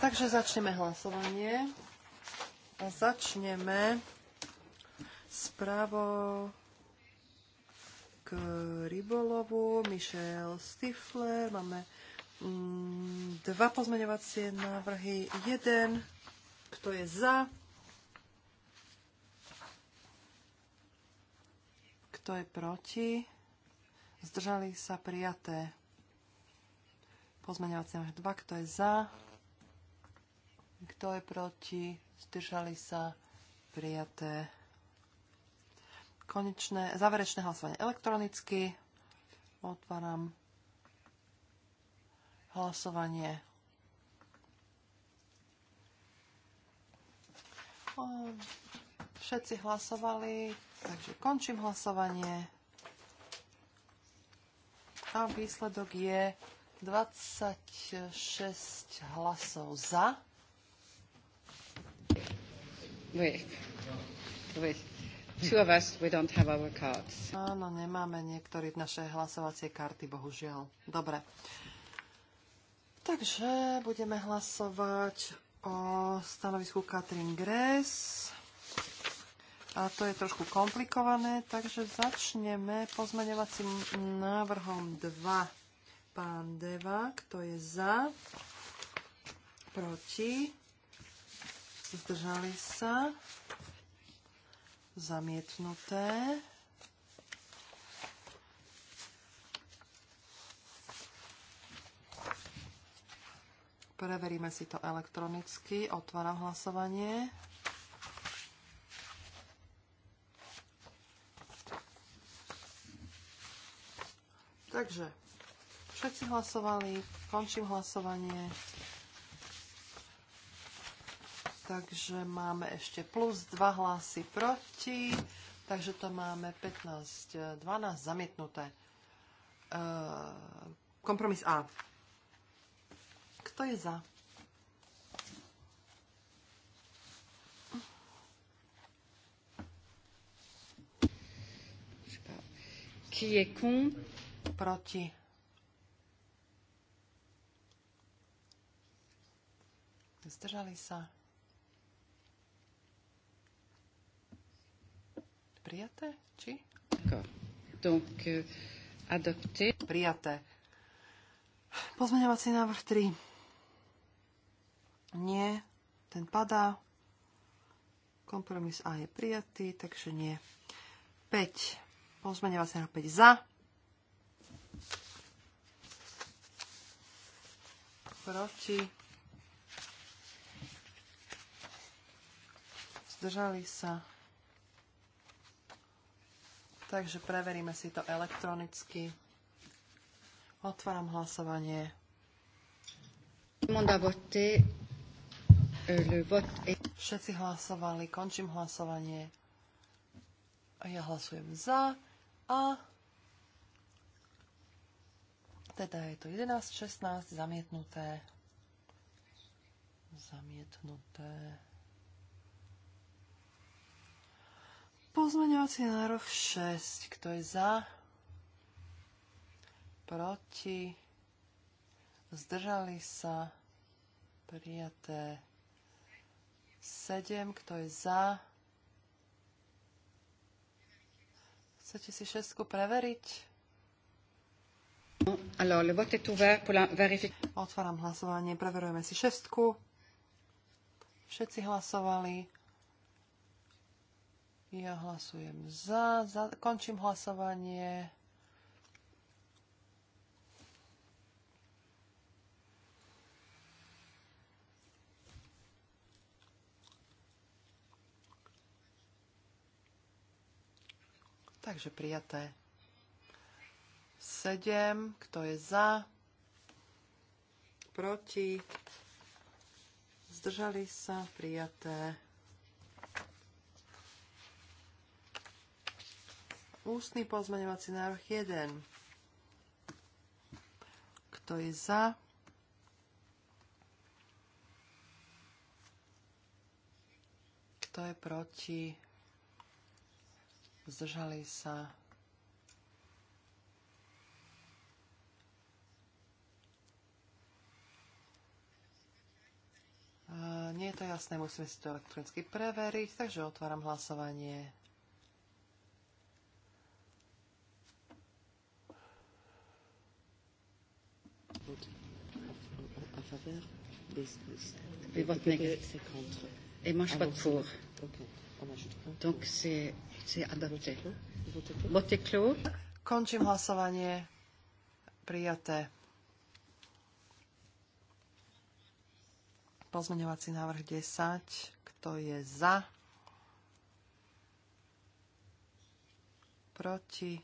Takže začneme hlasovanie. A začneme správou k rybolovu. Michel Stifler. Máme mm, dva pozmeňovacie návrhy. Jeden, kto je za, kto je proti. Zdržali sa prijaté. Pozmeňovací návrh 2, kto je za, kto je proti, zdržali sa, prijaté. Konečné, záverečné hlasovanie elektronicky. Otváram hlasovanie. všetci hlasovali, takže končím hlasovanie. A výsledok je 26 hlasov za. Two of us, we don't have our cards. Áno, nemáme niektorí naše hlasovacie karty, bohužiaľ. Dobre. Takže budeme hlasovať o stanovisku Katrin Gress. A to je trošku komplikované, takže začneme pozmeňovacím návrhom 2. Pán Deva, kto je za? Proti? Zdržali sa? Zamietnuté. Preveríme si to elektronicky. Otváram hlasovanie. Takže Všetci hlasovali, končím hlasovanie. Takže máme ešte plus 2 hlasy proti, takže to máme 15, 12 zamietnuté. E, kompromis A. Kto je za? Qui est contre? Proti. zdržali sa. Prijaté, či? Donc, euh, adopté. Prijaté. Pozmeňovací návrh 3. Nie, ten padá. Kompromis A je prijatý, takže nie. 5. Pozmeňovací návrh 5 za. Proti zdržali sa. Takže preveríme si to elektronicky. Otváram hlasovanie. Euh, Všetci hlasovali, končím hlasovanie. A ja hlasujem za a teda je to 11, 16, zamietnuté. Zamietnuté. Pozmeňovací návrh 6. Kto je za? Proti? Zdržali sa? Prijaté. 7. Kto je za? Chcete si šestku preveriť? Alors, le vote est ouvert pour la Otváram hlasovanie, preverujeme si šestku. Všetci hlasovali. Ja hlasujem za, končím hlasovanie. Takže prijaté. 7. Kto je za? Proti? Zdržali sa? Prijaté. Ústny pozmeňovací návrh 1. Kto je za? Kto je proti? Zdržali sa? Nie je to jasné, musíme si to elektronicky preveriť, takže otváram hlasovanie. faveur des, des, Et votre négatif. C'est contre. Et moi, je ne suis pas pour. Donc c'est adapté. Vote clos. Končím hlasovanie. Prijaté. Pozmeňovací návrh 10. Kto je za? Proti?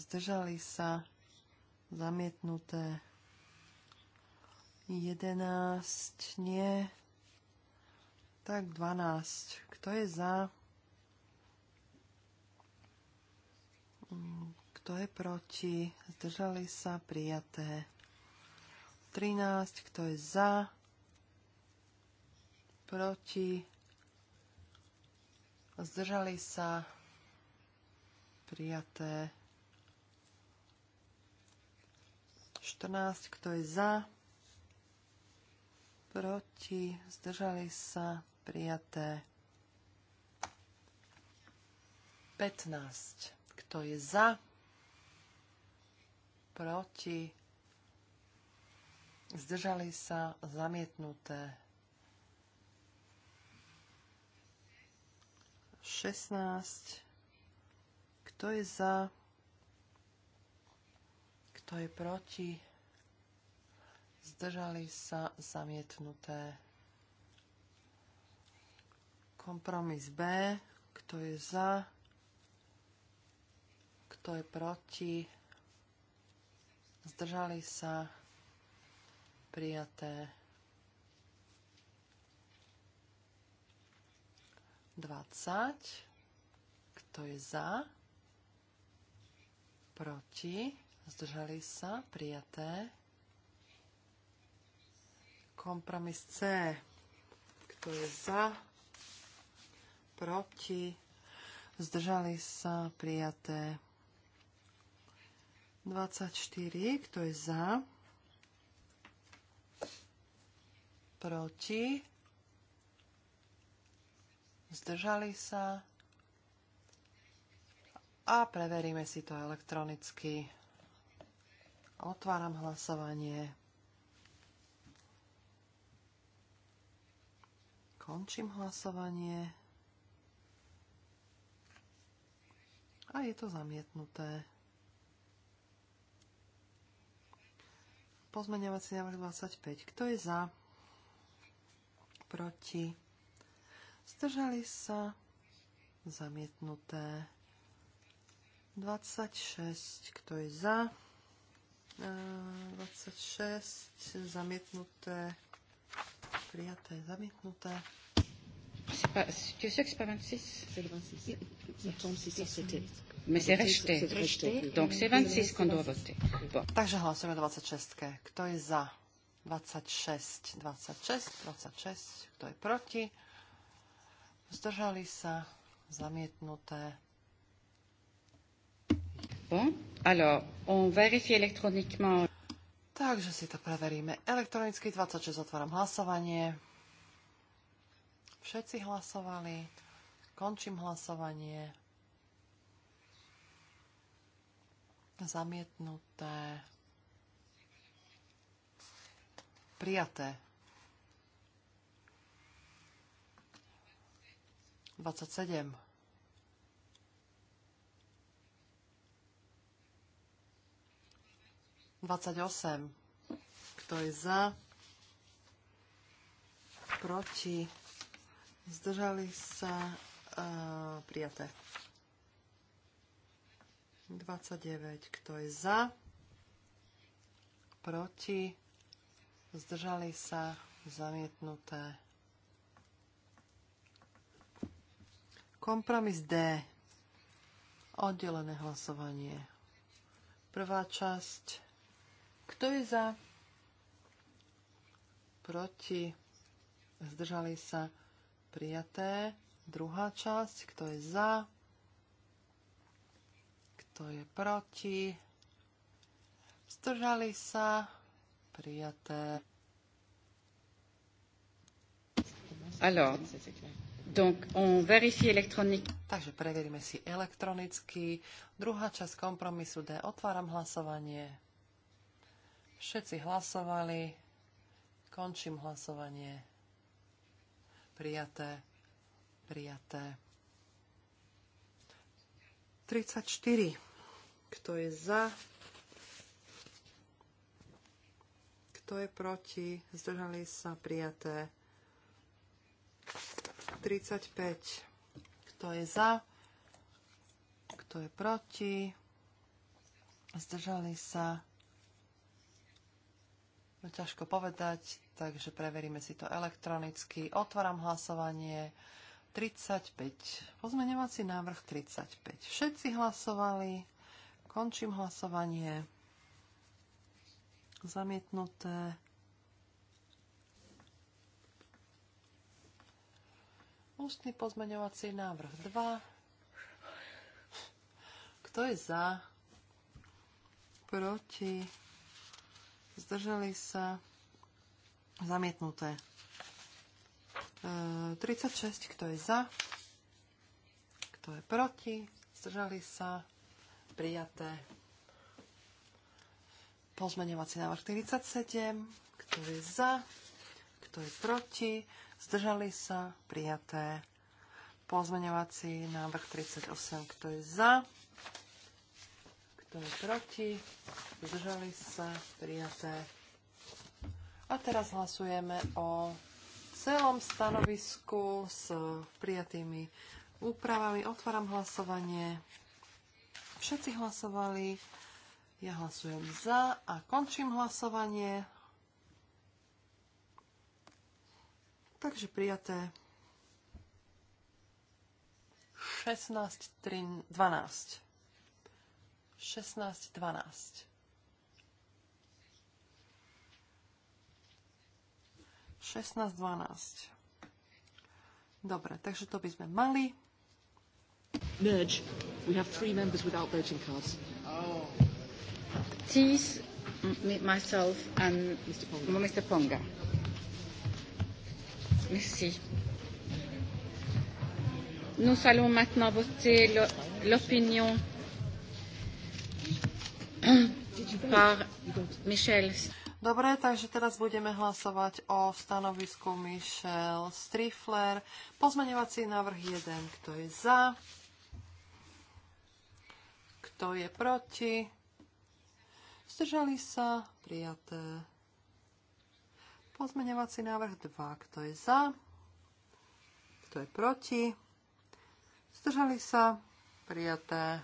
Zdržali sa? zamietnuté. 11, nie. Tak 12. Kto je za? Kto je proti? Zdržali sa prijaté. 13. Kto je za? Proti? Zdržali sa prijaté. 14. Kto je za? Proti? Zdržali sa? Prijaté. 15. Kto je za? Proti? Zdržali sa? Zamietnuté. 16. Kto je za? Kto je proti? Zdržali sa zamietnuté. Kompromis B. Kto je za? Kto je proti? Zdržali sa prijaté 20. Kto je za? Proti? zdržali sa, prijaté. Kompromis C, kto je za, proti, zdržali sa, prijaté. 24, kto je za, proti, zdržali sa a preveríme si to elektronicky. Otváram hlasovanie. Končím hlasovanie. A je to zamietnuté. Pozmeňovací návrh 25. Kto je za? Proti? Zdržali sa? Zamietnuté. 26. Kto je za? 26, zamietnuté, prijaté, zamietnuté. tu que c'est pas 26 C'est 26. Ça tombe si ça Mais c'est rejeté. Donc c'est 26 qu'on doit voter. Takže hlasujeme 26. Kto je za? 26, 26, 26. Kto je proti? Zdržali sa. Zamietnuté. Bon. Alors, on vérifie électroniquement. Takže si to preveríme. Elektronicky 26 otváram hlasovanie. Všetci hlasovali. Končím hlasovanie. Zamietnuté. Prijaté. 27. 28. Kto je za? Proti? Zdržali sa? Uh, prijaté. 29. Kto je za? Proti? Zdržali sa? Zamietnuté. Kompromis D. Oddelené hlasovanie. Prvá časť kto je za? Proti? Zdržali sa prijaté. Druhá časť. Kto je za? Kto je proti? Zdržali sa prijaté. Alors, donc on vérifie électronique. Takže preveríme si elektronicky. Druhá časť kompromisu D. Otváram hlasovanie. Všetci hlasovali. Končím hlasovanie. Prijaté. Prijaté. 34. Kto je za? Kto je proti? Zdržali sa prijaté. 35. Kto je za? Kto je proti? Zdržali sa prijaté. No, ťažko povedať, takže preveríme si to elektronicky. Otváram hlasovanie. 35. Pozmeňovací návrh 35. Všetci hlasovali. Končím hlasovanie. Zamietnuté. Ústny pozmeňovací návrh 2. Kto je za? Proti? zdržali sa, zamietnuté. 36, e, kto je za, kto je proti, zdržali sa, prijaté. Pozmeňovací návrh 47, kto je za, kto je proti, zdržali sa, prijaté. Pozmeňovací návrh 38, kto je za, kto je proti? Zdržali sa? Prijaté. A teraz hlasujeme o celom stanovisku s prijatými úpravami. Otváram hlasovanie. Všetci hlasovali. Ja hlasujem za a končím hlasovanie. Takže prijaté 16, 13, 12. 16, 12. Šestnásť, dvanásť. Dobre, takže to by sme mali. Merge. We have three members without voting cards. Oh. Tis, myself and Mr. Ponga. Mr. Ponga. Merci. Nous allons maintenant voter l'opinion. Dobre, takže teraz budeme hlasovať o stanovisku Michel Strifler. Pozmeňovací návrh 1. Kto je za? Kto je proti? Zdržali sa? Prijaté. Pozmeňovací návrh 2. Kto je za? Kto je proti? Zdržali sa? Prijaté.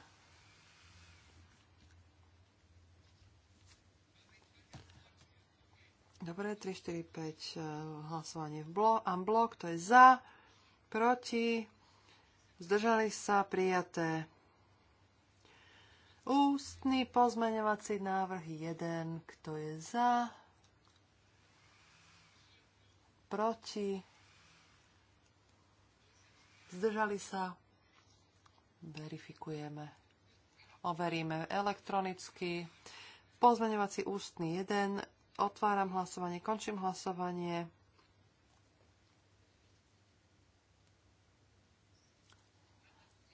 Dobre, 3, 4, 5 hlasovanie v blok, blok, to je za, proti, zdržali sa, prijaté. Ústny pozmeňovací návrh 1, kto je za, proti, zdržali sa, verifikujeme. Overíme elektronicky. Pozmeňovací ústny 1, Otváram hlasovanie, končím hlasovanie.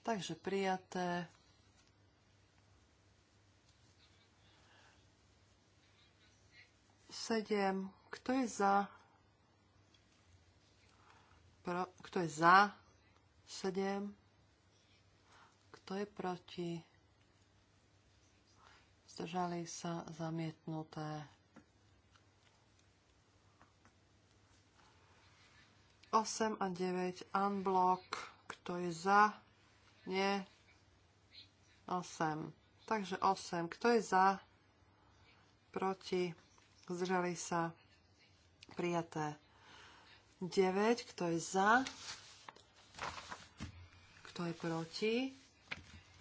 Takže prijaté. Sedem. Kto je za? Pro, kto je za? Sedem. Kto je proti? Zdržali sa zamietnuté. 8 a 9 unblock. Kto je za? Nie. 8. Takže 8. Kto je za? Proti? Zdržali sa? Prijaté. 9. Kto je za? Kto je proti?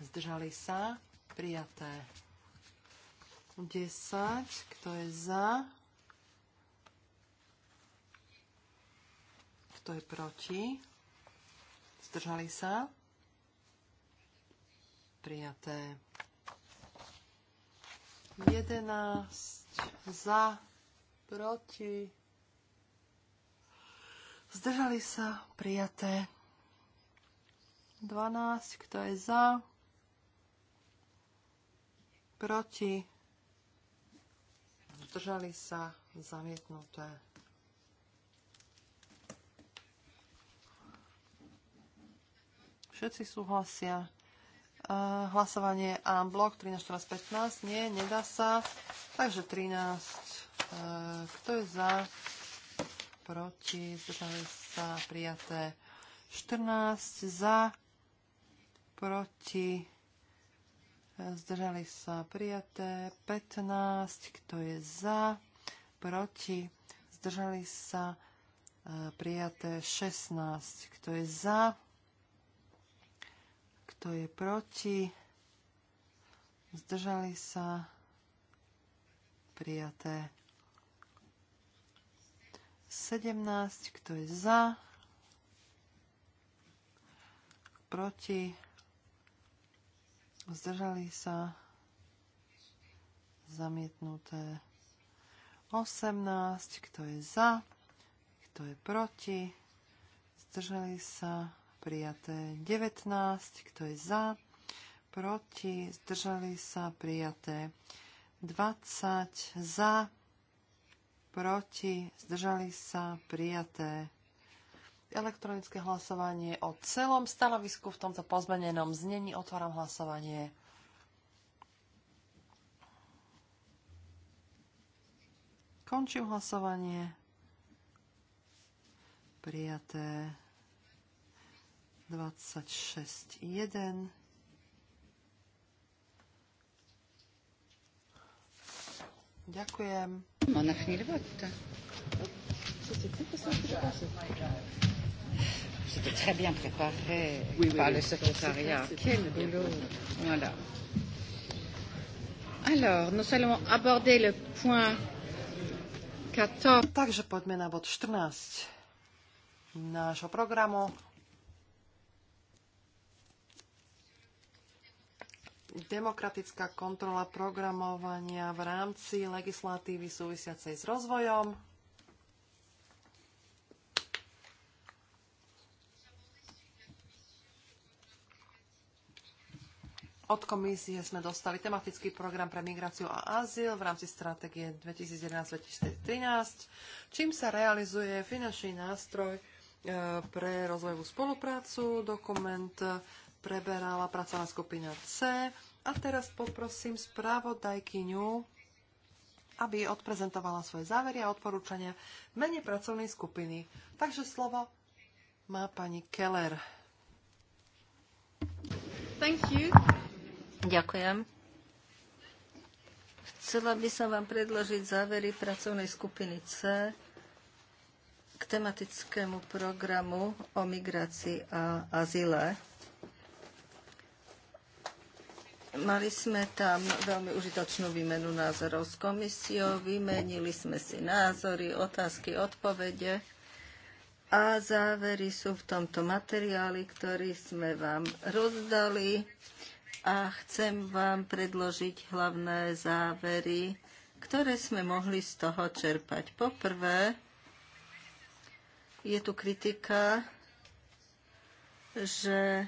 Zdržali sa? Prijaté. 10. Kto je za? Kto je proti? Zdržali sa? Prijaté. 11 za, proti. Zdržali sa? Prijaté. 12, kto je za? Proti. Zdržali sa? Zamietnuté. Všetci súhlasia. Uh, hlasovanie a blok 13, 15. Nie, nedá sa. Takže 13. Uh, e, kto je za? Proti. Zdržali sa. Prijaté. 14. Za. Proti. Zdržali sa. Prijaté. 15. Kto je za? Proti. Zdržali sa. E, prijaté 16. Kto je za? Kto je proti? Zdržali sa? Prijaté. 17. Kto je za? Proti? Zdržali sa? Zamietnuté. 18. Kto je za? Kto je proti? Zdržali sa? prijaté 19, kto je za, proti, zdržali sa, prijaté 20, za, proti, zdržali sa, prijaté elektronické hlasovanie o celom stanovisku v tomto pozmenenom znení. Otváram hlasovanie. Končím hlasovanie. Prijaté. 26, 1. Ďakujem. Má na chvíľu vodka. C'était très bien préparé oui, par oui, le secrétariat. Quel boulot. Voilà. Alors, nous allons aborder le point 14. Takže poďme na bod 14 nášho programu. demokratická kontrola programovania v rámci legislatívy súvisiacej s rozvojom. Od komisie sme dostali tematický program pre migráciu a azyl v rámci stratégie 2011-2013, čím sa realizuje finančný nástroj e, pre rozvojovú spoluprácu, dokument preberala pracovná skupina C. A teraz poprosím správodajkyňu, aby odprezentovala svoje závery a odporúčania v mene pracovnej skupiny. Takže slovo má pani Keller. Thank you. Ďakujem. Chcela by som vám predložiť závery pracovnej skupiny C k tematickému programu o migrácii a azile. Mali sme tam veľmi užitočnú výmenu názorov s komisiou, vymenili sme si názory, otázky, odpovede a závery sú v tomto materiáli, ktorý sme vám rozdali a chcem vám predložiť hlavné závery, ktoré sme mohli z toho čerpať. Poprvé, je tu kritika, že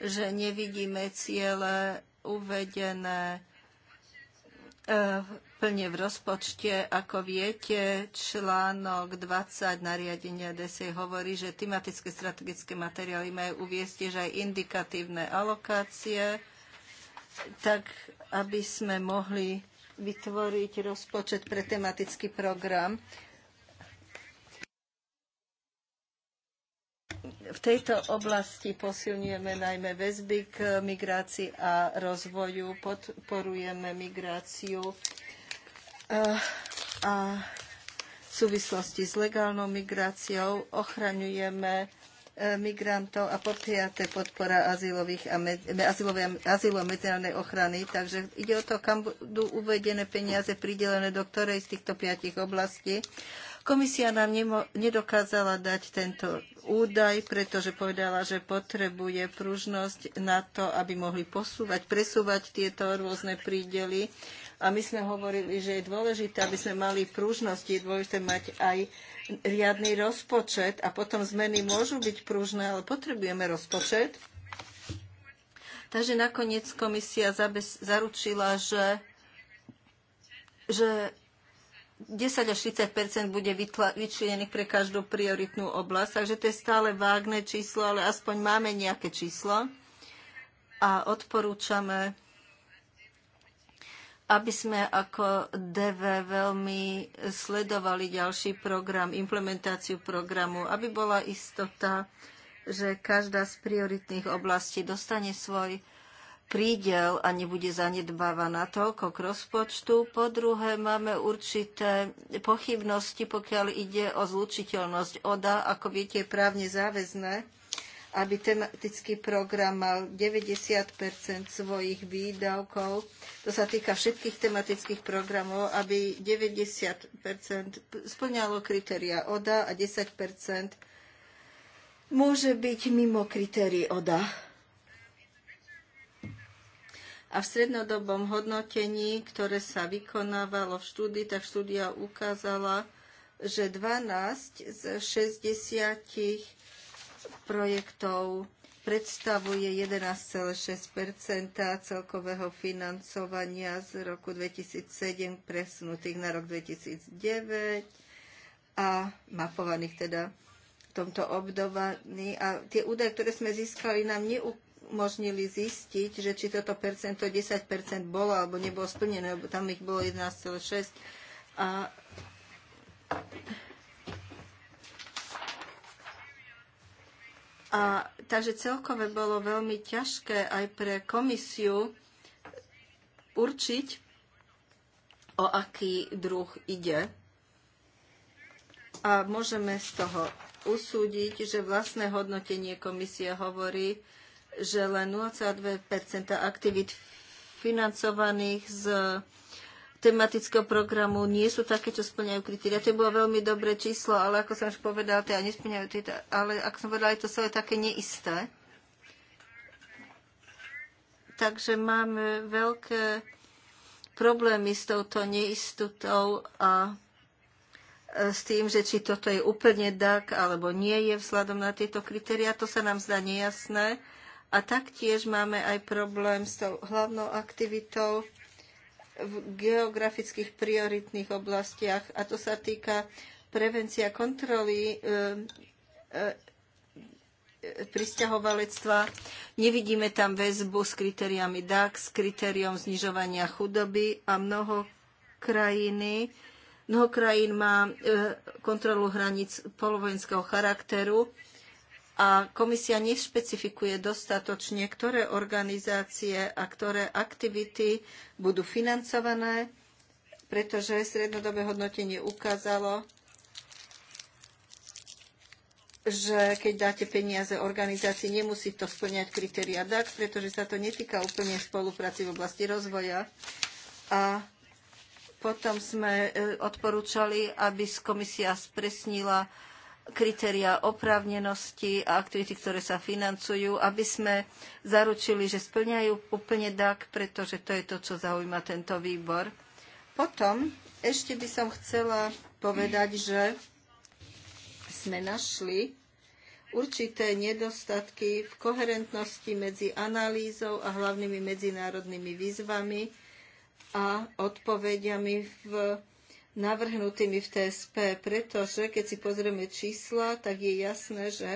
že nevidíme ciele uvedené e, plne v rozpočte. Ako viete, článok 20 nariadenia DSE hovorí, že tematické strategické materiály majú uviezť tiež aj indikatívne alokácie, tak aby sme mohli vytvoriť rozpočet pre tematický program. v tejto oblasti posilňujeme najmä väzby k migrácii a rozvoju, podporujeme migráciu eh, a v súvislosti s legálnou migráciou ochraňujeme eh, migrantov a po podpora azylových a med, azylové, azylov medzinárodnej ochrany. Takže ide o to, kam budú uvedené peniaze pridelené do ktorej z týchto piatich oblastí. Komisia nám nedokázala dať tento údaj, pretože povedala, že potrebuje pružnosť na to, aby mohli posúvať, presúvať tieto rôzne prídely. A my sme hovorili, že je dôležité, aby sme mali pružnosť, je dôležité mať aj riadny rozpočet a potom zmeny môžu byť pružné, ale potrebujeme rozpočet. Takže nakoniec komisia zaručila, že že 10 až 30 bude vyčlenených pre každú prioritnú oblasť, takže to je stále vágne číslo, ale aspoň máme nejaké číslo a odporúčame, aby sme ako DV veľmi sledovali ďalší program, implementáciu programu, aby bola istota, že každá z prioritných oblastí dostane svoj prídel a nebude zanedbávaná toľko k rozpočtu. Po druhé, máme určité pochybnosti, pokiaľ ide o zlučiteľnosť ODA, ako viete, je právne záväzné aby tematický program mal 90 svojich výdavkov. To sa týka všetkých tematických programov, aby 90 splňalo kritéria ODA a 10 môže byť mimo kritérií ODA. A v strednodobom hodnotení, ktoré sa vykonávalo v štúdii, tak štúdia ukázala, že 12 z 60 projektov predstavuje 11,6 celkového financovania z roku 2007 presunutých na rok 2009 a mapovaných teda v tomto období. A tie údaje, ktoré sme získali, nám neukázali, umožnili zistiť, že či toto percento 10% bolo alebo nebolo splnené, lebo tam ich bolo 11,6. A A, takže celkové bolo veľmi ťažké aj pre komisiu určiť, o aký druh ide. A môžeme z toho usúdiť, že vlastné hodnotenie komisie hovorí, že len 0,2 aktivít financovaných z tematického programu nie sú také, čo splňajú kritéria. To bolo veľmi dobré číslo, ale ako som už povedal, teda nesplňajú tieto, ale ako som povedal, je to celé také neisté. Takže máme veľké problémy s touto neistotou a e, s tým, že či toto je úplne DAC alebo nie je vzhľadom na tieto kritéria, to sa nám zdá nejasné. A taktiež máme aj problém s tou hlavnou aktivitou v geografických prioritných oblastiach a to sa týka prevencia kontroly e, e, e, pristahovalectva. Nevidíme tam väzbu s kritériami DAX, s kritériom znižovania chudoby a mnoho krajiny Mnoho krajín má kontrolu hraníc polovojenského charakteru a komisia nešpecifikuje dostatočne, ktoré organizácie a ktoré aktivity budú financované, pretože strednodobé hodnotenie ukázalo, že keď dáte peniaze organizácii, nemusí to splňať kritéria DAC, pretože sa to netýka úplne spolupráci v oblasti rozvoja. A potom sme e, odporúčali, aby komisia spresnila kritéria oprávnenosti a aktivity, ktoré sa financujú, aby sme zaručili, že splňajú úplne DAC, pretože to je to, čo zaujíma tento výbor. Potom ešte by som chcela povedať, že sme našli určité nedostatky v koherentnosti medzi analýzou a hlavnými medzinárodnými výzvami a odpovediami v navrhnutými v TSP, pretože keď si pozrieme čísla, tak je jasné, že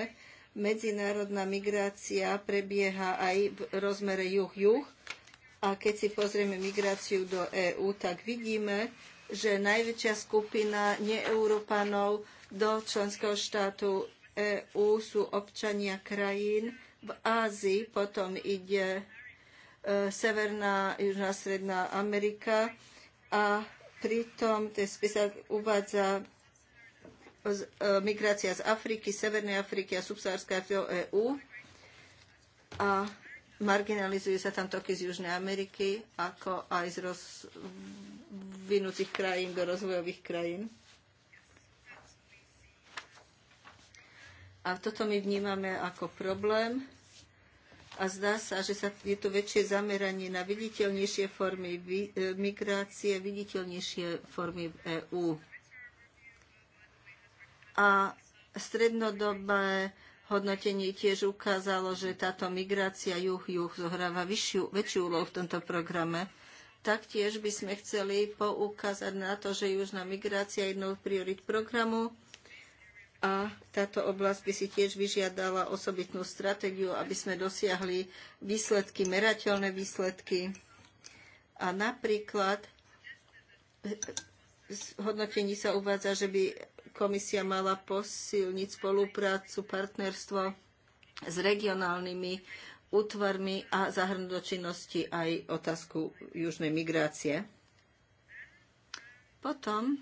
medzinárodná migrácia prebieha aj v rozmere juh-juh. A keď si pozrieme migráciu do EÚ, tak vidíme, že najväčšia skupina neeurópanov do členského štátu EÚ sú občania krajín v Ázii, potom ide e, Severná, Južná, Stredná Amerika a Pritom ten spisák uvádza e, migrácia z Afriky, Severnej Afriky a subsahárskej Afriky do EÚ a marginalizujú sa tam toky z Južnej Ameriky, ako aj z rozvinutých krajín do rozvojových krajín. A toto my vnímame ako problém a zdá sa, že sa je tu väčšie zameranie na viditeľnejšie formy e, migrácie, viditeľnejšie formy v EÚ. A strednodobé hodnotenie tiež ukázalo, že táto migrácia juh-juh zohráva vyššiu, väčšiu úlohu v tomto programe. Taktiež by sme chceli poukázať na to, že južná migrácia je jednou z priorit programu a táto oblasť by si tiež vyžiadala osobitnú stratégiu, aby sme dosiahli výsledky, merateľné výsledky. A napríklad v hodnotení sa uvádza, že by komisia mala posilniť spoluprácu, partnerstvo s regionálnymi útvarmi a zahrnúť do činnosti aj otázku južnej migrácie. Potom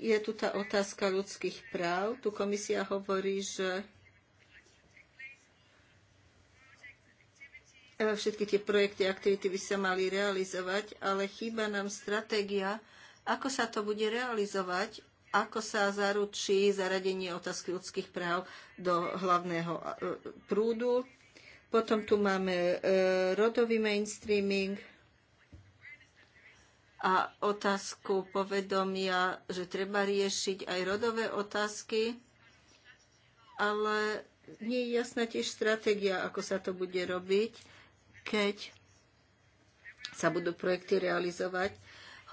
je tu tá otázka ľudských práv. Tu komisia hovorí, že všetky tie projekty, aktivity by sa mali realizovať, ale chýba nám stratégia, ako sa to bude realizovať, ako sa zaručí zaradenie otázky ľudských práv do hlavného e, prúdu. Potom tu máme e, rodový mainstreaming, a otázku povedomia, že treba riešiť aj rodové otázky, ale nie je jasná tiež stratégia, ako sa to bude robiť, keď sa budú projekty realizovať.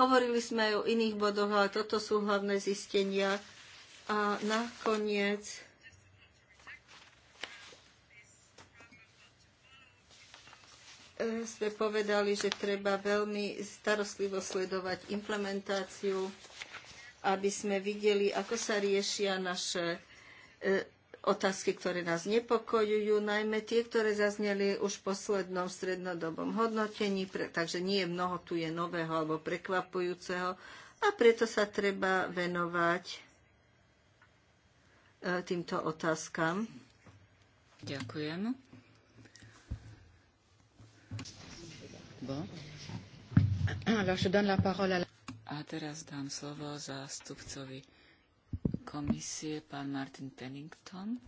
Hovorili sme aj o iných bodoch, ale toto sú hlavné zistenia. A nakoniec sme povedali, že treba veľmi starostlivo sledovať implementáciu, aby sme videli, ako sa riešia naše e, otázky, ktoré nás nepokojujú, najmä tie, ktoré zazneli už v poslednom strednodobom hodnotení, takže nie mnoho tu je nového alebo prekvapujúceho a preto sa treba venovať e, týmto otázkam. Ďakujem. Bon. Alors, je donne la parole à la... A teraz dám slovo zástupcovi komisie, pán Martin Pennington.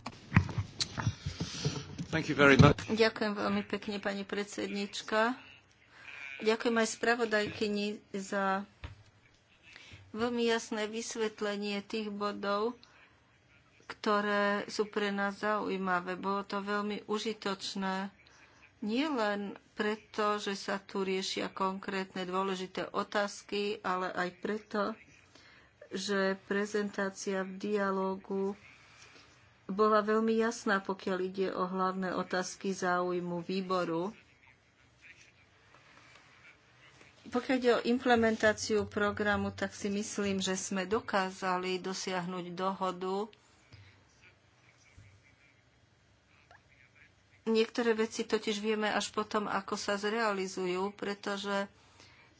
Thank you very much. Ďakujem veľmi pekne, pani predsednička. Ďakujem aj spravodajkyni za veľmi jasné vysvetlenie tých bodov, ktoré sú pre nás zaujímavé. Bolo to veľmi užitočné nie len preto, že sa tu riešia konkrétne dôležité otázky, ale aj preto, že prezentácia v dialógu bola veľmi jasná, pokiaľ ide o hlavné otázky záujmu výboru. Pokiaľ ide o implementáciu programu, tak si myslím, že sme dokázali dosiahnuť dohodu Niektoré veci totiž vieme až potom, ako sa zrealizujú, pretože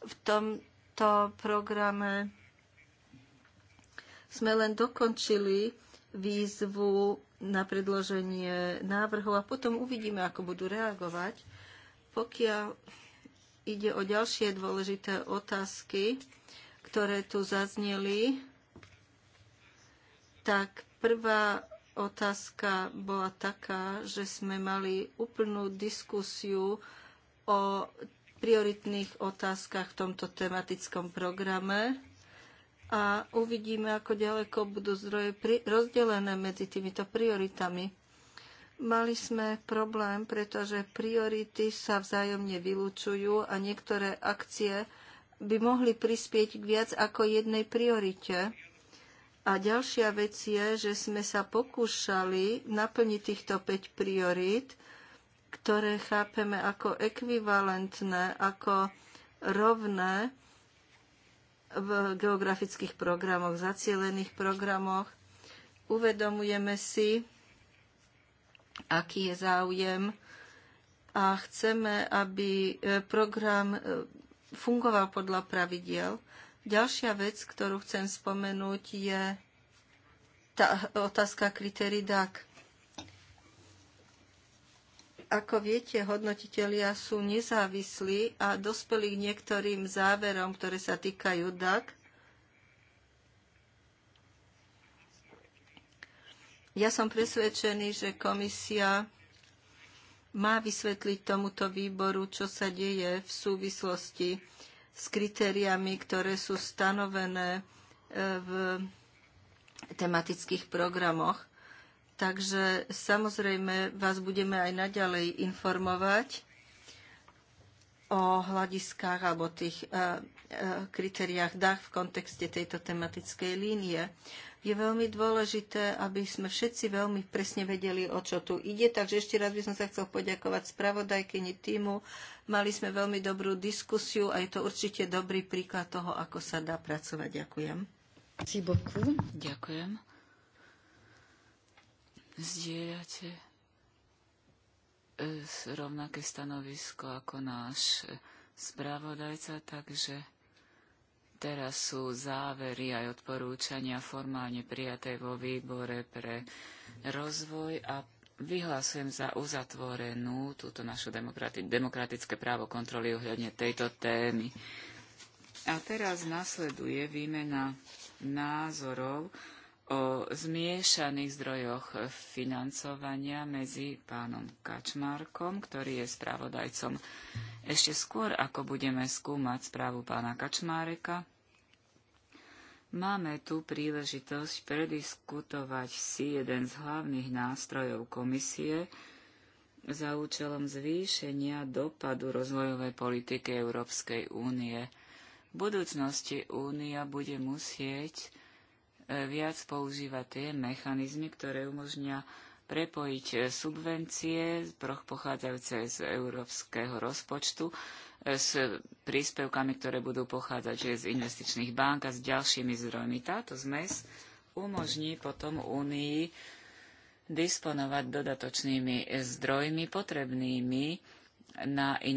v tomto programe sme len dokončili výzvu na predloženie návrhov a potom uvidíme, ako budú reagovať. Pokiaľ ide o ďalšie dôležité otázky, ktoré tu zazneli, tak prvá otázka bola taká, že sme mali úplnú diskusiu o prioritných otázkach v tomto tematickom programe a uvidíme, ako ďaleko budú zdroje rozdelené medzi týmito prioritami. Mali sme problém, pretože priority sa vzájomne vylúčujú a niektoré akcie by mohli prispieť k viac ako jednej priorite a ďalšia vec je, že sme sa pokúšali naplniť týchto 5 priorít, ktoré chápeme ako ekvivalentné, ako rovné v geografických programoch, zacielených programoch. Uvedomujeme si, aký je záujem a chceme, aby eh, program eh, fungoval podľa pravidiel. Ďalšia vec, ktorú chcem spomenúť, je tá otázka kritérií DAC. Ako viete, hodnotitelia sú nezávislí a dospeli k niektorým záverom, ktoré sa týkajú DAC. Ja som presvedčený, že komisia má vysvetliť tomuto výboru, čo sa deje v súvislosti s kritériami, ktoré sú stanovené e, v tematických programoch. Takže samozrejme vás budeme aj naďalej informovať o hľadiskách alebo tých e, e, kritériách DAH v kontexte tejto tematickej línie je veľmi dôležité, aby sme všetci veľmi presne vedeli, o čo tu ide. Takže ešte raz by som sa chcel poďakovať spravodajkyni týmu. Mali sme veľmi dobrú diskusiu a je to určite dobrý príklad toho, ako sa dá pracovať. Ďakujem. Ďakujem. Zdieľate e, rovnaké stanovisko ako náš e, spravodajca, takže Teraz sú závery aj odporúčania formálne prijaté vo výbore pre rozvoj a vyhlasujem za uzatvorenú túto našu demokrati- demokratické právo kontroly ohľadne tejto témy. A teraz nasleduje výmena názorov o zmiešaných zdrojoch financovania medzi pánom Kačmarkom, ktorý je spravodajcom ešte skôr, ako budeme skúmať správu pána Kačmáreka. Máme tu príležitosť prediskutovať si jeden z hlavných nástrojov komisie za účelom zvýšenia dopadu rozvojovej politiky Európskej únie. V budúcnosti únia bude musieť eh, viac používať tie mechanizmy, ktoré umožnia prepojiť e, subvencie pochádzajúce z európskeho rozpočtu e, s príspevkami, ktoré budú pochádzať že z investičných bank a s ďalšími zdrojmi. Táto zmes umožní potom Únii disponovať dodatočnými zdrojmi potrebnými na, e,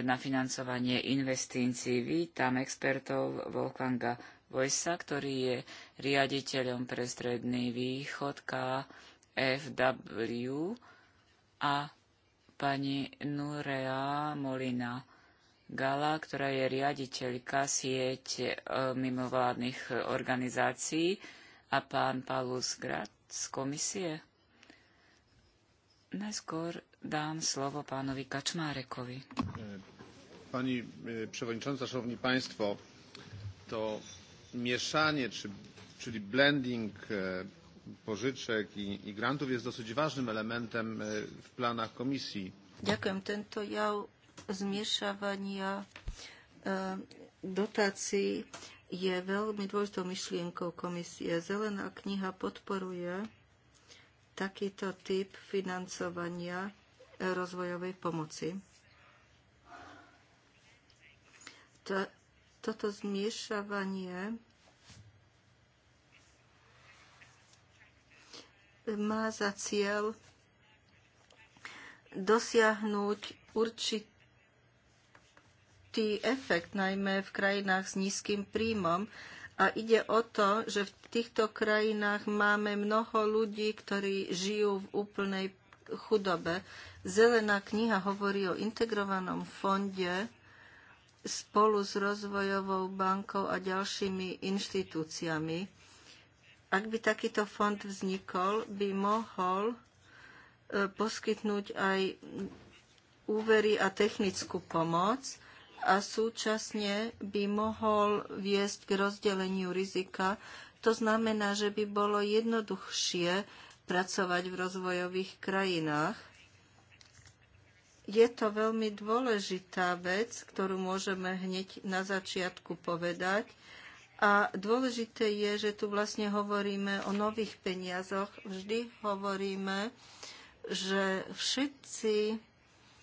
na financovanie investícií. Vítam expertov Wolfganga Vojsa, ktorý je riaditeľom pre Stredný východ KFV FW a pani Nurea Molina Gala, ktorá je riaditeľka sieť e, mimovládnych organizácií a pán Paulus Grad z komisie. Najskôr dám slovo pánovi Kačmárekovi. Pani e, przewodnicząca, szanowni państwo, to mieszanie, czy, czyli blending e, pożyczek i, i grantów jest dosyć ważnym elementem e, w planach komisji. Ďakujem. Tento jav zmiešavania e, dotacji je veľmi dôležitou myšlienkou komisie. Zelená kniha podporuje takýto typ financovania e, rozvojovej pomoci. To, toto zmiešavanie má za cieľ dosiahnuť určitý efekt, najmä v krajinách s nízkym príjmom. A ide o to, že v týchto krajinách máme mnoho ľudí, ktorí žijú v úplnej chudobe. Zelená kniha hovorí o integrovanom fonde spolu s rozvojovou bankou a ďalšími inštitúciami ak by takýto fond vznikol, by mohol e, poskytnúť aj úvery a technickú pomoc a súčasne by mohol viesť k rozdeleniu rizika. To znamená, že by bolo jednoduchšie pracovať v rozvojových krajinách. Je to veľmi dôležitá vec, ktorú môžeme hneď na začiatku povedať, a dôležité je, že tu vlastne hovoríme o nových peniazoch. Vždy hovoríme, že všetci,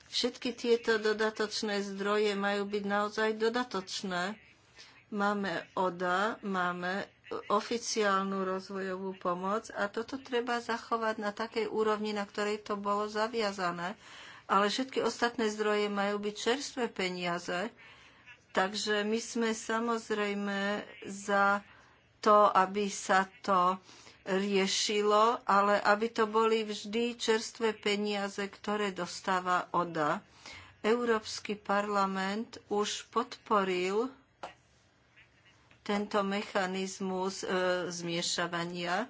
všetky tieto dodatočné zdroje majú byť naozaj dodatočné. Máme ODA, máme oficiálnu rozvojovú pomoc a toto treba zachovať na takej úrovni, na ktorej to bolo zaviazané. Ale všetky ostatné zdroje majú byť čerstvé peniaze Takže my sme samozrejme za to, aby sa to riešilo, ale aby to boli vždy čerstvé peniaze, ktoré dostáva ODA. Európsky parlament už podporil tento mechanizmus e, zmiešavania.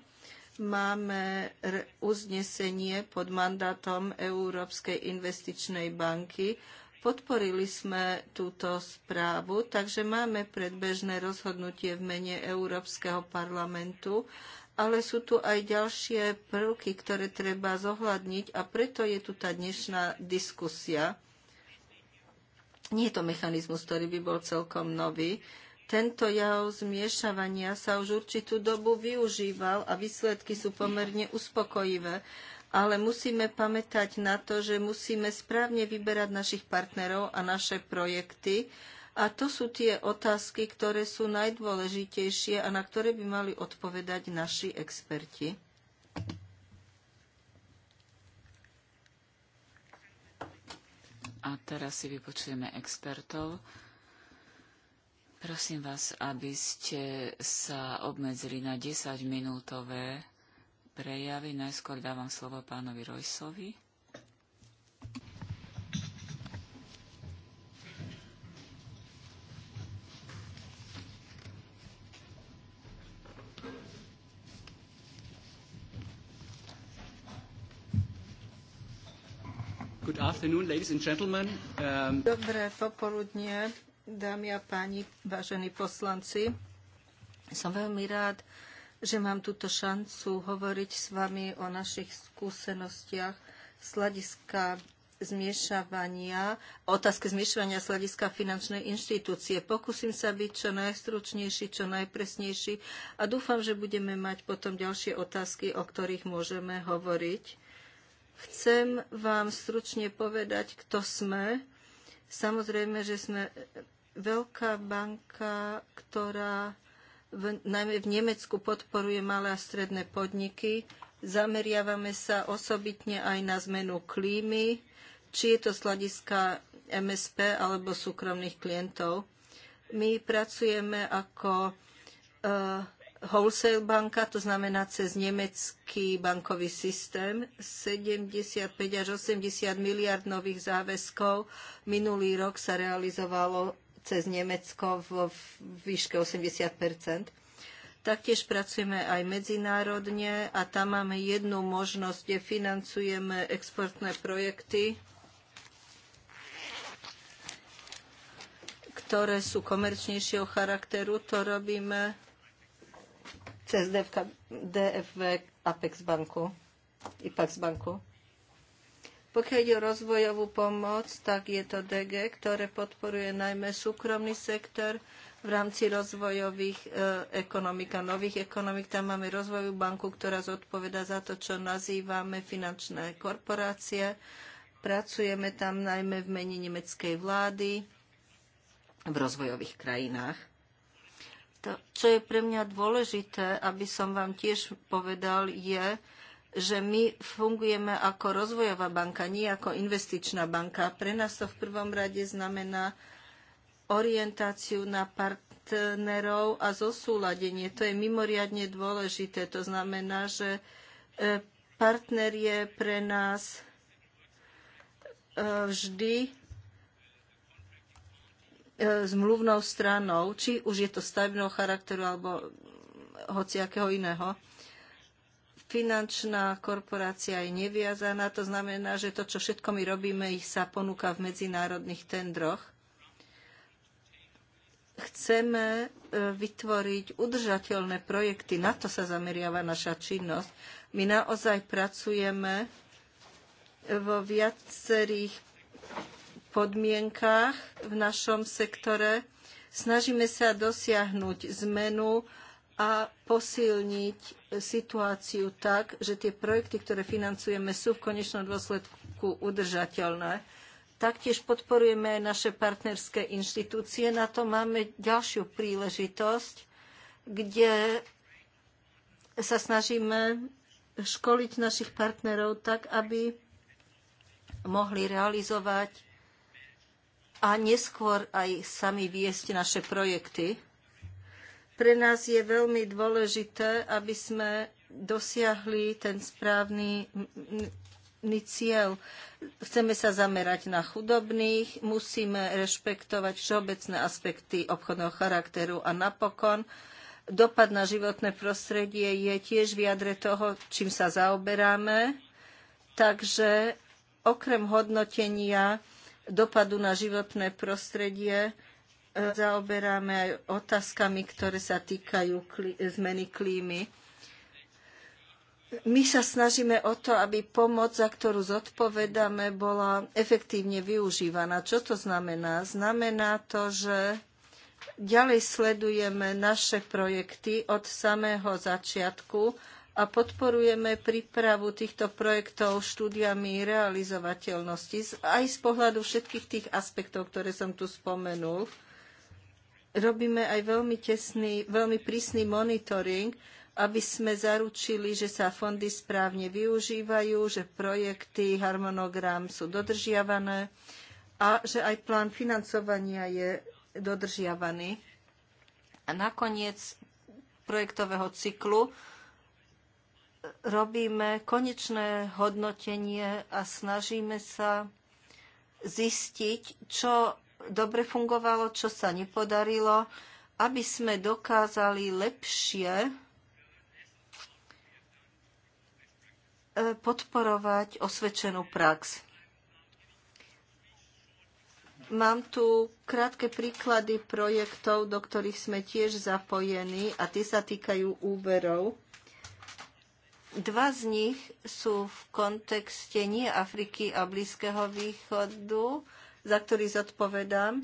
Máme uznesenie pod mandátom Európskej investičnej banky, Podporili sme túto správu, takže máme predbežné rozhodnutie v mene Európskeho parlamentu, ale sú tu aj ďalšie prvky, ktoré treba zohľadniť a preto je tu tá dnešná diskusia. Nie je to mechanizmus, ktorý by bol celkom nový. Tento jav zmiešavania sa už určitú dobu využíval a výsledky sú pomerne uspokojivé ale musíme pamätať na to, že musíme správne vyberať našich partnerov a naše projekty. A to sú tie otázky, ktoré sú najdôležitejšie a na ktoré by mali odpovedať naši experti. A teraz si vypočujeme expertov. Prosím vás, aby ste sa obmedzili na 10-minútové prejavy. Najskôr dávam slovo pánovi Rojsovi. Um, Dobré popoludnie, dámy a páni, vážení poslanci. Som veľmi rád, že mám túto šancu hovoriť s vami o našich skúsenostiach z hľadiska zmiešavania, otázky zmiešavania z hľadiska finančnej inštitúcie. Pokúsim sa byť čo najstručnejší, čo najpresnejší a dúfam, že budeme mať potom ďalšie otázky, o ktorých môžeme hovoriť. Chcem vám stručne povedať, kto sme. Samozrejme, že sme veľká banka, ktorá v, najmä v Nemecku podporuje malé a stredné podniky. Zameriavame sa osobitne aj na zmenu klímy, či je to z hľadiska MSP alebo súkromných klientov. My pracujeme ako uh, wholesale banka, to znamená cez nemecký bankový systém. 75 až 80 miliard nových záväzkov minulý rok sa realizovalo cez Nemecko v výške 80 Taktiež pracujeme aj medzinárodne a tam máme jednu možnosť, kde financujeme exportné projekty, ktoré sú komerčnejšieho charakteru. To robíme cez DFK, DFV Apex banku, IPAX banku. Pokiaľ ide o rozvojovú pomoc, tak je to DG, ktoré podporuje najmä súkromný sektor v rámci rozvojových e, ekonomik a nových ekonomik. Tam máme rozvojovú banku, ktorá zodpoveda za to, čo nazývame finančné korporácie. Pracujeme tam najmä v mene nemeckej vlády v rozvojových krajinách. To, čo je pre mňa dôležité, aby som vám tiež povedal, je, že my fungujeme ako rozvojová banka, nie ako investičná banka. Pre nás to v prvom rade znamená orientáciu na partnerov a zosúladenie. To je mimoriadne dôležité. To znamená, že e, partner je pre nás e, vždy e, zmluvnou stranou, či už je to stavebného charakteru alebo hociakého iného. Finančná korporácia je neviazaná, to znamená, že to, čo všetko my robíme, ich sa ponúka v medzinárodných tendroch. Chceme e, vytvoriť udržateľné projekty, na to sa zameriava naša činnosť. My naozaj pracujeme e, vo viacerých podmienkách v našom sektore. Snažíme sa dosiahnuť zmenu a posilniť situáciu tak, že tie projekty, ktoré financujeme, sú v konečnom dôsledku udržateľné. Taktiež podporujeme aj naše partnerské inštitúcie. Na to máme ďalšiu príležitosť, kde sa snažíme školiť našich partnerov tak, aby mohli realizovať a neskôr aj sami viesť naše projekty. Pre nás je veľmi dôležité, aby sme dosiahli ten správny cieľ. Chceme sa zamerať na chudobných, musíme rešpektovať všeobecné aspekty obchodného charakteru a napokon dopad na životné prostredie je tiež v jadre toho, čím sa zaoberáme. Takže okrem hodnotenia dopadu na životné prostredie zaoberáme aj otázkami, ktoré sa týkajú zmeny klímy. My sa snažíme o to, aby pomoc, za ktorú zodpovedáme, bola efektívne využívaná. Čo to znamená? Znamená to, že ďalej sledujeme naše projekty od samého začiatku a podporujeme prípravu týchto projektov štúdiami realizovateľnosti aj z pohľadu všetkých tých aspektov, ktoré som tu spomenul robíme aj veľmi tesný, veľmi prísny monitoring, aby sme zaručili, že sa fondy správne využívajú, že projekty, harmonogram sú dodržiavané a že aj plán financovania je dodržiavaný. A nakoniec projektového cyklu robíme konečné hodnotenie a snažíme sa zistiť, čo dobre fungovalo, čo sa nepodarilo, aby sme dokázali lepšie e, podporovať osvedčenú prax. Mám tu krátke príklady projektov, do ktorých sme tiež zapojení a tie sa týkajú úverov. Dva z nich sú v kontexte nie Afriky a Blízkeho východu, za ktorý zodpovedám.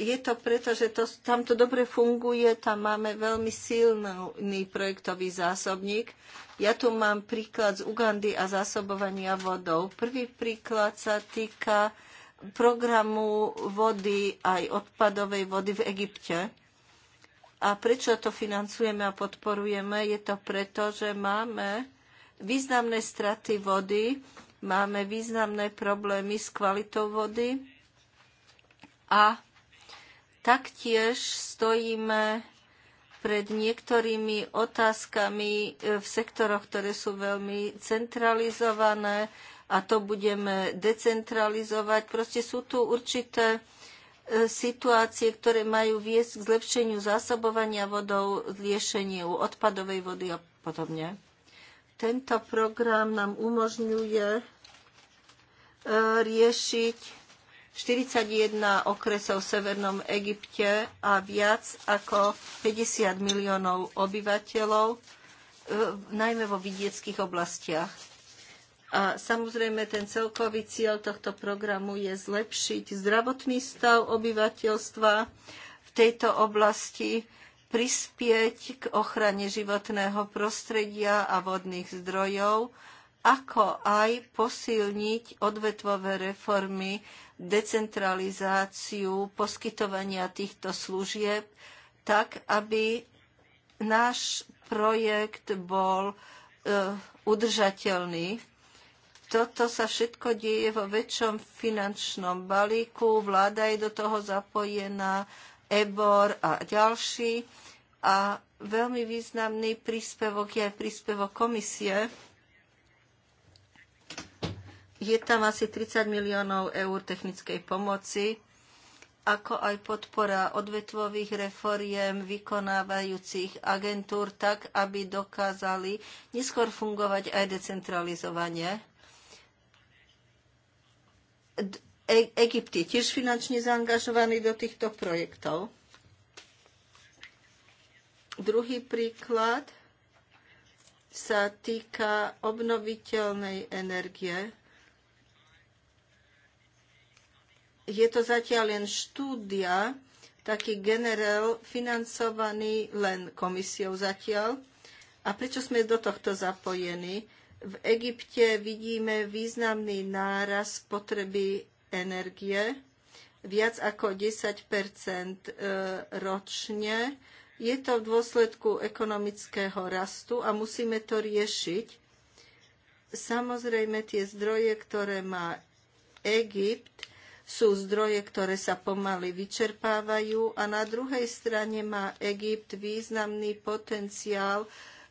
Je to preto, že to, tam to dobre funguje, tam máme veľmi silný projektový zásobník. Ja tu mám príklad z Ugandy a zásobovania vodou. Prvý príklad sa týka programu vody, aj odpadovej vody v Egypte. A prečo to financujeme a podporujeme? Je to preto, že máme významné straty vody Máme významné problémy s kvalitou vody a taktiež stojíme pred niektorými otázkami e, v sektoroch, ktoré sú veľmi centralizované a to budeme decentralizovať. Proste sú tu určité e, situácie, ktoré majú viesť k zlepšeniu zásobovania vodou, riešeniu odpadovej vody a podobne. Tento program nám umožňuje riešiť 41 okresov v Severnom Egypte a viac ako 50 miliónov obyvateľov, e, najmä vo vidieckých oblastiach. A samozrejme, ten celkový cieľ tohto programu je zlepšiť zdravotný stav obyvateľstva v tejto oblasti, prispieť k ochrane životného prostredia a vodných zdrojov, ako aj posilniť odvetvové reformy, decentralizáciu poskytovania týchto služieb, tak aby náš projekt bol e, udržateľný. Toto sa všetko deje vo väčšom finančnom balíku, vláda je do toho zapojená, EBOR a ďalší. A veľmi významný príspevok je aj príspevok komisie, je tam asi 30 miliónov eur technickej pomoci, ako aj podpora odvetvových reforiem vykonávajúcich agentúr tak, aby dokázali neskôr fungovať aj decentralizovanie. E- Egypt je tiež finančne zaangažovaný do týchto projektov. Druhý príklad sa týka obnoviteľnej energie je to zatiaľ len štúdia, taký generál financovaný len komisiou zatiaľ. A prečo sme do tohto zapojení? V Egypte vidíme významný náraz potreby energie, viac ako 10 e, ročne. Je to v dôsledku ekonomického rastu a musíme to riešiť. Samozrejme, tie zdroje, ktoré má Egypt, sú zdroje, ktoré sa pomaly vyčerpávajú a na druhej strane má Egypt významný potenciál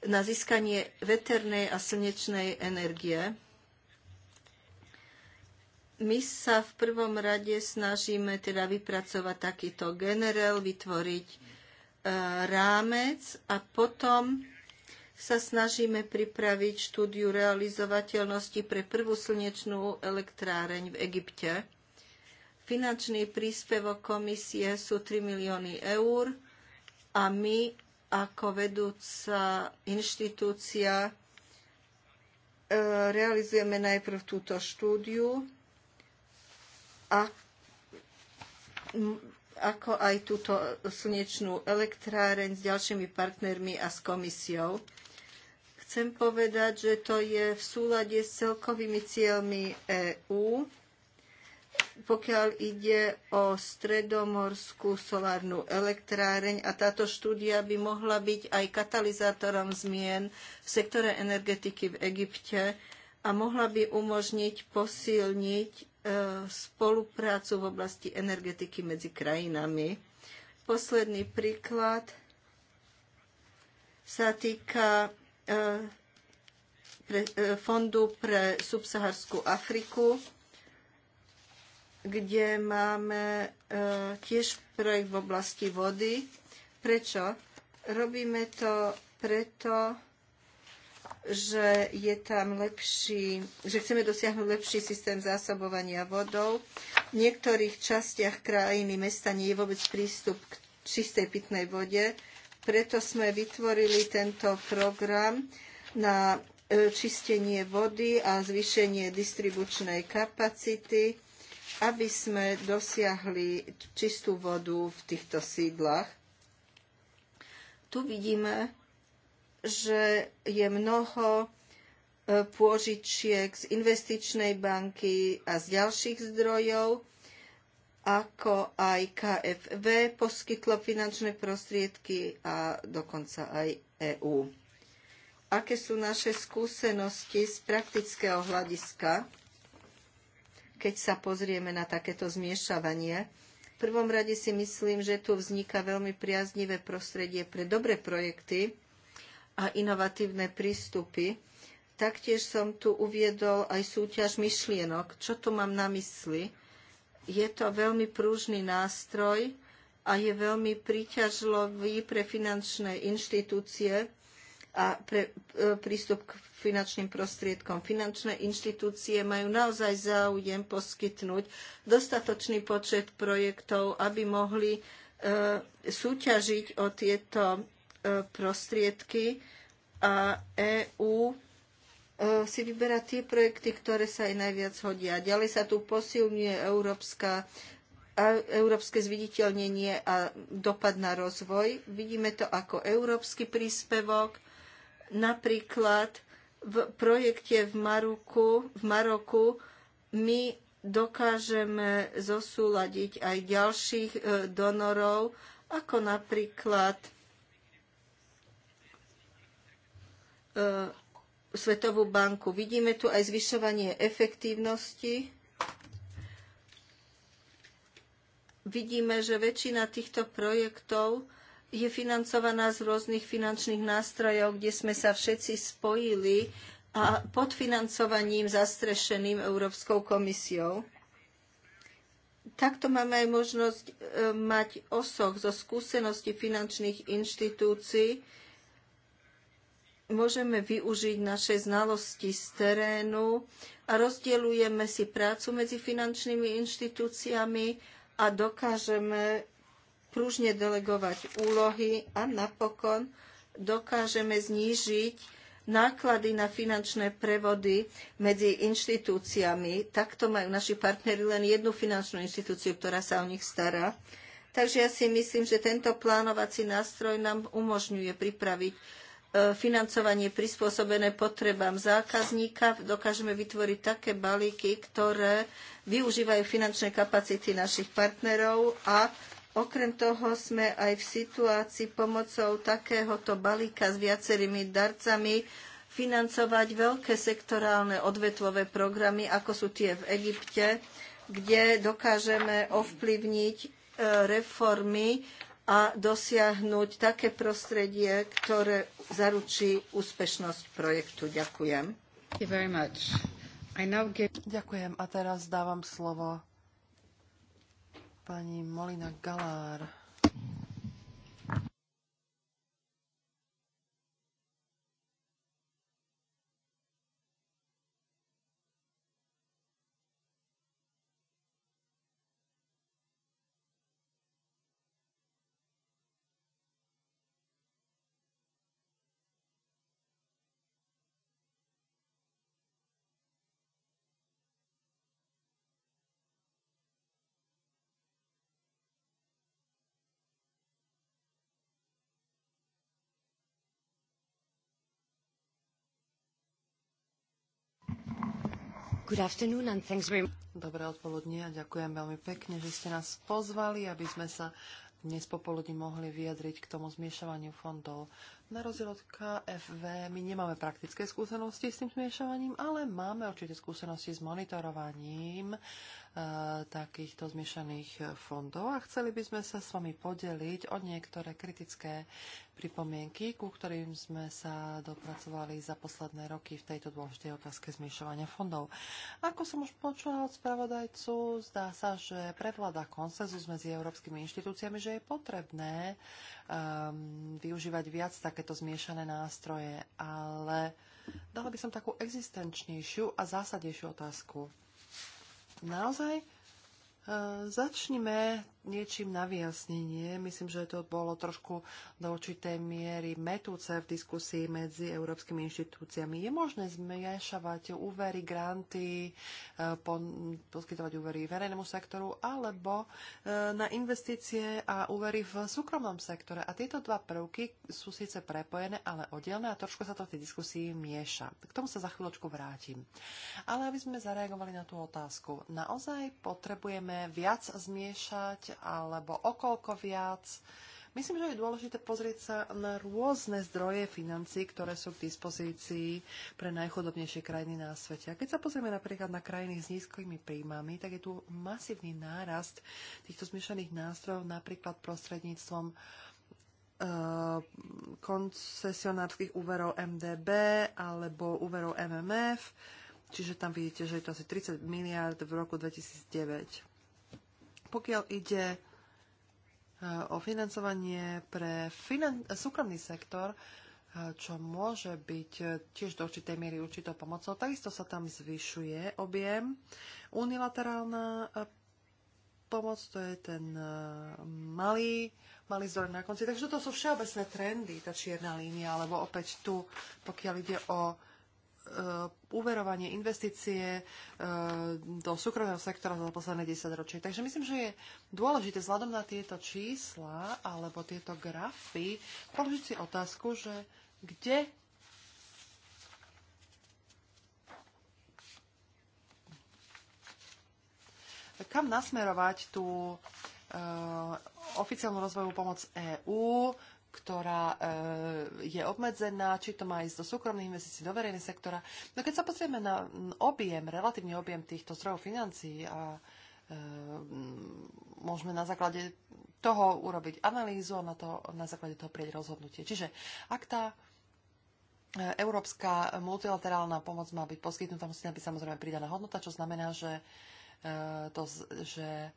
na získanie veternej a slnečnej energie. My sa v prvom rade snažíme teda vypracovať takýto generel, vytvoriť e, rámec a potom sa snažíme pripraviť štúdiu realizovateľnosti pre prvú slnečnú elektráreň v Egypte. Finančný príspevok komisie sú 3 milióny eur a my ako vedúca inštitúcia e, realizujeme najprv túto štúdiu a ako aj túto slnečnú elektráreň s ďalšími partnermi a s komisiou. Chcem povedať, že to je v súlade s celkovými cieľmi EÚ pokiaľ ide o stredomorskú solárnu elektráreň a táto štúdia by mohla byť aj katalizátorom zmien v sektore energetiky v Egypte a mohla by umožniť posilniť e, spoluprácu v oblasti energetiky medzi krajinami. Posledný príklad sa týka e, e, Fondu pre subsaharskú Afriku kde máme e, tiež projekt v oblasti vody. Prečo? Robíme to preto, že je tam lepší, že chceme dosiahnuť lepší systém zásobovania vodou. V niektorých častiach krajiny mesta nie je vôbec prístup k čistej pitnej vode, preto sme vytvorili tento program na e, čistenie vody a zvýšenie distribučnej kapacity aby sme dosiahli čistú vodu v týchto sídlach. Tu vidíme, že je mnoho e, pôžičiek z investičnej banky a z ďalších zdrojov, ako aj KFV poskytlo finančné prostriedky a dokonca aj EÚ. Aké sú naše skúsenosti z praktického hľadiska? keď sa pozrieme na takéto zmiešavanie. V prvom rade si myslím, že tu vzniká veľmi priaznivé prostredie pre dobré projekty a inovatívne prístupy. Taktiež som tu uviedol aj súťaž myšlienok. Čo tu mám na mysli? Je to veľmi prúžný nástroj a je veľmi príťažlový pre finančné inštitúcie a pre e, prístup k finančným prostriedkom. Finančné inštitúcie majú naozaj záujem poskytnúť dostatočný počet projektov, aby mohli e, súťažiť o tieto e, prostriedky a EÚ e, si vyberá tie projekty, ktoré sa aj najviac hodia. Ďalej sa tu posilňuje európska európske zviditeľnenie a dopad na rozvoj. Vidíme to ako európsky príspevok. Napríklad v projekte v, Maruku, v Maroku my dokážeme zosúľadiť aj ďalších e, donorov, ako napríklad e, Svetovú banku. Vidíme tu aj zvyšovanie efektívnosti. Vidíme, že väčšina týchto projektov je financovaná z rôznych finančných nástrojov, kde sme sa všetci spojili a pod financovaním zastrešeným Európskou komisiou. Takto máme aj možnosť e, mať osoch zo skúsenosti finančných inštitúcií. Môžeme využiť naše znalosti z terénu a rozdielujeme si prácu medzi finančnými inštitúciami a dokážeme pružne delegovať úlohy a napokon dokážeme znížiť náklady na finančné prevody medzi inštitúciami. Takto majú naši partneri len jednu finančnú inštitúciu, ktorá sa o nich stará. Takže ja si myslím, že tento plánovací nástroj nám umožňuje pripraviť e, financovanie prispôsobené potrebám zákazníka. Dokážeme vytvoriť také balíky, ktoré využívajú finančné kapacity našich partnerov a Okrem toho sme aj v situácii pomocou takéhoto balíka s viacerými darcami financovať veľké sektorálne odvetvové programy, ako sú tie v Egypte, kde dokážeme ovplyvniť e, reformy a dosiahnuť také prostredie, ktoré zaručí úspešnosť projektu. Ďakujem. Ďakujem a teraz dávam slovo pani Molina Galár. Dobré odpoludne a ďakujem veľmi pekne, že ste nás pozvali, aby sme sa dnes popoludní mohli vyjadriť k tomu zmiešavaniu fondov na rozdiel od KFV my nemáme praktické skúsenosti s tým zmiešovaním, ale máme určite skúsenosti s monitorovaním e, takýchto zmiešaných fondov a chceli by sme sa s vami podeliť o niektoré kritické pripomienky, ku ktorým sme sa dopracovali za posledné roky v tejto dôležitej otázke zmiešovania fondov. Ako som už počula od spravodajcu, zdá sa, že prevláda konsenzus medzi európskymi inštitúciami, že je potrebné um, využívať viac také takéto zmiešané nástroje, ale dala by som takú existenčnejšiu a zásadnejšiu otázku. Naozaj e, začnime niečím na vyjasnenie. Myslím, že to bolo trošku do určitej miery metúce v diskusii medzi európskymi inštitúciami. Je možné zmiešavať úvery, granty, e, poskytovať úvery verejnému sektoru alebo e, na investície a úvery v súkromnom sektore. A tieto dva prvky sú síce prepojené, ale oddelné, a trošku sa to v tej diskusii mieša. K tomu sa za chvíľočku vrátim. Ale aby sme zareagovali na tú otázku, naozaj potrebujeme viac zmiešať alebo okolko viac. Myslím, že je dôležité pozrieť sa na rôzne zdroje financí, ktoré sú k dispozícii pre najchudobnejšie krajiny na svete. A keď sa pozrieme napríklad na krajiny s nízkymi príjmami, tak je tu masívny nárast týchto zmiešaných nástrojov napríklad prostredníctvom e, koncesionárskych úverov MDB alebo úverov MMF, čiže tam vidíte, že je to asi 30 miliard v roku 2009. Pokiaľ ide e, o financovanie pre finan- súkromný sektor, e, čo môže byť e, tiež do určitej miery určitou pomocou. Takisto sa tam zvyšuje objem. Unilaterálna pomoc, to je ten malý, malý zdroj na konci. Takže toto sú všeobecné trendy, tá čierna línia, alebo opäť tu, pokiaľ ide o E, úverovanie, investície e, do súkromného sektora za posledné 10 ročí. Takže myslím, že je dôležité vzhľadom na tieto čísla alebo tieto grafy položiť si otázku, že kde kam nasmerovať tú uh, oficiálnu rozvojovú pomoc EÚ, ktorá e, je obmedzená, či to má ísť do súkromných investícií, do verejného sektora. No keď sa pozrieme na objem, relatívny objem týchto zdrojov financií a e, môžeme na základe toho urobiť analýzu a na, to, na základe toho prieť rozhodnutie. Čiže ak tá e, európska multilaterálna pomoc má byť poskytnutá, musí byť samozrejme pridaná hodnota, čo znamená, že, to, že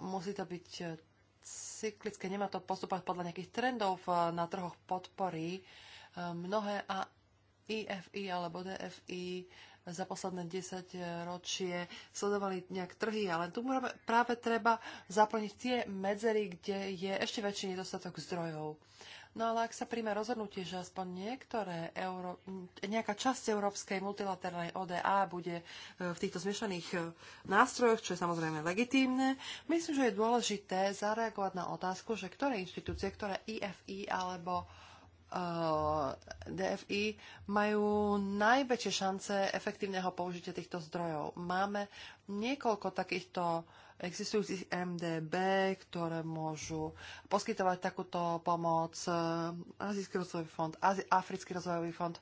musí to byť cyklické, nemá to postupovať podľa nejakých trendov na trhoch podpory. E, mnohé a IFI alebo DFI za posledné 10 ročie sledovali nejak trhy, ale tu práve treba zaplniť tie medzery, kde je ešte väčší nedostatok zdrojov. No ale ak sa príjme rozhodnutie, že aspoň niektoré euro, nejaká časť európskej multilaterálnej ODA bude e, v týchto zmiešaných e, nástrojoch, čo je samozrejme legitímne, myslím, že je dôležité zareagovať na otázku, že ktoré inštitúcie, ktoré IFI alebo e, DFI majú najväčšie šance efektívneho použitia týchto zdrojov. Máme niekoľko takýchto uh, existujúcich MDB, ktoré môžu poskytovať takúto pomoc, e, Azijský rozvojový fond, Africký rozvojový fond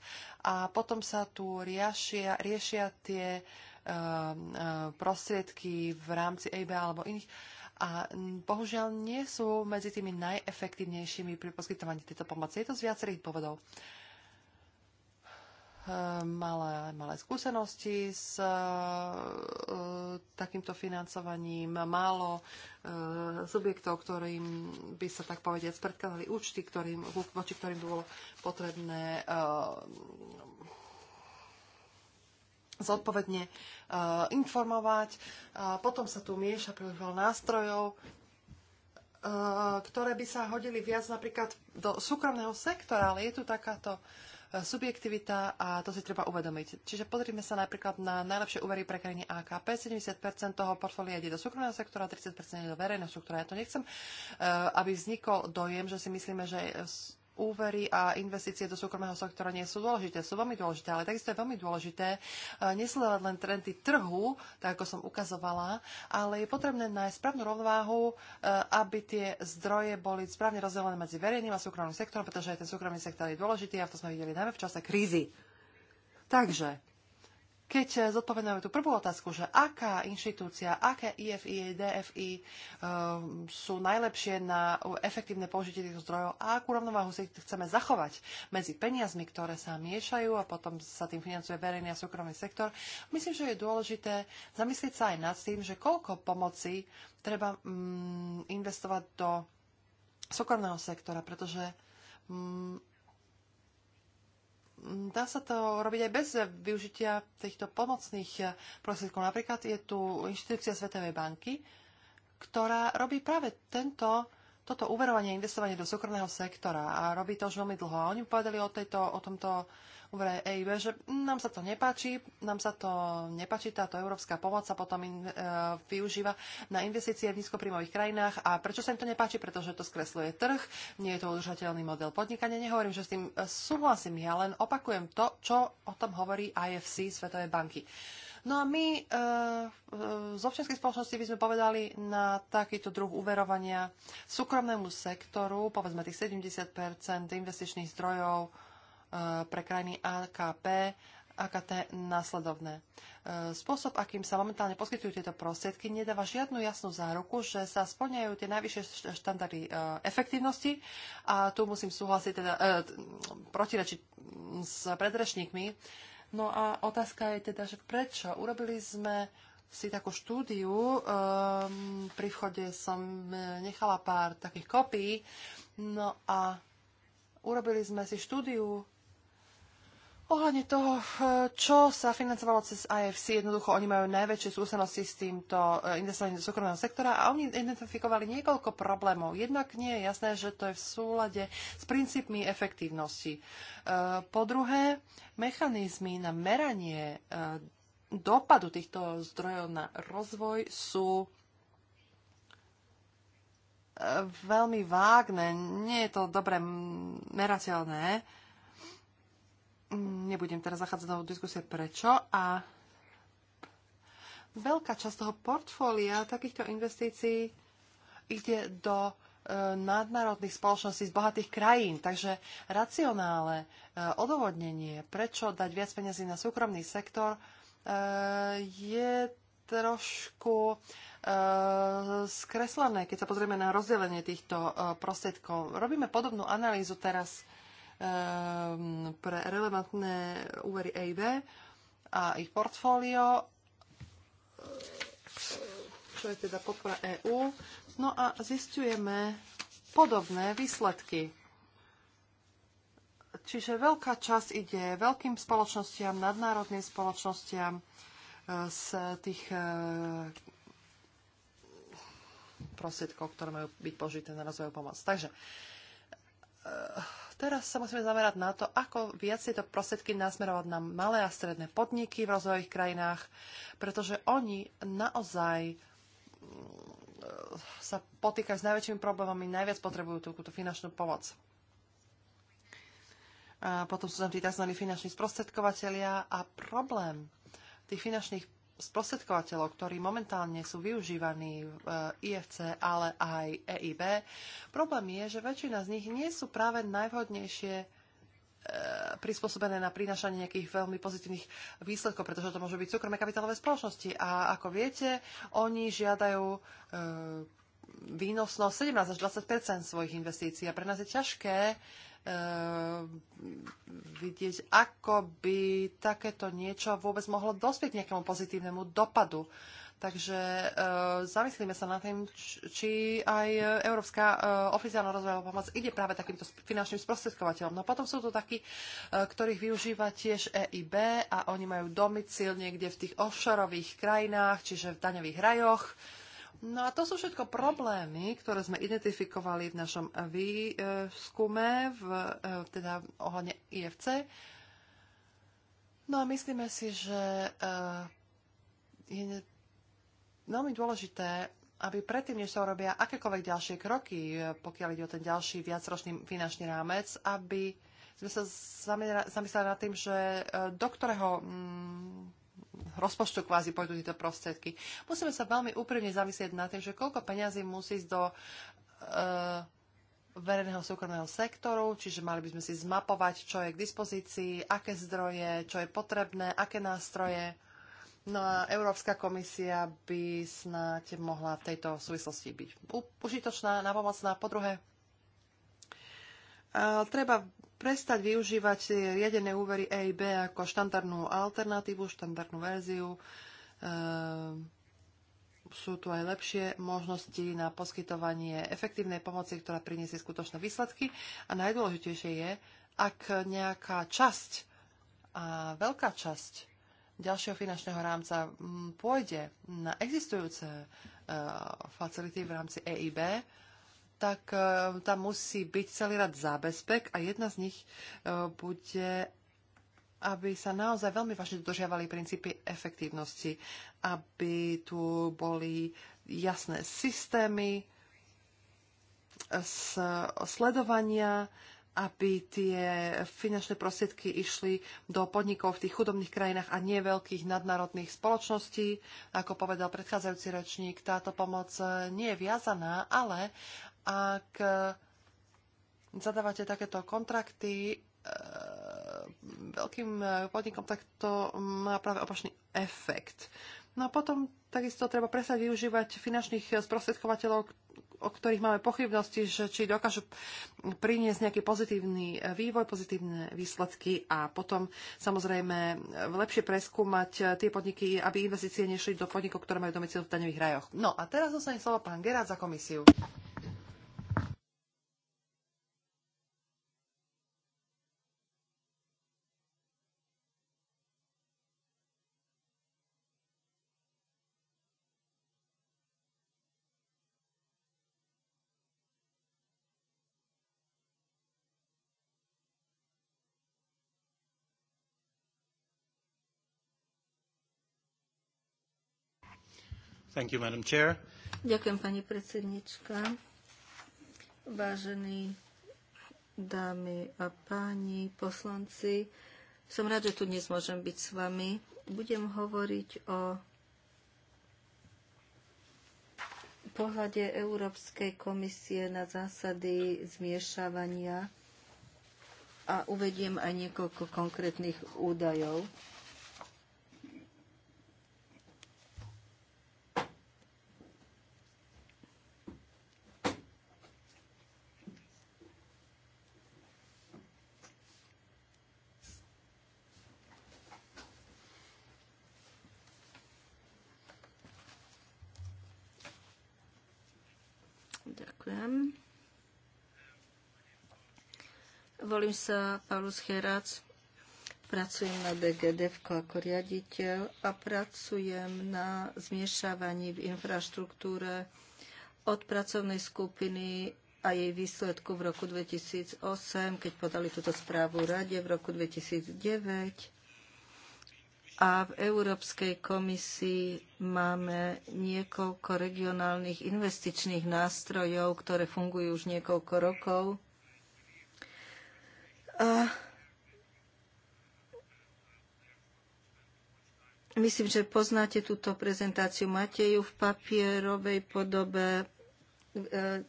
a potom sa tu riešia, riešia tie e, e, prostriedky v rámci EIB alebo iných a bohužiaľ nie sú medzi tými najefektívnejšími pri poskytovaní tejto pomoci. Je to z viacerých dôvodov. Uh, malé, malé skúsenosti s e, takýmto financovaním, málo e, subjektov, ktorým by sa tak povediať predkladali účty, ktorým, voči ktorým by bolo potrebné e, zodpovedne e, informovať. potom sa tu mieša prvýval veľa nástrojov, e, ktoré by sa hodili viac napríklad do súkromného sektora, ale je tu takáto uh, subjektivita a to si treba uvedomiť. Čiže pozrime sa napríklad na najlepšie úvery pre krajiny AKP. 70% toho portfólia ide do súkromného sektora, 30% ide do verejného sektora. Ja to nechcem, eh, aby vznikol dojem, že si myslíme, že úvery a investície do súkromného sektora nie sú dôležité, sú veľmi dôležité, ale takisto je veľmi dôležité e, nesledovať len trendy trhu, tak ako som ukazovala, ale je potrebné nájsť správnu rovnováhu, e, aby tie zdroje boli správne rozdelené medzi verejným a súkromným sektorom, pretože aj ten súkromný sektor je dôležitý a to sme videli najmä v čase krízy. Takže keď eh, zodpovedáme tú prvú otázku, že aká inštitúcia, aké IFI, DFI uh, eh, sú najlepšie na efektívne použitie týchto zdrojov a akú rovnováhu si chceme zachovať medzi peniazmi, ktoré sa miešajú a potom sa tým financuje verejný a súkromný sektor, myslím, že je dôležité zamyslieť sa aj nad tým, že koľko pomoci treba um, investovať do súkromného sektora, pretože mm, Mm, dá sa to robiť aj bez využitia týchto pomocných eh, prostriedkov. Napríklad je tu inštitúcia Svetovej banky, ktorá robí práve tento, toto uverovanie a investovanie do súkromného sektora a robí to už veľmi dlho. A oni povedali o, tejto, o tomto úvery EIB, že nám sa to nepáči, nám sa to nepáči, táto európska pomoc sa potom in, e, využíva na investície v nízkoprímových krajinách. A prečo sa im to nepáči? Pretože to skresluje trh, nie je to udržateľný model podnikania. Nehovorím, že s tým e, súhlasím, ja len opakujem to, čo o tom hovorí IFC svetové banky. No a my e, e, z občianskej spoločnosti by sme povedali na takýto druh uverovania súkromnému sektoru, povedzme tých 70 investičných zdrojov, Eh, pre krajiny AKP AKT následovné. Eh, spôsob, akým sa momentálne poskytujú tieto prostriedky, nedáva žiadnu jasnú záruku, že sa splňajú tie najvyššie štandardy eh, efektívnosti a tu musím súhlasiť, teda, e, protirečiť mm, s predrečníkmi. No a otázka je teda, že prečo urobili sme si takú štúdiu, um, pri vchode som nechala pár takých kopií, no a urobili sme si štúdiu Ohľadne toho, eh, čo sa financovalo cez IFC, jednoducho oni majú najväčšie skúsenosti s týmto eh, investovaním do súkromného sektora a oni identifikovali niekoľko problémov. Jednak nie je jasné, že to je v súlade s princípmi efektívnosti. Eh, po druhé, mechanizmy na meranie dopadu týchto zdrojov na rozvoj sú veľmi vágne, nie je to dobre merateľné Nebudem teraz zachádzať do diskusie prečo a veľká časť toho portfólia takýchto investícií ide do e, nadnárodných spoločností z bohatých krajín. Takže racionálne e, odôvodnenie, prečo dať viac peniazy na súkromný sektor, e, je trošku skreslené, keď sa pozrieme na rozdelenie týchto prostriedkov. Robíme podobnú analýzu teraz Ehm, pre relevantné úvery EIB a ich portfólio, čo je teda podpora EÚ. No a zistujeme podobné výsledky. Čiže veľká časť ide veľkým spoločnostiam, nadnárodným spoločnostiam eh, z tých eh, prostriedkov, ktoré majú byť požité na rozvojovú pomoc. Takže eh, Teraz sa musíme zamerať na to, ako viac tieto prostriedky nasmerovať na malé a stredné podniky v rozvojových krajinách, pretože oni naozaj mm, sa potýkajú s najväčšími problémami, najviac potrebujú túto finančnú pomoc. A potom sú tam tí tzv. finanční sprostredkovateľia a problém tých finančných sprostredkovateľov, ktorí momentálne sú využívaní v eh, IFC, ale aj EIB, problém je, že väčšina z nich nie sú práve najvhodnejšie eh, prispôsobené na prinášanie nejakých veľmi pozitívnych výsledkov, pretože to môžu byť súkromné kapitálové spoločnosti. A ako viete, oni žiadajú eh, výnosnosť 17 až 20 svojich investícií a pre nás je ťažké Eh, vidieť, ako by takéto niečo vôbec mohlo dospieť nejakému pozitívnemu dopadu. Takže e, zamyslíme sa nad tým, či aj Európska e, oficiálna rozvojová pomoc ide práve takýmto finančným sprostredkovateľom. No potom sú tu takí, e, ktorých využíva tiež EIB a oni majú domicil niekde v tých offshoreových krajinách, čiže v daňových rajoch. E, No a to sú všetko problémy, ktoré sme identifikovali v našom výskume, v, e, teda ohľadne IFC. No a myslíme si, že e, je veľmi dôležité, aby predtým, než sa urobia akékoľvek ďalšie kroky, e, pokiaľ ide o ten ďalší viacročný finančný rámec, aby sme sa zamysleli nad tým, že do ktorého mm, rozpočtu kvázi pôjdu tieto prostriedky. Musíme sa veľmi úprimne zamyslieť nad tým, že koľko peňazí musí ísť do e, verejného súkromného sektoru, čiže mali by sme si zmapovať, čo je k dispozícii, aké zdroje, čo je potrebné, aké nástroje. No a Európska komisia by snáď mohla v tejto súvislosti byť užitočná, napomocná. Po druhé, e, treba prestať využívať riadené úvery EIB ako štandardnú alternatívu, štandardnú verziu. Ehm, sú tu aj lepšie možnosti na poskytovanie efektívnej pomoci, ktorá priniesie skutočné výsledky. A najdôležitejšie je, ak nejaká časť a veľká časť ďalšieho finančného rámca mm, pôjde na existujúce e, facility v rámci EIB, tak e, tam musí byť celý rad zábezpek a jedna z nich e, bude aby sa naozaj veľmi vážne dodržiavali princípy efektívnosti, aby tu boli jasné systémy e, sledovania, aby tie finančné prostriedky išli do podnikov v tých chudobných krajinách a nie veľkých nadnárodných spoločností. Ako povedal predchádzajúci rečník, táto pomoc nie je viazaná, ale ak zadávate takéto kontrakty e, veľkým e, podnikom, tak to má práve opačný efekt. No a potom takisto treba presať využívať finančných sprostredkovateľov, o ktorých máme pochybnosti, že či dokážu priniesť nejaký pozitívny e, vývoj, pozitívne výsledky a potom samozrejme lepšie preskúmať tie podniky, aby investície nešli do podnikov, ktoré majú domicil v daňových rajoch. No a teraz zostane slovo pán Gerard za komisiu. Thank you, Madam Chair. Ďakujem, pani predsednička. Vážení dámy a páni poslanci, som rád, že tu dnes môžem byť s vami. Budem hovoriť o pohľade Európskej komisie na zásady zmiešavania a uvediem aj niekoľko konkrétnych údajov. Volím sa Paulus Cherac, pracujem na DGDF ako riaditeľ a pracujem na zmiešavaní v infraštruktúre od pracovnej skupiny a jej výsledku v roku 2008, keď podali túto správu Rade v roku 2009. A v Európskej komisii máme niekoľko regionálnych investičných nástrojov, ktoré fungujú už niekoľko rokov. Myslím, že poznáte túto prezentáciu. Mateju v papierovej podobe, e,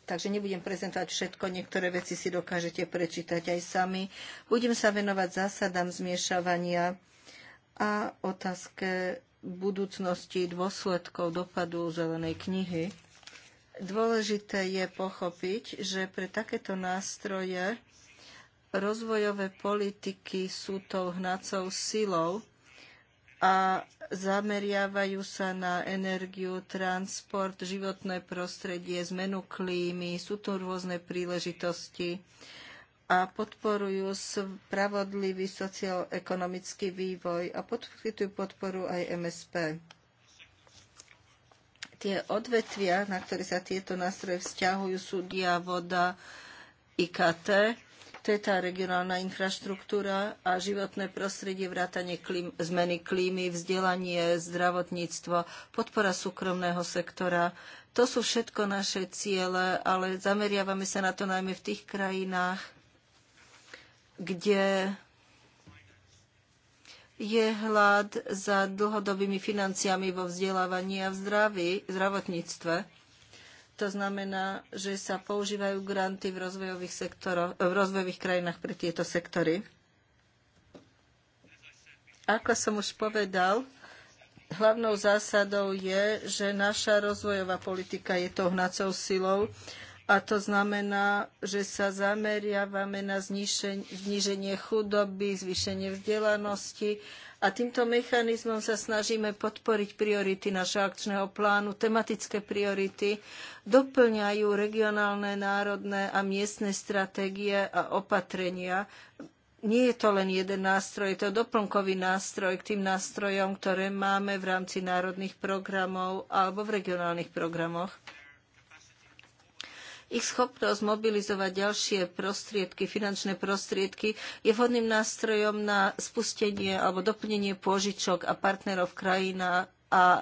takže nebudem prezentovať všetko. Niektoré veci si dokážete prečítať aj sami. Budem sa venovať zásadám zmiešavania a otázke budúcnosti dôsledkov dopadu zelenej knihy. Dôležité je pochopiť, že pre takéto nástroje Rozvojové politiky sú tou hnacou silou a zameriavajú sa na energiu, transport, životné prostredie, zmenu klímy, sú tu rôzne príležitosti a podporujú spravodlivý socioekonomický vývoj a podporujú podporu aj MSP. Tie odvetvia, na ktoré sa tieto nástroje vzťahujú, sú dia, voda, IKT, TETA, regionálna infraštruktúra a životné prostredie, vrátanie klím, zmeny klímy, vzdelanie, zdravotníctvo, podpora súkromného sektora. To sú všetko naše ciele, ale zameriavame sa na to najmä v tých krajinách, kde je hlad za dlhodobými financiami vo vzdelávaní a v zdraví, zdravotníctve. To znamená, že sa používajú granty v rozvojových, sektoroch, v rozvojových krajinách pre tieto sektory. Ako som už povedal, hlavnou zásadou je, že naša rozvojová politika je tou hnacou silou a to znamená, že sa zameriavame na zniženie chudoby, zvýšenie vzdelanosti a týmto mechanizmom sa snažíme podporiť priority našeho akčného plánu. Tematické priority doplňajú regionálne, národné a miestne stratégie a opatrenia. Nie je to len jeden nástroj, je to doplnkový nástroj k tým nástrojom, ktoré máme v rámci národných programov alebo v regionálnych programoch ich schopnosť mobilizovať ďalšie prostriedky, finančné prostriedky je vhodným nástrojom na spustenie alebo doplnenie pôžičok a partnerov krajina a e,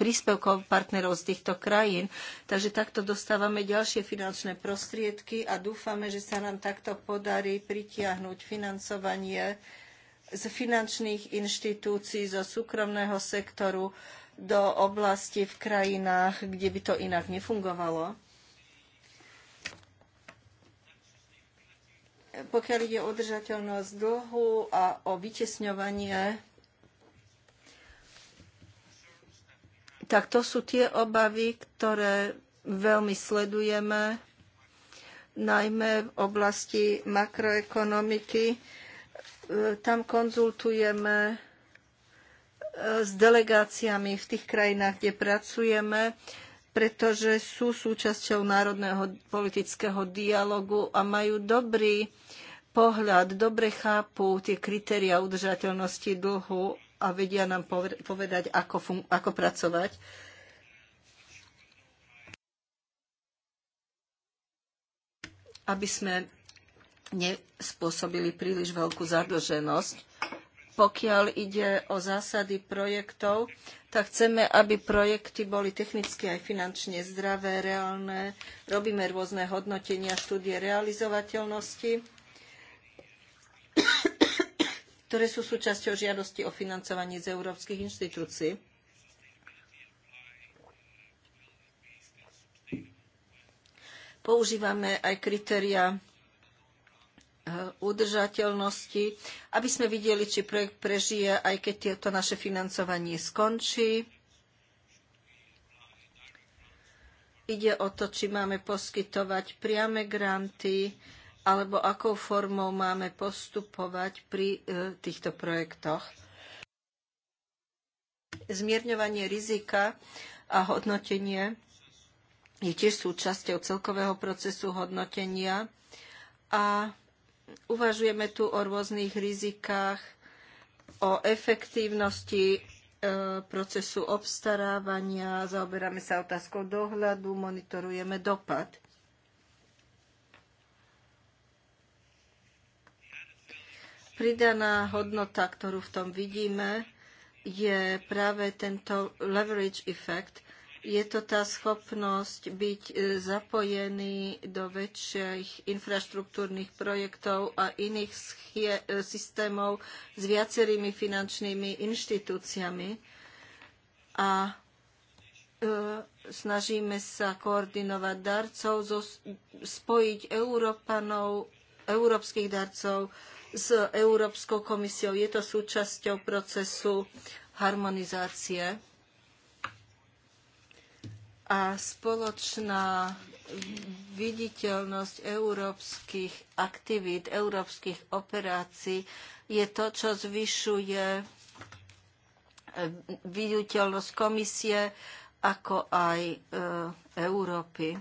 príspevkov partnerov z týchto krajín. Takže takto dostávame ďalšie finančné prostriedky a dúfame, že sa nám takto podarí pritiahnuť financovanie z finančných inštitúcií, zo súkromného sektoru do oblasti v krajinách, kde by to inak nefungovalo. pokiaľ ide o udržateľnosť dlhu a o vytesňovanie, tak to sú tie obavy, ktoré veľmi sledujeme, najmä v oblasti makroekonomiky. E, tam konzultujeme e, s delegáciami v tých krajinách, kde pracujeme pretože sú súčasťou národného politického dialogu a majú dobrý pohľad, dobre chápu tie kritéria udržateľnosti dlhu a vedia nám povedať, ako, ako pracovať. aby sme nespôsobili príliš veľkú zadlženosť pokiaľ ide o zásady projektov, tak chceme, aby projekty boli technicky aj finančne zdravé, reálne. Robíme rôzne hodnotenia, štúdie realizovateľnosti, ktoré sú súčasťou žiadosti o financovanie z európskych inštitúcií. Používame aj kritéria Eh, udržateľnosti, aby sme videli, či projekt prežije, aj keď to naše financovanie skončí. Ide o to, či máme poskytovať priame granty, alebo akou formou máme postupovať pri eh, týchto projektoch. Zmierňovanie rizika a hodnotenie je tiež súčasťou celkového procesu hodnotenia a uvažujeme tu o rôznych rizikách, o efektívnosti e, procesu obstarávania, zaoberáme sa otázkou dohľadu, monitorujeme dopad. Pridaná hodnota, ktorú v tom vidíme, je práve tento leverage effect, je to tá schopnosť byť e, zapojený do väčších infraštruktúrnych projektov a iných e, systémov s viacerými finančnými inštitúciami. A e, snažíme sa koordinovať darcov, spojiť Európanov, európskych darcov s Európskou komisiou. Je to súčasťou procesu harmonizácie a spoločná viditeľnosť európskych aktivít, európskych operácií je to, čo zvyšuje eh, viditeľnosť komisie, ako aj e, Európy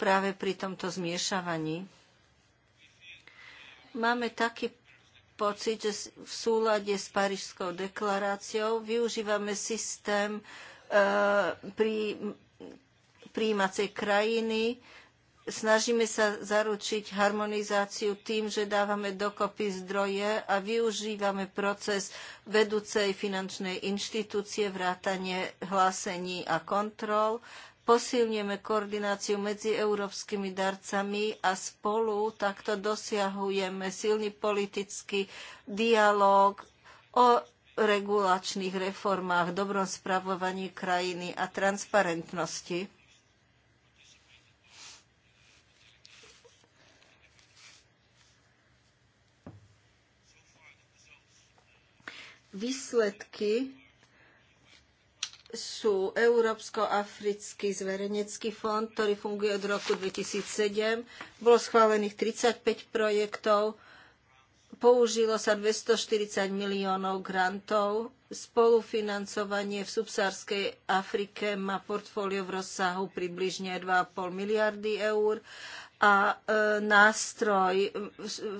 práve pri tomto zmiešavaní. Máme taký pocit, že v súlade s Parížskou deklaráciou využívame systém e, pri príjímacej krajiny. Snažíme sa zaručiť harmonizáciu tým, že dávame dokopy zdroje a využívame proces vedúcej finančnej inštitúcie, vrátanie hlásení a kontrol. Posilňujeme koordináciu medzi európskymi darcami a spolu takto dosiahujeme silný politický dialog o regulačných reformách, dobrom spravovaní krajiny a transparentnosti. Výsledky sú Európsko-africký zverejnecký fond, ktorý funguje od roku 2007. Bolo schválených 35 projektov, použilo sa 240 miliónov grantov, spolufinancovanie v subsárskej Afrike má portfólio v rozsahu približne 2,5 miliardy eur a e, nástroj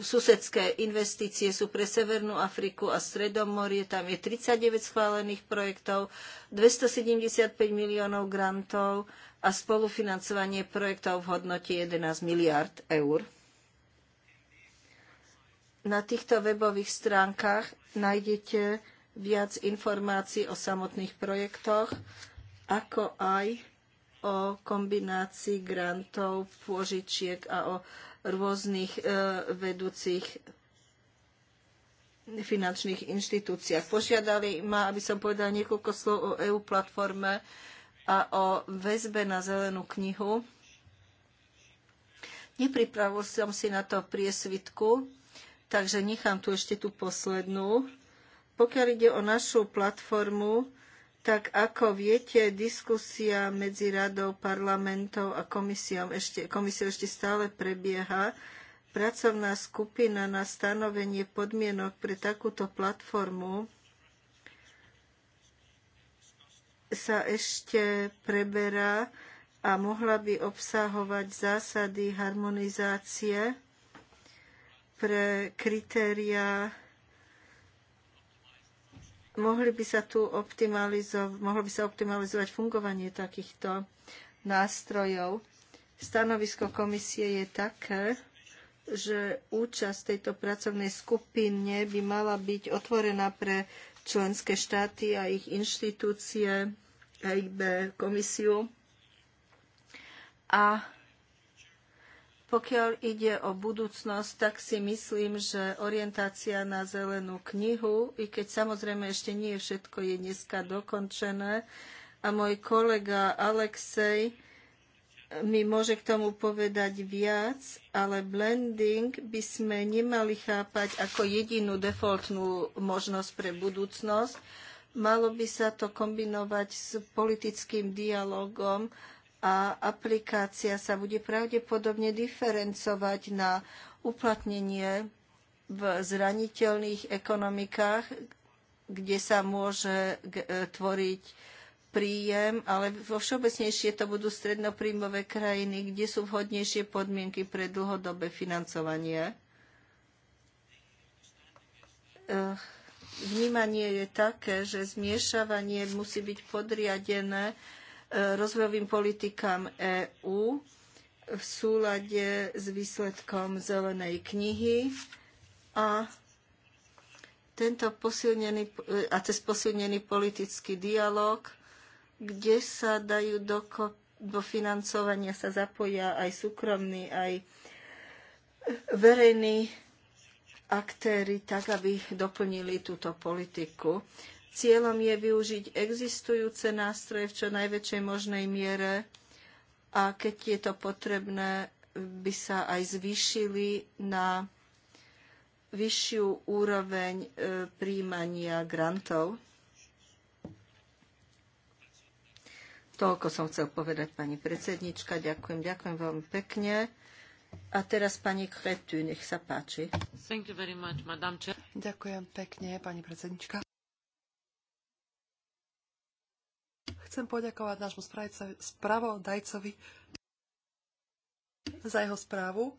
susedské investície sú pre Severnú Afriku a Stredomorie. Tam je 39 schválených projektov, 275 miliónov grantov a spolufinancovanie projektov v hodnote 11 miliard eur. Na týchto webových stránkach nájdete viac informácií o samotných projektoch, ako aj o kombinácii grantov, pôžičiek a o rôznych e, vedúcich finančných inštitúciách. Požiadali ma, aby som povedala niekoľko slov o EU platforme a o väzbe na zelenú knihu. Nepripravil som si na to priesvitku, takže nechám tu ešte tú poslednú. Pokiaľ ide o našu platformu, tak ako viete, diskusia medzi radou, parlamentov a komisiou ešte, komisiou ešte stále prebieha. Pracovná skupina na stanovenie podmienok pre takúto platformu sa ešte preberá a mohla by obsahovať zásady harmonizácie pre kritériá mohli by sa tu optimalizovať, mohlo by sa optimalizovať fungovanie takýchto nástrojov. Stanovisko komisie je také, že účasť tejto pracovnej skupine by mala byť otvorená pre členské štáty a ich inštitúcie, EIB, komisiu. A pokiaľ ide o budúcnosť, tak si myslím, že orientácia na zelenú knihu, i keď samozrejme ešte nie všetko je dneska dokončené, a môj kolega Alexej mi môže k tomu povedať viac, ale blending by sme nemali chápať ako jedinú defaultnú možnosť pre budúcnosť. Malo by sa to kombinovať s politickým dialogom, a aplikácia sa bude pravdepodobne diferencovať na uplatnenie v zraniteľných ekonomikách, kde sa môže e, tvoriť príjem, ale vo všeobecnejšie to budú strednopríjmové krajiny, kde sú vhodnejšie podmienky pre dlhodobé financovanie. E, vnímanie je také, že zmiešavanie musí byť podriadené rozvojovým politikám EÚ v súlade s výsledkom zelenej knihy a tento posilnený, a cez posilnený politický dialog, kde sa dajú doko, do financovania sa zapoja aj súkromní, aj verejní aktéry, tak aby doplnili túto politiku. Cieľom je využiť existujúce nástroje v čo najväčšej možnej miere a keď je to potrebné, by sa aj zvýšili na vyššiu úroveň e, príjmania grantov. Toľko som chcel povedať pani predsednička. Ďakujem, ďakujem veľmi pekne. A teraz pani Kretu, nech sa páči. Much, Ďakujem pekne, pani predsednička. chcem poďakovať nášmu spravodajcovi za jeho správu,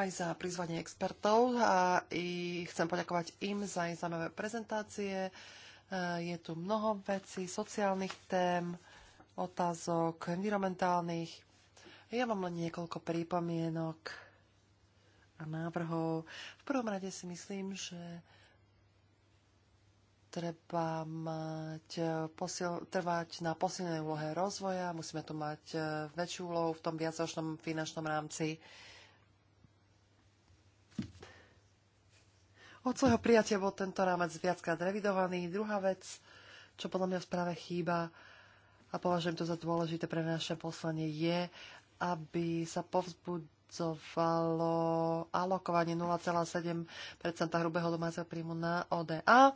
aj za prizvanie expertov a i chcem poďakovať im za ich zaujímavé prezentácie. E, je tu mnoho vecí, sociálnych tém, otázok environmentálnych. Ja mám len niekoľko prípomienok a návrhov. V prvom rade si myslím, že treba mať eh, posil, trvať na posilnej úlohe rozvoja, musíme tu mať eh, väčšiu úlohu v tom viacročnom finančnom rámci. Od svojho prijatia bol tento rámec viackrát revidovaný. Druhá vec, čo podľa mňa v správe chýba a považujem to za dôležité pre naše poslanie, je, aby sa povzbudil alokovanie 0,7 hrubého domáceho príjmu na ODA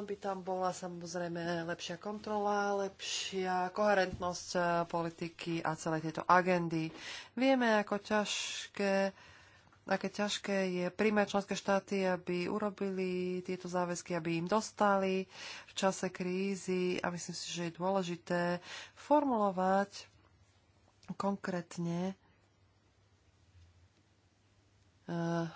aby tam bola samozrejme lepšia kontrola, lepšia koherentnosť e, politiky a celej tejto agendy. Vieme, ako ťažké aké ťažké je príjmať členské štáty, aby urobili tieto záväzky, aby im dostali v čase krízy a myslím si, že je dôležité formulovať konkrétne uh,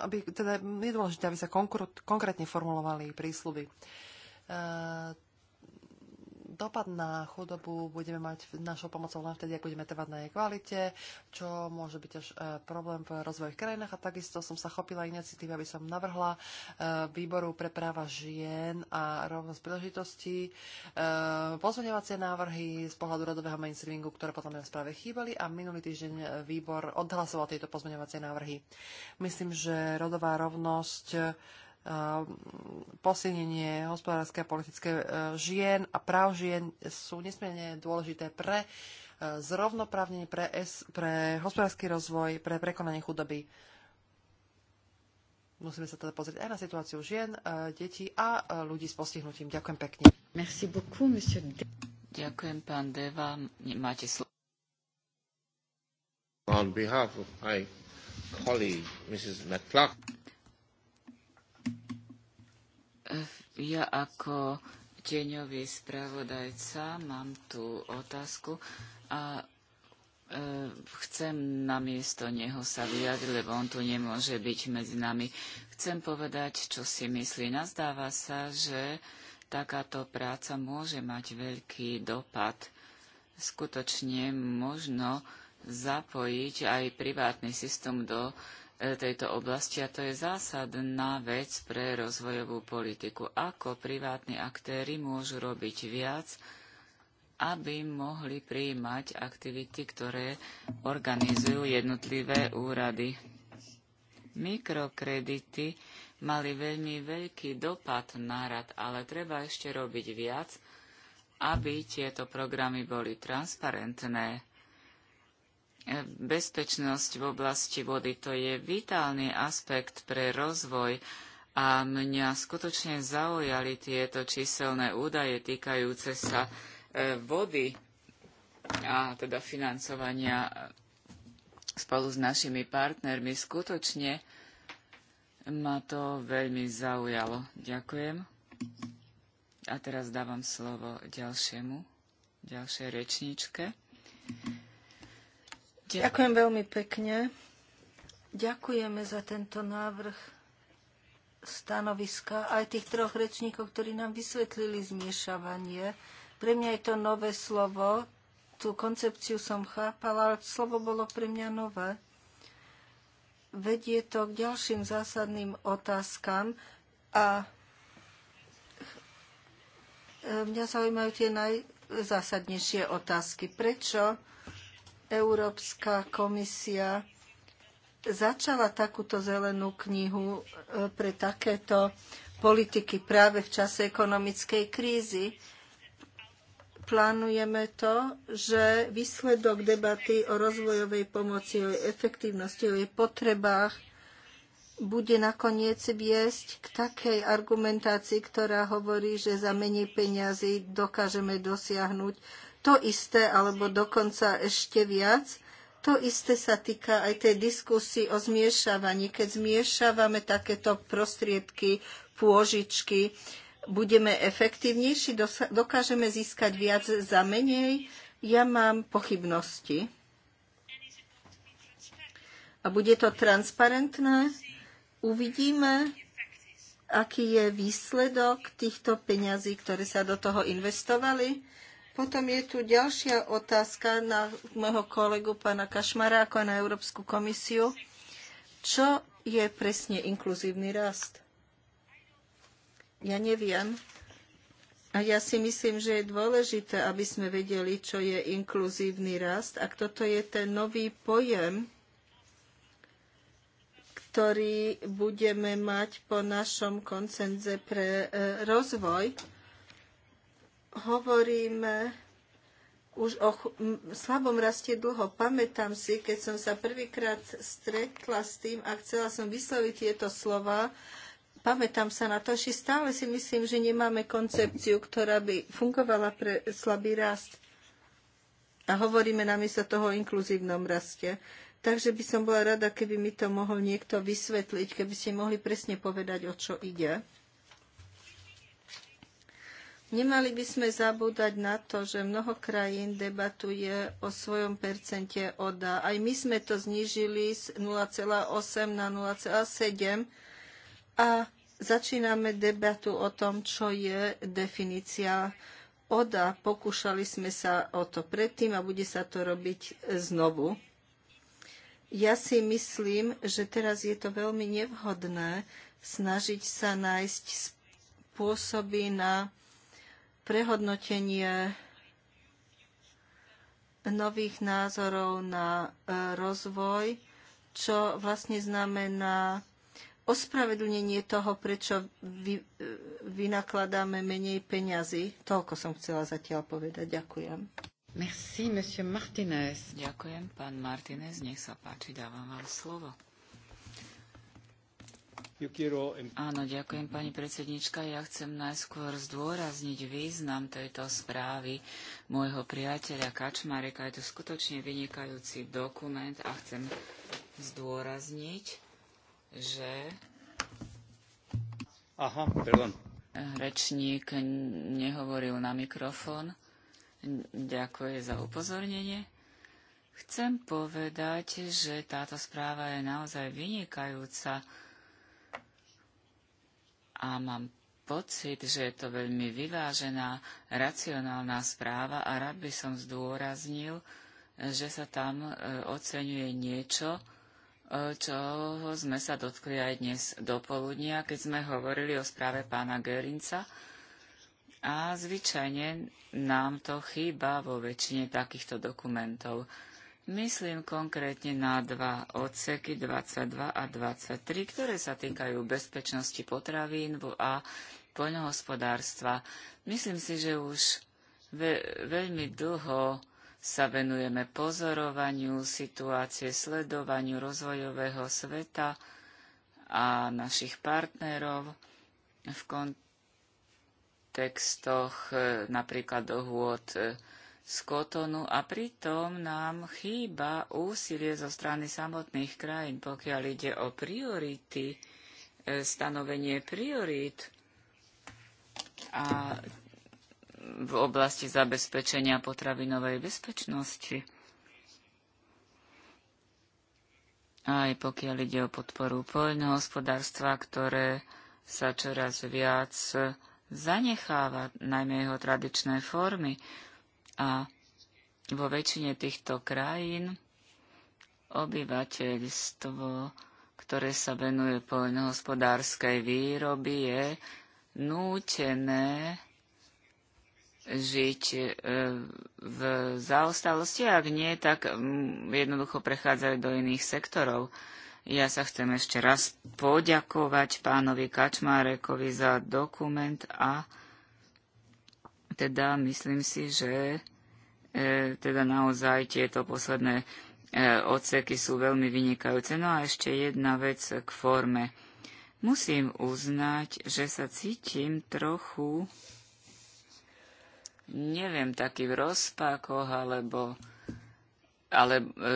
aby, teda nedôležité, aby sa konkrétne formulovali prísluby. E, dopad na chudobu budeme mať našou pomocou len vtedy, ak budeme trvať na jej kvalite, čo môže byť až e, problém v rozvojových krajinách. A takisto som sa chopila iniciatívy, aby som navrhla e, výboru pre práva žien a rovnosť príležitostí e, pozmeňovacie návrhy z pohľadu rodového mainstreamingu, ktoré potom mňa v správe chýbali a minulý týždeň výbor odhlasoval tieto pozmeňovacie návrhy. Myslím, že rodová rovnosť Ehm, posilnenie hospodárske a politické e, žien a práv žien sú nesmierne dôležité pre e, zrovnoprávnenie, pre, es, pre hospodársky rozvoj, pre prekonanie chudoby. Musíme sa teda pozrieť aj na situáciu žien, e, detí a ľudí s postihnutím. Ďakujem pekne. Merci beaucoup, monsieur. De... Ďakujem, pán Deva. Máte slovo. On behalf of my colleague, Mrs. McClough. Ja ako tieňový spravodajca mám tú otázku a e, chcem namiesto neho sa vyjadriť, lebo on tu nemôže byť medzi nami. Chcem povedať, čo si myslí. Nazdáva sa, že takáto práca môže mať veľký dopad. Skutočne možno zapojiť aj privátny systém do tejto oblasti a to je zásadná vec pre rozvojovú politiku. Ako privátni aktéry môžu robiť viac, aby mohli prijímať aktivity, ktoré organizujú jednotlivé úrady. Mikrokredity mali veľmi veľký dopad na rad, ale treba ešte robiť viac, aby tieto programy boli transparentné bezpečnosť v oblasti vody. To je vitálny aspekt pre rozvoj a mňa skutočne zaujali tieto číselné údaje týkajúce sa e, vody a teda financovania e, spolu s našimi partnermi. Skutočne ma to veľmi zaujalo. Ďakujem. A teraz dávam slovo ďalšiemu, ďalšej rečníčke. Ďakujem veľmi pekne. Ďakujeme za tento návrh stanoviska aj tých troch rečníkov, ktorí nám vysvetlili zmiešavanie. Pre mňa je to nové slovo. Tú koncepciu som chápala, ale slovo bolo pre mňa nové. Vedie to k ďalším zásadným otázkam a e, mňa zaujímajú tie najzásadnejšie otázky. Prečo Európska komisia začala takúto zelenú knihu e, pre takéto politiky práve v čase ekonomickej krízy. Plánujeme to, že výsledok debaty o rozvojovej pomoci, o jej efektívnosti, o jej potrebách bude nakoniec viesť k takej argumentácii, ktorá hovorí, že za menej peňazí dokážeme dosiahnuť to isté, alebo dokonca ešte viac. To isté sa týka aj tej diskusii o zmiešavaní. Keď zmiešavame takéto prostriedky, pôžičky, budeme efektívnejší, dokážeme získať viac za menej. Ja mám pochybnosti. A bude to transparentné? Uvidíme, aký je výsledok týchto peňazí, ktoré sa do toho investovali. Potom je tu ďalšia otázka na môjho kolegu pána Kašmara ako na Európsku komisiu. Čo je presne inkluzívny rast? Ja neviem. A ja si myslím, že je dôležité, aby sme vedeli, čo je inkluzívny rast. Ak toto je ten nový pojem, ktorý budeme mať po našom koncenze pre e, rozvoj, hovoríme už o slabom raste dlho. Pamätám si, keď som sa prvýkrát stretla s tým a chcela som vysloviť tieto slova, pamätám sa na to, že stále si myslím, že nemáme koncepciu, ktorá by fungovala pre slabý rast. A hovoríme namiesto toho o inkluzívnom raste. Takže by som bola rada, keby mi to mohol niekto vysvetliť, keby ste mohli presne povedať, o čo ide. Nemali by sme zabúdať na to, že mnoho krajín debatuje o svojom percente ODA. Aj my sme to znížili z 0,8 na 0,7 a začíname debatu o tom, čo je definícia ODA. Pokúšali sme sa o to predtým a bude sa to robiť znovu. Ja si myslím, že teraz je to veľmi nevhodné snažiť sa nájsť spôsoby na prehodnotenie nových názorov na e, rozvoj, čo vlastne znamená ospravedlnenie toho, prečo vy, e, vynakladáme menej peňazí. Toľko som chcela zatiaľ povedať. Ďakujem. Merci, monsieur Martinez. Ďakujem, pán Martinez. Nech sa páči, dávam vám slovo. Áno, ďakujem pani predsednička. Ja chcem najskôr zdôrazniť význam tejto správy môjho priateľa Kačmareka. Je to skutočne vynikajúci dokument a chcem zdôrazniť, že Aha, rečník nehovoril na mikrofón. Ďakujem za upozornenie. Chcem povedať, že táto správa je naozaj vynikajúca a mám pocit, že je to veľmi vyvážená, racionálna správa a rád by som zdôraznil, že sa tam e, oceňuje niečo, e, čoho sme sa dotkli aj dnes do poludnia, keď sme hovorili o správe pána Gerinca. A zvyčajne nám to chýba vo väčšine takýchto dokumentov. Myslím konkrétne na dva odseky 22 a 23, ktoré sa týkajú bezpečnosti potravín a poľnohospodárstva. Myslím si, že už ve- veľmi dlho sa venujeme pozorovaniu situácie, sledovaniu rozvojového sveta a našich partnerov v kontextoch e, napríklad dohôd e, z Kotonu a pritom nám chýba úsilie zo strany samotných krajín, pokiaľ ide o priority, e, stanovenie priorít a v oblasti zabezpečenia potravinovej bezpečnosti. Aj pokiaľ ide o podporu poľnohospodárstva, ktoré sa čoraz viac zanecháva, najmä jeho tradičné formy, a vo väčšine týchto krajín obyvateľstvo, ktoré sa venuje poľnohospodárskej výroby, je nútené žiť e, v zaostalosti, ak nie, tak jednoducho prechádzajú do iných sektorov. Ja sa chcem ešte raz poďakovať pánovi Kačmárekovi za dokument a teda myslím si, že e, teda naozaj tieto posledné e, odseky sú veľmi vynikajúce. No a ešte jedna vec k forme. Musím uznať, že sa cítim trochu, neviem, taký v rozpakoch, alebo, ale, e,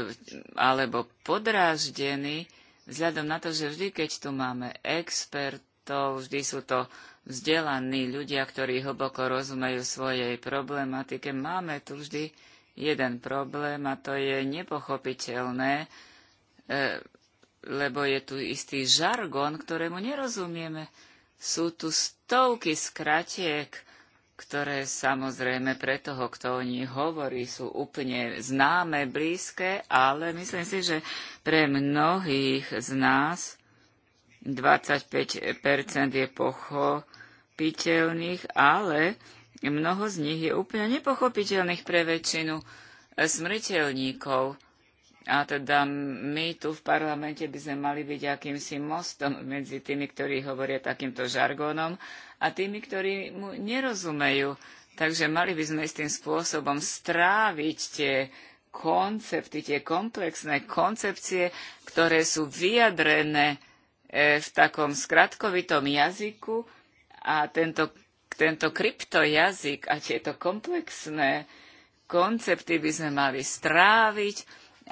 alebo podráždený, vzhľadom na to, že vždy, keď tu máme expertov, vždy sú to vzdelaní ľudia, ktorí hlboko rozumejú svojej problematike. Máme tu vždy jeden problém a to je nepochopiteľné, e, lebo je tu istý žargon, ktorému nerozumieme. Sú tu stovky skratiek, ktoré samozrejme pre toho, kto o nich hovorí, sú úplne známe, blízke, ale myslím si, že pre mnohých z nás 25% je pochopiteľné, pochopiteľných, ale mnoho z nich je úplne nepochopiteľných pre väčšinu smrteľníkov. A teda my tu v parlamente by sme mali byť akýmsi mostom medzi tými, ktorí hovoria takýmto žargónom a tými, ktorí mu nerozumejú. Takže mali by sme s tým spôsobom stráviť tie koncepty, tie komplexné koncepcie, ktoré sú vyjadrené e, v takom skratkovitom jazyku a tento, tento kryptojazyk a tieto komplexné koncepty by sme mali stráviť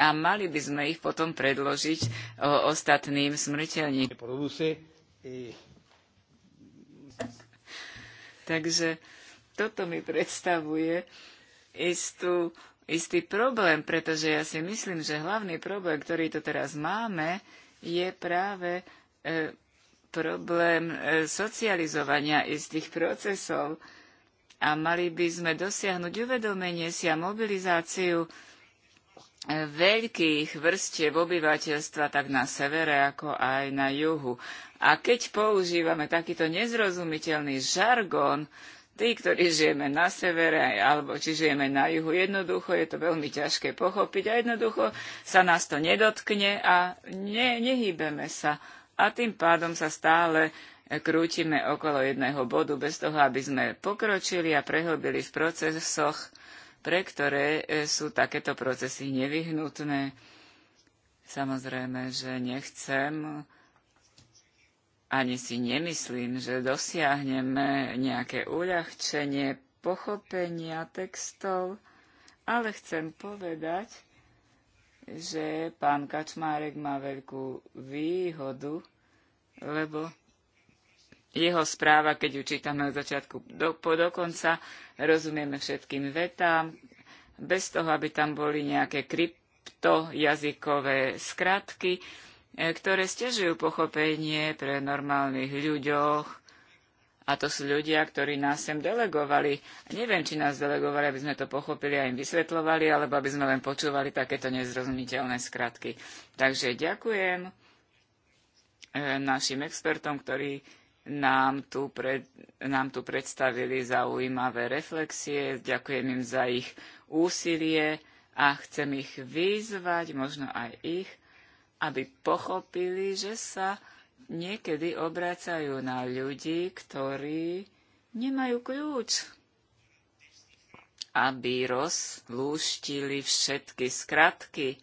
a mali by sme ich potom predložiť ostatným smrteľníkom. E, Takže toto mi predstavuje istú, istý problém, pretože ja si myslím, že hlavný problém, ktorý tu teraz máme, je práve e, problém e, socializovania istých procesov a mali by sme dosiahnuť uvedomenie si a mobilizáciu e, veľkých vrstiev obyvateľstva tak na severe, ako aj na juhu. A keď používame takýto nezrozumiteľný žargón, tí, ktorí žijeme na severe, alebo či žijeme na juhu, jednoducho je to veľmi ťažké pochopiť a jednoducho sa nás to nedotkne a ne, nehýbeme sa a tým pádom sa stále krútime okolo jedného bodu bez toho, aby sme pokročili a prehlbili v procesoch, pre ktoré e, sú takéto procesy nevyhnutné. Samozrejme, že nechcem ani si nemyslím, že dosiahneme nejaké uľahčenie pochopenia textov, ale chcem povedať, že pán Kačmárek má veľkú výhodu, lebo jeho správa, keď ju čítame od začiatku do, po dokonca, rozumieme všetkým vetám, bez toho, aby tam boli nejaké kryptojazykové skratky, e, ktoré stežujú pochopenie pre normálnych ľuďoch, a to sú ľudia, ktorí nás sem delegovali. Neviem, či nás delegovali, aby sme to pochopili a im vysvetľovali, alebo aby sme len počúvali takéto nezrozumiteľné skratky. Takže ďakujem e, našim expertom, ktorí nám tu, pred, nám tu predstavili zaujímavé reflexie. Ďakujem im za ich úsilie a chcem ich vyzvať, možno aj ich, aby pochopili, že sa niekedy obracajú na ľudí, ktorí nemajú kľúč, aby rozlúštili všetky skratky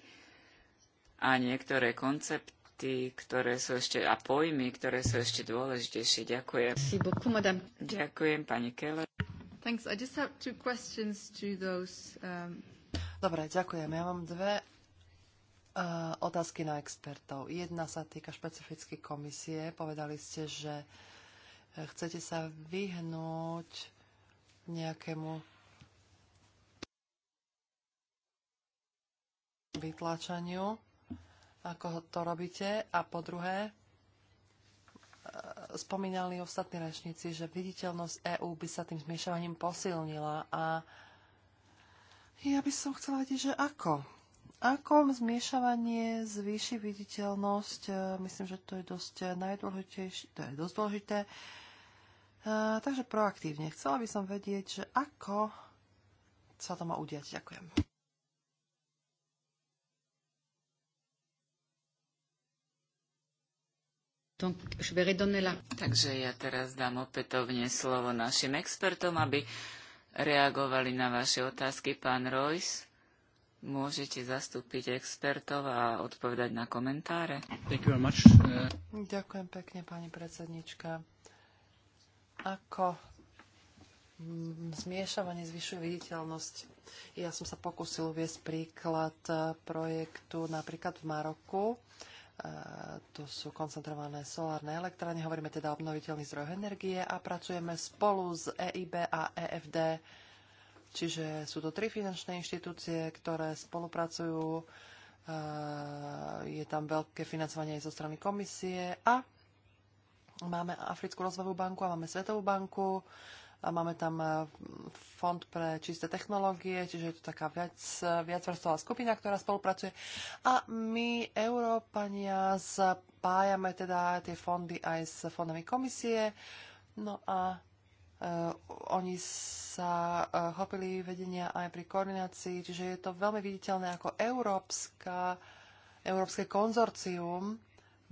a niektoré koncepty, ktoré sú ešte, a pojmy, ktoré sú ešte dôležitejšie. Ďakujem. Merci beaucoup, madame. Ďakujem, pani Keller. Thanks. I just have two questions to those um... Dobre, ďakujem. Ja mám dve Eh, otázky na expertov. Jedna sa týka špecificky komisie. Povedali ste, že eh, chcete sa vyhnúť nejakému vytláčaniu, ako to robíte. A po druhé, eh, spomínali ostatní rečníci, že viditeľnosť EÚ by sa tým zmiešovaním posilnila a ja by som chcela vedieť, že ako ako zmiešavanie zvýši viditeľnosť, e, myslím, že to je dosť najdôležitejšie, to je dosť dôležité. E, takže proaktívne. Chcela by som vedieť, že ako sa to má udiať. Ďakujem. Takže ja teraz dám opätovne slovo našim expertom, aby reagovali na vaše otázky. Pán Royce. Môžete zastúpiť expertov a odpovedať na komentáre. Ďakujem pekne, pani predsednička. Ako zmiešavanie zvyšuje viditeľnosť. Ja som sa pokusil uviesť príklad projektu napríklad v Maroku. To sú koncentrované solárne elektrárne, hovoríme teda o obnoviteľných zdrojoch energie a pracujeme spolu s EIB a EFD Čiže sú to tri finančné inštitúcie, ktoré spolupracujú. E, je tam veľké financovanie aj zo strany komisie a máme Africkú rozvojovú banku a máme Svetovú banku a máme tam e, fond pre čisté technológie, čiže je to taká viac, viacvrstová skupina, ktorá spolupracuje. A my, Európania, spájame teda tie fondy aj s fondami komisie. No a Eh, oni sa chopili eh, vedenia aj pri koordinácii, čiže je to veľmi viditeľné ako európska, európske konzorcium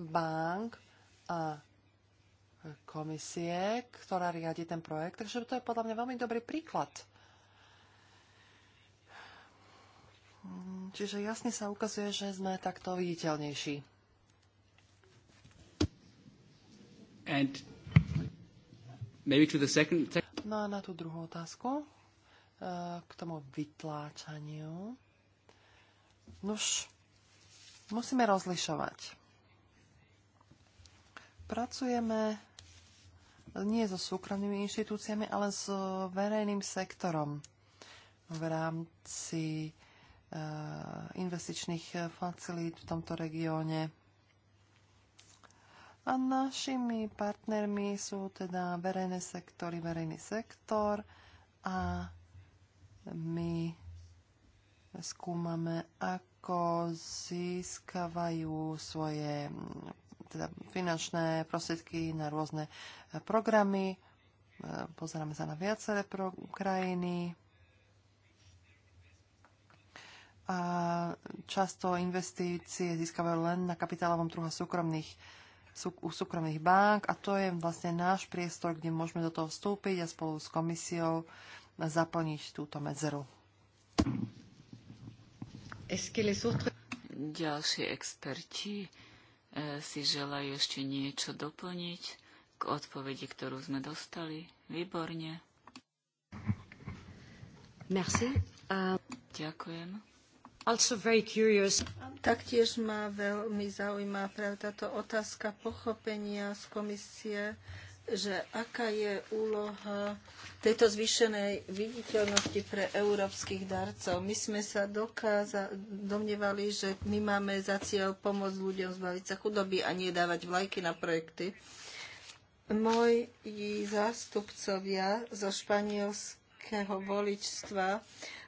bank a komisie, ktorá riadi ten projekt. Takže to je podľa mňa veľmi dobrý príklad. Čiže jasne sa ukazuje, že sme takto viditeľnejší. And Maybe to the second... No a na tú druhú otázku, eh, k tomu vytláčaniu. Nuž, musíme rozlišovať. Pracujeme nie so súkromnými inštitúciami, ale s so verejným sektorom v rámci eh, investičných eh, facilít v tomto regióne. A našimi partnermi sú teda verejné sektory, verejný sektor a my skúmame, ako získavajú svoje teda finančné prostriedky na rôzne programy. Pozeráme sa na viaceré pro- krajiny. A často investície získavajú len na kapitálovom trhu súkromných u súkromných bank a to je vlastne náš priestor, kde môžeme do toho vstúpiť a spolu s komisiou zaplniť túto medzeru. Ďalší experti eh, si želajú ešte niečo doplniť k odpovedi, ktorú sme dostali. Výborne. Merci. Ďakujem. Taktiež ma veľmi zaujíma práve táto otázka pochopenia z komisie, že aká je úloha tejto zvýšenej viditeľnosti pre európskych darcov. My sme sa dokáza, domnievali, že my máme za cieľ pomôcť ľuďom zbaviť sa chudoby a nie dávať vlajky na projekty. Moji zástupcovia zo španielského voličstva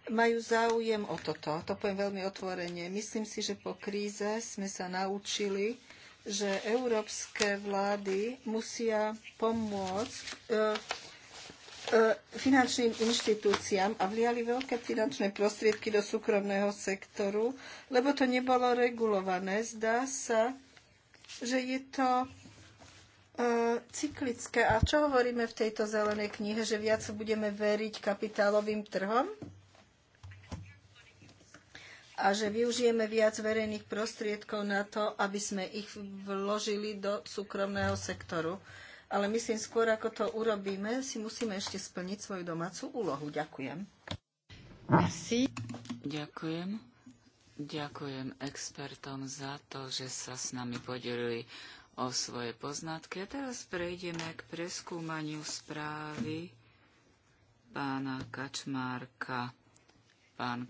majú záujem o toto. To poviem veľmi otvorene. Myslím si, že po kríze sme sa naučili, že európske vlády musia pomôcť e, e, finančným inštitúciám a vliali veľké finančné prostriedky do súkromného sektoru, lebo to nebolo regulované. Zdá sa, že je to e, cyklické. A čo hovoríme v tejto zelenej knihe, že viac budeme veriť kapitálovým trhom? a že využijeme viac verejných prostriedkov na to, aby sme ich vložili do súkromného sektoru. Ale myslím, skôr ako to urobíme, si musíme ešte splniť svoju domácu úlohu. Ďakujem. Merci. Ďakujem. Ďakujem expertom za to, že sa s nami podelili o svoje poznatky. A teraz prejdeme k preskúmaniu správy pána Kačmárka. Pán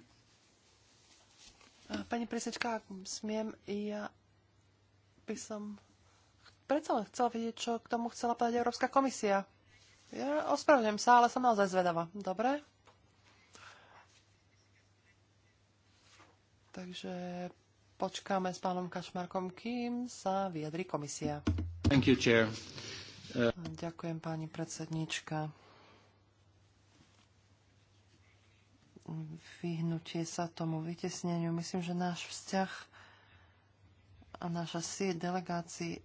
Pani presečka, ak smiem, ja by som predsa len chcela vidieť, čo k tomu chcela povedať Európska komisia. Ja ospravedlňujem sa, ale som naozaj zvedavá. Dobre? Takže počkáme s pánom Kašmarkom, kým sa vyjadri komisia. Thank you, chair. Uh... Ďakujem, pani predsednička. vyhnutie sa tomu vytesneniu. Myslím, že náš vzťah a naša sieť delegácií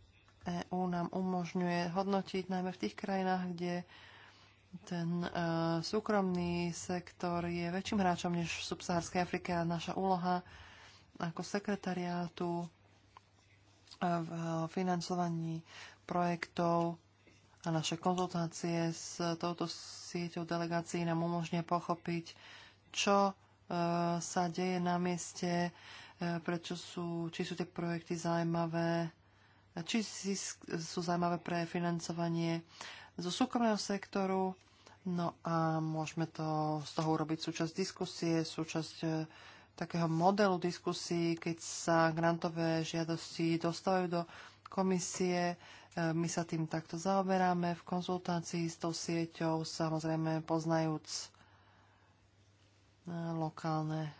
EÚ nám umožňuje hodnotiť najmä v tých krajinách, kde ten uh, súkromný sektor je väčším hráčom než v subsahárskej Afrike a naša úloha ako sekretariátu e, v financovaní projektov a naše konzultácie s touto sieťou delegácií nám umožňuje pochopiť, čo e, sa deje na mieste, e, prečo sú, či sú tie projekty zaujímavé, či sú zaujímavé pre financovanie zo súkromného sektoru. No a môžeme to z toho urobiť súčasť diskusie, súčasť e, takého modelu diskusí, keď sa grantové žiadosti dostávajú do komisie. E, my sa tým takto zaoberáme v konzultácii s tou sieťou, samozrejme poznajúc lokálne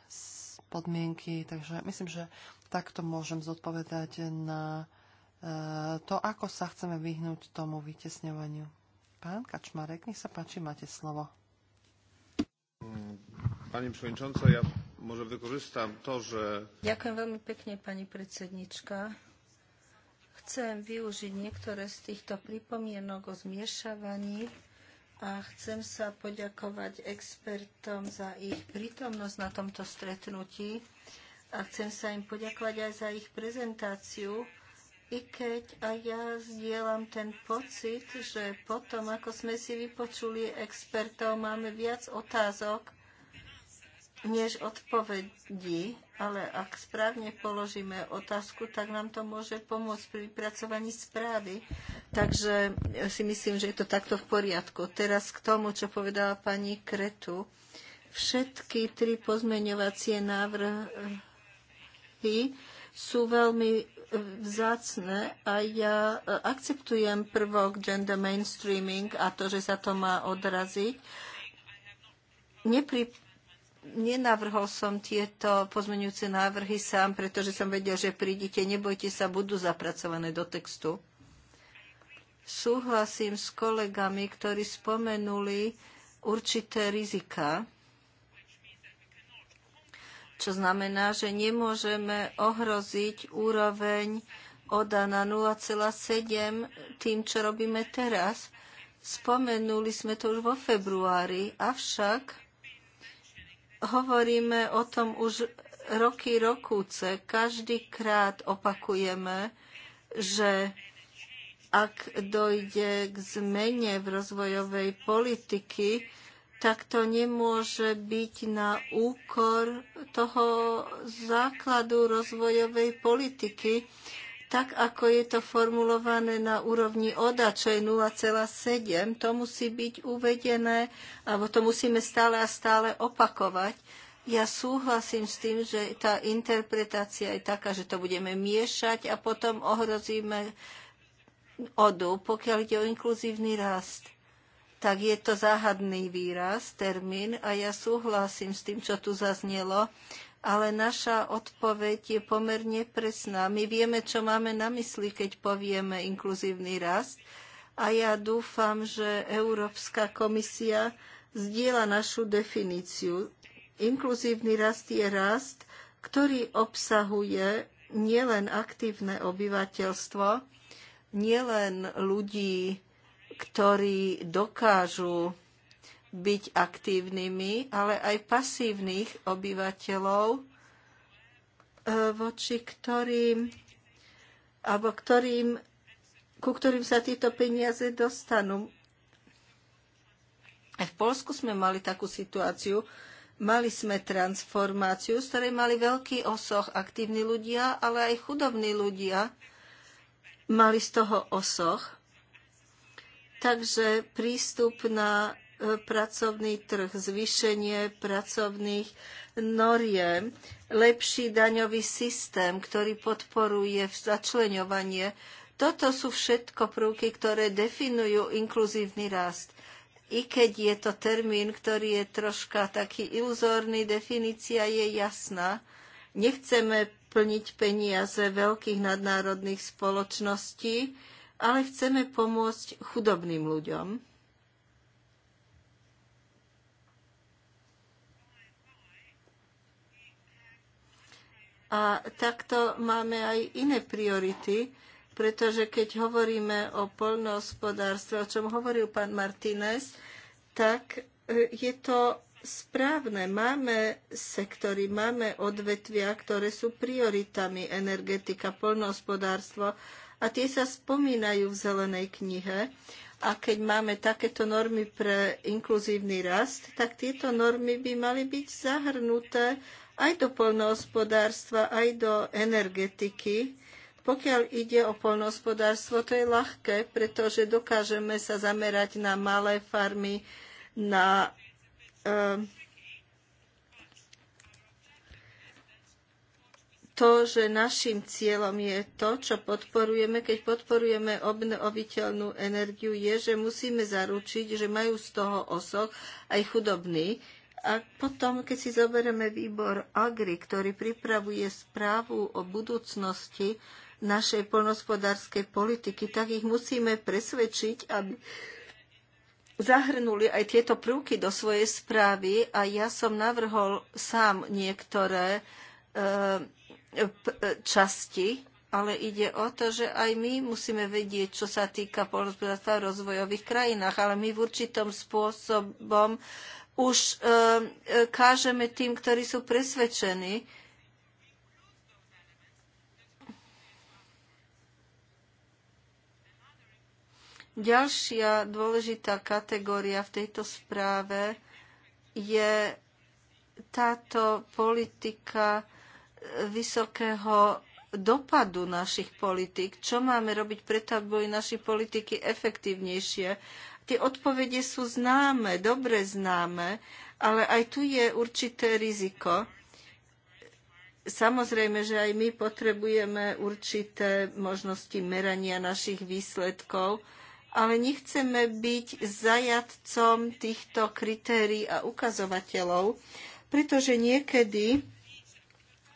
podmienky. Takže myslím, že takto môžem zodpovedať na e, to, ako sa chceme vyhnúť tomu vytesňovaniu. Pán Kačmarek, nech sa páči, máte slovo. Pani przewodnicząca, ja môžem vykoristám to, že... Ďakujem veľmi pekne, pani predsednička. Chcem využiť niektoré z týchto pripomienok o zmiešavaní a chcem sa poďakovať expertom za ich prítomnosť na tomto stretnutí a chcem sa im poďakovať aj za ich prezentáciu, i keď aj ja zdieľam ten pocit, že potom, ako sme si vypočuli expertov, máme viac otázok než odpovedí, ale ak správne položíme otázku, tak nám to môže pomôcť pri vypracovaní správy. Takže si myslím, že je to takto v poriadku. Teraz k tomu, čo povedala pani Kretu. Všetky tri pozmeňovacie návrhy sú veľmi vzácne a ja akceptujem prvok gender mainstreaming a to, že sa to má odraziť. Nepri nenavrhol som tieto pozmeňujúce návrhy sám, pretože som vedel, že prídite, nebojte sa, budú zapracované do textu. Súhlasím s kolegami, ktorí spomenuli určité rizika, čo znamená, že nemôžeme ohroziť úroveň ODA na 0,7 tým, čo robíme teraz. Spomenuli sme to už vo februári, avšak hovoríme o tom už roky rokúce. Každý krát opakujeme, že ak dojde k zmene v rozvojovej politiky, tak to nemôže byť na úkor toho základu rozvojovej politiky tak ako je to formulované na úrovni ODA, čo je 0,7, to musí byť uvedené, alebo to musíme stále a stále opakovať. Ja súhlasím s tým, že tá interpretácia je taká, že to budeme miešať a potom ohrozíme odu, pokiaľ ide o inkluzívny rast tak je to záhadný výraz, termín a ja súhlasím s tým, čo tu zaznelo, ale naša odpoveď je pomerne presná. My vieme, čo máme na mysli, keď povieme inkluzívny rast a ja dúfam, že Európska komisia zdieľa našu definíciu. Inkluzívny rast je rast, ktorý obsahuje nielen aktívne obyvateľstvo, nielen ľudí, ktorí dokážu byť aktívnymi, ale aj pasívnych obyvateľov, e, voči ktorým, alebo ktorým, ku ktorým sa tieto peniaze dostanú. Aj e, v Polsku sme mali takú situáciu, Mali sme transformáciu, z ktorej mali veľký osoch aktívni ľudia, ale aj chudobní ľudia mali z toho osoch. Takže prístup na E, pracovný trh, zvýšenie pracovných noriem, lepší daňový systém, ktorý podporuje začleňovanie. Toto sú všetko prvky, ktoré definujú inkluzívny rast. I keď je to termín, ktorý je troška taký iluzórny, definícia je jasná. Nechceme plniť peniaze veľkých nadnárodných spoločností, ale chceme pomôcť chudobným ľuďom A takto máme aj iné priority, pretože keď hovoríme o poľnohospodárstve, o čom hovoril pán Martínez, tak e, je to správne. Máme sektory, máme odvetvia, ktoré sú prioritami energetika, poľnohospodárstvo a tie sa spomínajú v zelenej knihe. A keď máme takéto normy pre inkluzívny rast, tak tieto normy by mali byť zahrnuté aj do poľnohospodárstva, aj do energetiky. Pokiaľ ide o poľnohospodárstvo, to je ľahké, pretože dokážeme sa zamerať na malé farmy, na ehm, to, že našim cieľom je to, čo podporujeme, keď podporujeme obnoviteľnú energiu, je, že musíme zaručiť, že majú z toho osoch aj chudobní. A potom, keď si zoberieme výbor Agri, ktorý pripravuje správu o budúcnosti našej polnospodárskej politiky, tak ich musíme presvedčiť, aby zahrnuli aj tieto prúky do svojej správy a ja som navrhol sám niektoré e, e, časti, ale ide o to, že aj my musíme vedieť, čo sa týka polnospodárstva v rozvojových krajinách, ale my v určitom spôsobom už e, e, kážeme tým, ktorí sú presvedčení, Ďalšia dôležitá kategória v tejto správe je táto politika e, vysokého dopadu našich politik. Čo máme robiť preto, aby boli naši politiky efektívnejšie? Tie odpovede sú známe, dobre známe, ale aj tu je určité riziko. Samozrejme, že aj my potrebujeme určité možnosti merania našich výsledkov, ale nechceme byť zajadcom týchto kritérií a ukazovateľov, pretože niekedy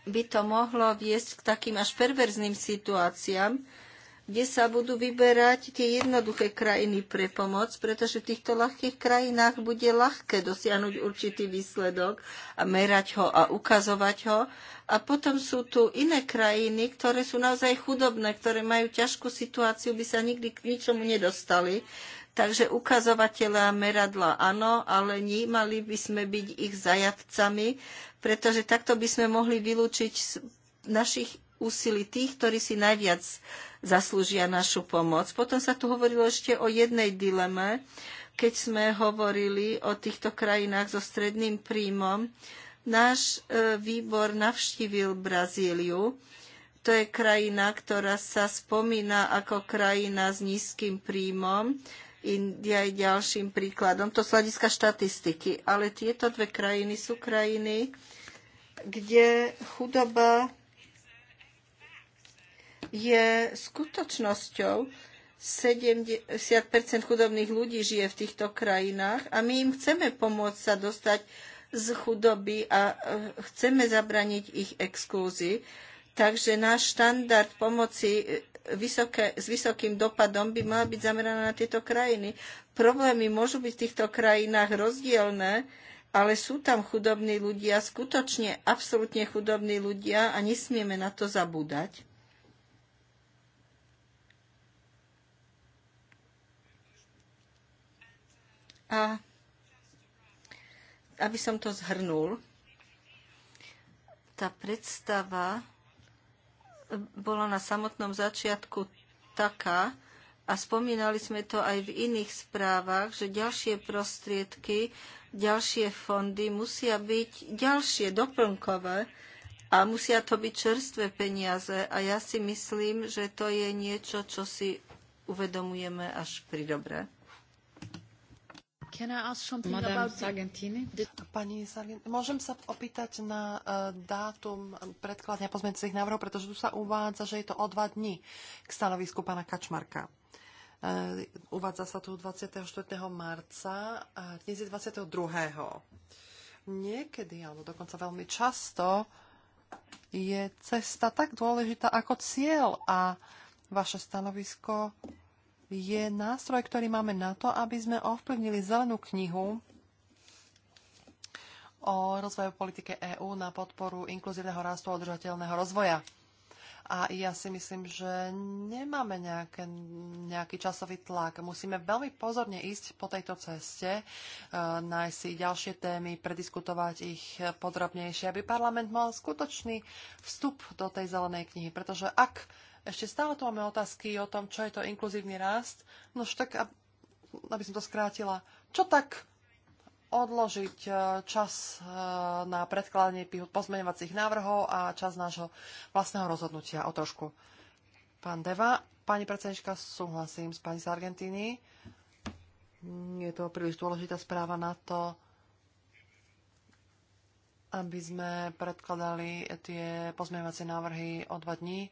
by to mohlo viesť k takým až perverzným situáciám, kde sa budú vyberať tie jednoduché krajiny pre pomoc, pretože v týchto ľahkých krajinách bude ľahké dosiahnuť určitý výsledok a merať ho a ukazovať ho. A potom sú tu iné krajiny, ktoré sú naozaj chudobné, ktoré majú ťažkú situáciu, by sa nikdy k ničomu nedostali. Takže ukazovateľa a meradla áno, ale nemali by sme byť ich zajatcami, pretože takto by sme mohli vylúčiť našich úsilí tých, ktorí si najviac zaslúžia našu pomoc. Potom sa tu hovorilo ešte o jednej dileme, keď sme hovorili o týchto krajinách so stredným príjmom. Náš e, výbor navštívil Brazíliu. To je krajina, ktorá sa spomína ako krajina s nízkym príjmom. India je ďalším príkladom, to z hľadiska štatistiky. Ale tieto dve krajiny sú krajiny, kde chudoba je skutočnosťou. 70 chudobných ľudí žije v týchto krajinách a my im chceme pomôcť sa dostať z chudoby a e, chceme zabraniť ich exklúzii. Takže náš štandard pomoci e, vysoké, s vysokým dopadom by mal byť zameraná na tieto krajiny. Problémy môžu byť v týchto krajinách rozdielne, ale sú tam chudobní ľudia, skutočne absolútne chudobní ľudia a nesmieme na to zabúdať. A aby som to zhrnul, tá predstava bola na samotnom začiatku taká, a spomínali sme to aj v iných správach, že ďalšie prostriedky, ďalšie fondy musia byť ďalšie doplnkové a musia to byť čerstvé peniaze. A ja si myslím, že to je niečo, čo si uvedomujeme až pri dobre. Can I ask something Madame about Sargentini? Pani Sargentini, môžem sa opýtať na uh, dátum predkladania pozmeňujúcich návrhov, pretože tu sa uvádza, že je to o dva dní k stanovisku pána Kačmarka. Uh, uvádza sa tu 24. marca a dnes je 22. Niekedy, alebo dokonca veľmi často, je cesta tak dôležitá ako cieľ a vaše stanovisko je nástroj, ktorý máme na to, aby sme ovplyvnili zelenú knihu o rozvoju politike EÚ na podporu inkluzívneho rastu a udržateľného rozvoja. A ja si myslím, že nemáme nejaké, nejaký časový tlak. Musíme veľmi pozorne ísť po tejto ceste, e, nájsť si ďalšie témy, prediskutovať ich podrobnejšie, aby parlament mal skutočný vstup do tej zelenej knihy. Pretože ak ešte stále tu máme otázky o tom, čo je to inkluzívny rast. No tak, aby som to skrátila, čo tak odložiť e, čas e, na predkladanie pozmeňovacích návrhov a čas nášho vlastného rozhodnutia o trošku. Pán Deva, pani predsednička, súhlasím s pani z Argentíny. Je to príliš dôležitá správa na to, aby sme predkladali tie pozmeňovacie návrhy o dva dní.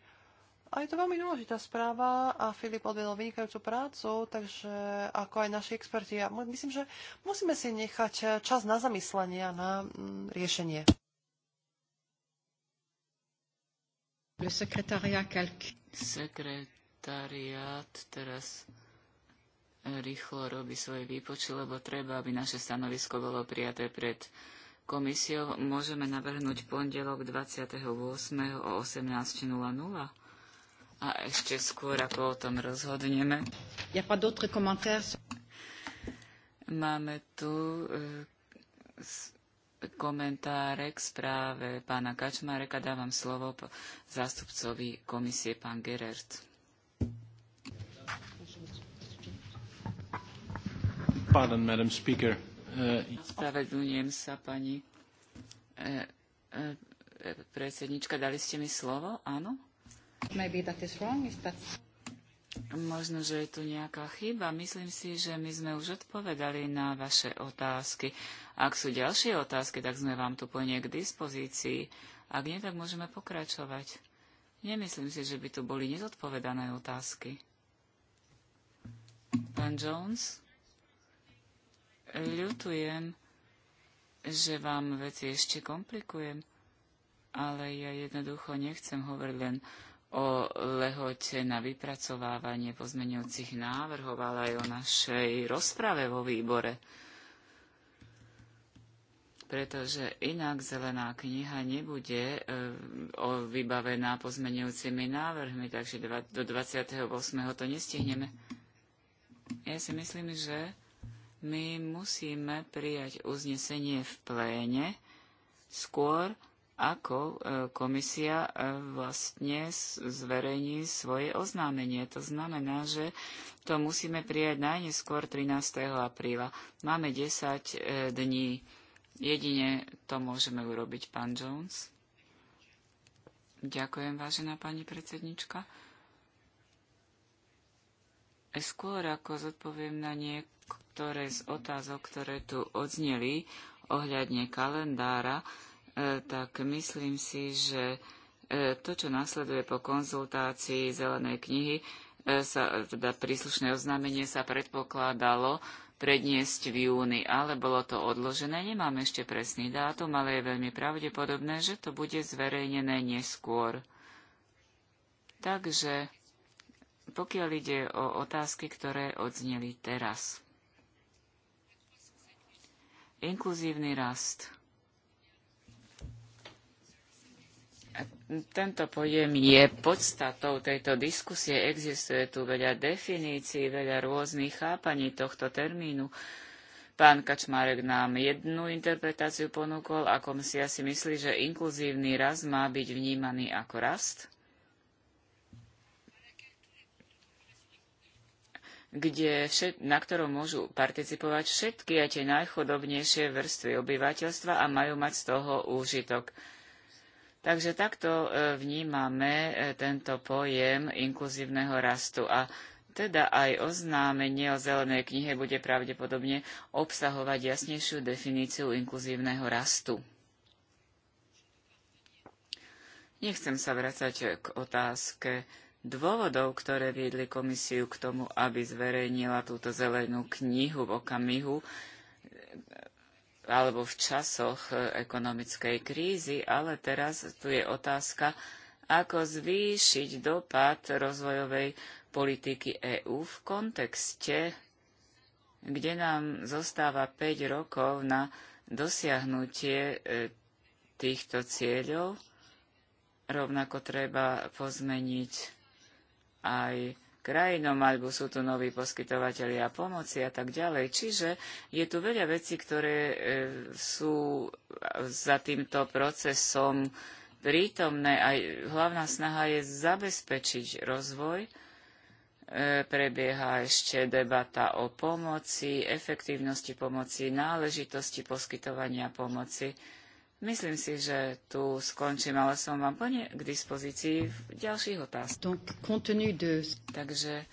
A je to veľmi dôležitá správa a Filip odvedol vynikajúcu prácu, takže ako aj naši experti. Ja myslím, že musíme si nechať čas na zamyslenie a na mm, riešenie. Sekretariat teraz rýchlo robí svoje výpočty, lebo treba, aby naše stanovisko bolo prijaté pred komisiou. Môžeme navrhnúť pondelok 28. o 18.00 a ešte skôr, ako o tom rozhodneme. Máme tu e, komentáre k správe pána Kačmareka. Dávam slovo zástupcovi komisie pán Gerert. Pardon, Madam Speaker. E, Spravedlňujem sa, pani e, predsednička. Dali ste mi slovo? Áno? Maybe that is wrong. Možno, že je tu nejaká chyba. Myslím si, že my sme už odpovedali na vaše otázky. Ak sú ďalšie otázky, tak sme vám tu plne k dispozícii. Ak nie, tak môžeme pokračovať. Nemyslím si, že by tu boli nezodpovedané otázky. Pán Jones, ľutujem, že vám veci ešte komplikujem, ale ja jednoducho nechcem hovoriť len o lehote na vypracovávanie pozmeňujúcich návrhov, ale aj o našej rozprave vo výbore. Pretože inak zelená kniha nebude e, vybavená pozmeňujúcimi návrhmi, takže do 28. to nestihneme. Ja si myslím, že my musíme prijať uznesenie v pléne skôr, ako e, komisia e, vlastne zverejní svoje oznámenie. To znamená, že to musíme prijať najneskôr 13. apríla. Máme 10 e, dní. Jedine to môžeme urobiť, pán Jones. Ďakujem, vážená pani predsednička. Skôr ako zodpoviem na niektoré z otázok, ktoré tu odzneli ohľadne kalendára, E, tak myslím si, že e, to, čo nasleduje po konzultácii zelenej knihy, e, sa, teda príslušné oznámenie sa predpokladalo predniesť v júni, ale bolo to odložené. Nemám ešte presný dátum, ale je veľmi pravdepodobné, že to bude zverejnené neskôr. Takže pokiaľ ide o otázky, ktoré odzneli teraz. Inkluzívny rast. Tento pojem je podstatou tejto diskusie. Existuje tu veľa definícií, veľa rôznych chápaní tohto termínu. Pán Kačmarek nám jednu interpretáciu ponúkol a komisia si myslí, že inkluzívny rast má byť vnímaný ako rast, kde všet, na ktorom môžu participovať všetky aj tie najchodobnejšie vrstvy obyvateľstva a majú mať z toho úžitok. Takže takto e, vnímame e, tento pojem inkluzívneho rastu a teda aj oznámenie o zelenej knihe bude pravdepodobne obsahovať jasnejšiu definíciu inkluzívneho rastu. Nechcem sa vrácať e, k otázke dôvodov, ktoré viedli komisiu k tomu, aby zverejnila túto zelenú knihu v okamihu, alebo v časoch e, ekonomickej krízy, ale teraz tu je otázka, ako zvýšiť dopad rozvojovej politiky EÚ v kontexte, kde nám zostáva 5 rokov na dosiahnutie e, týchto cieľov. Rovnako treba pozmeniť aj krajinom, alebo sú tu noví poskytovateľia pomoci a tak ďalej. Čiže je tu veľa vecí, ktoré e, sú za týmto procesom prítomné a hlavná snaha je zabezpečiť rozvoj. E, prebieha ešte debata o pomoci, efektívnosti pomoci, náležitosti poskytovania pomoci. Myslím si, že tu skončím, ale som vám plne k dispozícii v ďalších otázkach. Takže eh,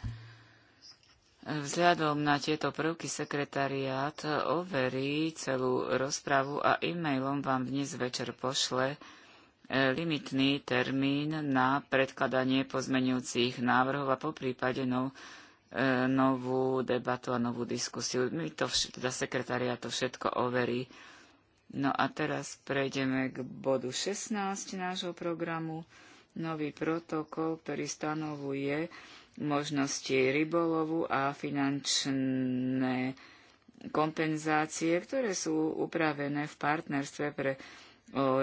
Vzhľadom na tieto prvky sekretariát eh, overí celú rozpravu a e-mailom vám dnes večer pošle eh, limitný termín na predkladanie pozmenujúcich návrhov a poprípade nov, novú debatu a novú diskusiu. My to, teda sekretariát to všetko overí. No a teraz prejdeme k bodu 16 nášho programu. Nový protokol, ktorý stanovuje možnosti rybolovu a finančné kompenzácie, ktoré sú upravené v partnerstve pre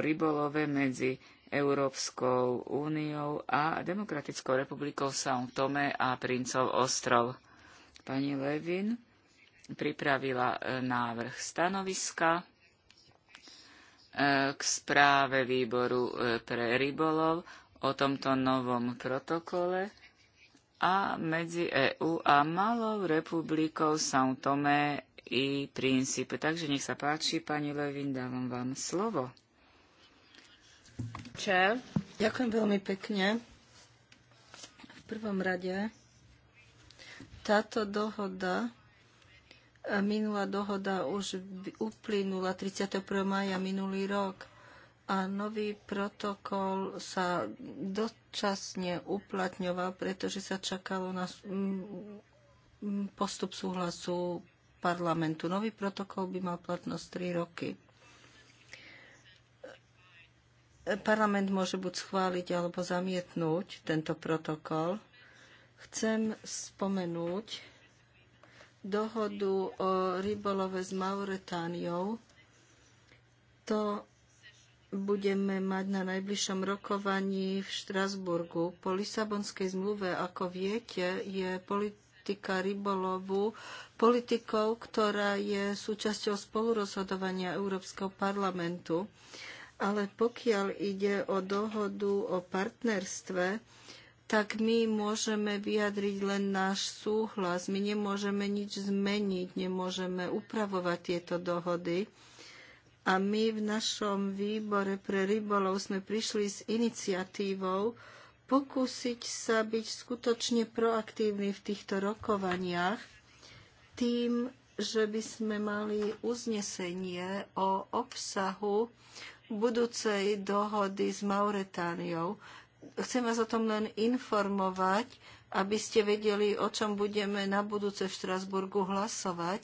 rybolove medzi Európskou úniou a Demokratickou republikou São Tome a Princov ostrov. Pani Levin pripravila e, návrh stanoviska E, k správe výboru e, pre rybolov o tomto novom protokole a medzi EÚ a Malou republikou São Tomé i Príncipe. Takže nech sa páči, pani Levin, dávam vám slovo. Čel. ďakujem veľmi pekne. V prvom rade táto dohoda Minulá dohoda už uplynula 31. maja minulý rok a nový protokol sa dočasne uplatňoval, pretože sa čakalo na postup súhlasu parlamentu. Nový protokol by mal platnosť 3 roky. Parlament môže buď schváliť alebo zamietnúť tento protokol. Chcem spomenúť, dohodu o rybolove s Mauretániou. To budeme mať na najbližšom rokovaní v Štrasburgu. Po Lisabonskej zmluve, ako viete, je politika rybolovu politikou, ktorá je súčasťou spolurozhodovania Európskeho parlamentu. Ale pokiaľ ide o dohodu o partnerstve, tak my môžeme vyjadriť len náš súhlas. My nemôžeme nič zmeniť, nemôžeme upravovať tieto dohody. A my v našom výbore pre rybolov sme prišli s iniciatívou pokúsiť sa byť skutočne proaktívni v týchto rokovaniach tým, že by sme mali uznesenie o obsahu budúcej dohody s Mauretániou. Chcem vás o tom len informovať, aby ste vedeli, o čom budeme na budúce v Štrasburgu hlasovať.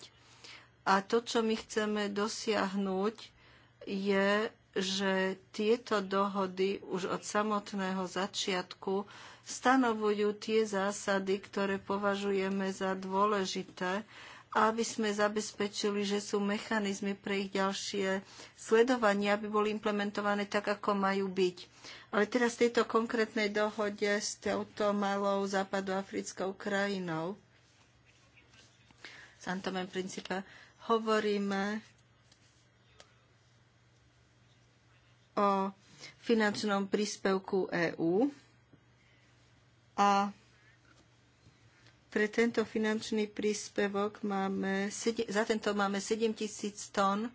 A to, čo my chceme dosiahnuť, je, že tieto dohody už od samotného začiatku stanovujú tie zásady, ktoré považujeme za dôležité aby sme zabezpečili, že sú mechanizmy pre ich ďalšie sledovanie, aby boli implementované tak, ako majú byť. Ale teraz v tejto konkrétnej dohode s touto malou západoafrickou krajinou, s Antomem Principa, hovoríme o finančnom príspevku EÚ a pre tento finančný príspevok máme, za tento máme 7 tisíc tón e,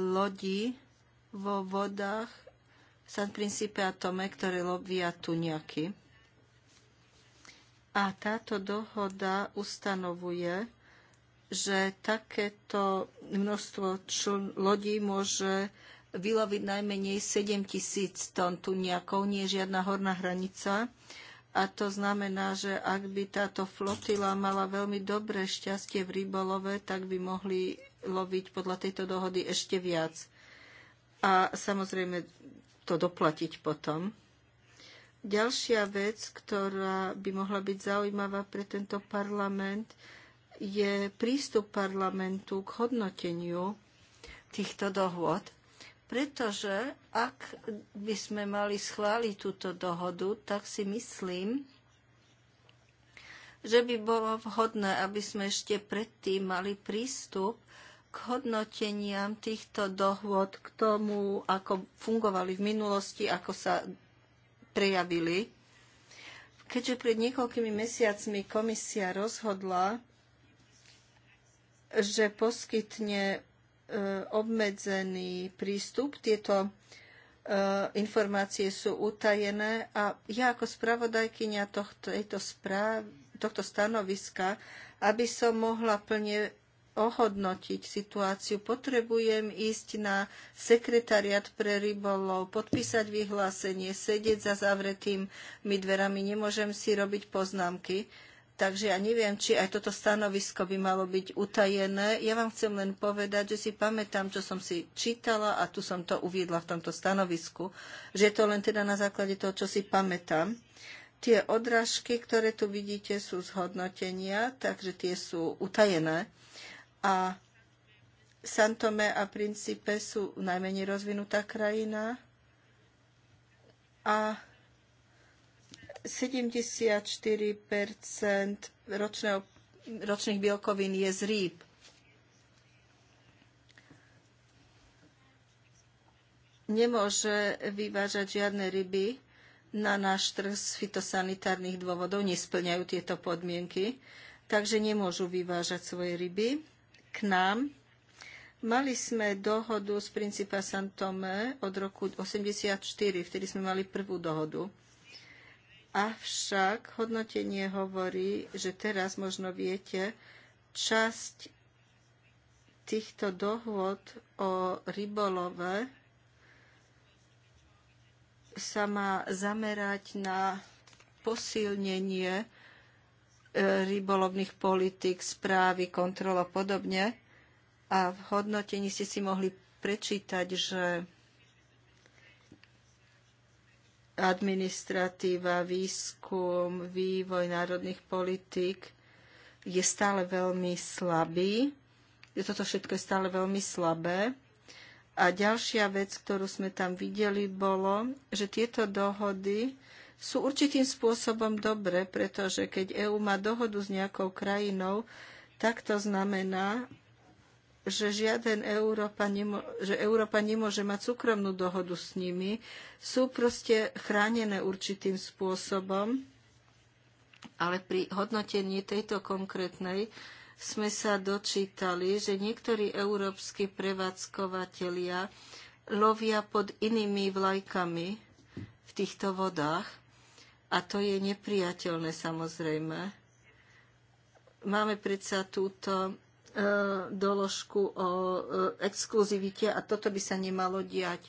lodí vo vodách San Principe a Tome, ktoré lovia tuniaky. A táto dohoda ustanovuje, že takéto množstvo čl- lodí môže vyloviť najmenej 7 tisíc tón tuniakov, nie je žiadna horná hranica. A to znamená, že ak by táto flotila mala veľmi dobré šťastie v rybolove, tak by mohli loviť podľa tejto dohody ešte viac. A samozrejme to doplatiť potom. Ďalšia vec, ktorá by mohla byť zaujímavá pre tento parlament, je prístup parlamentu k hodnoteniu týchto dohôd pretože ak by sme mali schváliť túto dohodu, tak si myslím, že by bolo vhodné, aby sme ešte predtým mali prístup k hodnoteniam týchto dohôd, k tomu, ako fungovali v minulosti, ako sa prejavili. Keďže pred niekoľkými mesiacmi komisia rozhodla, že poskytne E, obmedzený prístup. Tieto e, informácie sú utajené a ja ako spravodajkynia tohto, správ, tohto stanoviska, aby som mohla plne ohodnotiť situáciu, potrebujem ísť na sekretariat pre rybolov, podpísať vyhlásenie, sedieť za zavretými dverami, nemôžem si robiť poznámky. Takže ja neviem, či aj toto stanovisko by malo byť utajené. Ja vám chcem len povedať, že si pamätám, čo som si čítala a tu som to uviedla v tomto stanovisku, že je to len teda na základe toho, čo si pamätám. Tie odrážky, ktoré tu vidíte, sú zhodnotenia, takže tie sú utajené. A Santome a Principe sú najmenej rozvinutá krajina a 74 ročného, ročných bielkovín je z rýb. Nemôže vyvážať žiadne ryby na náš trh z fitosanitárnych dôvodov, nesplňajú tieto podmienky, takže nemôžu vyvážať svoje ryby k nám. Mali sme dohodu z Principa Santome od roku 1984, vtedy sme mali prvú dohodu Avšak hodnotenie hovorí, že teraz možno viete, časť týchto dohôd o rybolove sa má zamerať na posilnenie e, rybolovných politik, správy, kontrol a podobne. A v hodnotení ste si mohli prečítať, že administratíva, výskum, vývoj národných politík je stále veľmi slabý. Je toto všetko je stále veľmi slabé. A ďalšia vec, ktorú sme tam videli, bolo, že tieto dohody sú určitým spôsobom dobré, pretože keď EÚ má dohodu s nejakou krajinou, tak to znamená, že žiaden Európa, nemo, že Európa nemôže mať súkromnú dohodu s nimi, sú proste chránené určitým spôsobom, ale pri hodnotení tejto konkrétnej sme sa dočítali, že niektorí európsky prevádzkovateľia lovia pod inými vlajkami v týchto vodách a to je nepriateľné samozrejme. Máme predsa túto E, doložku o e, exkluzivite a toto by sa nemalo diať.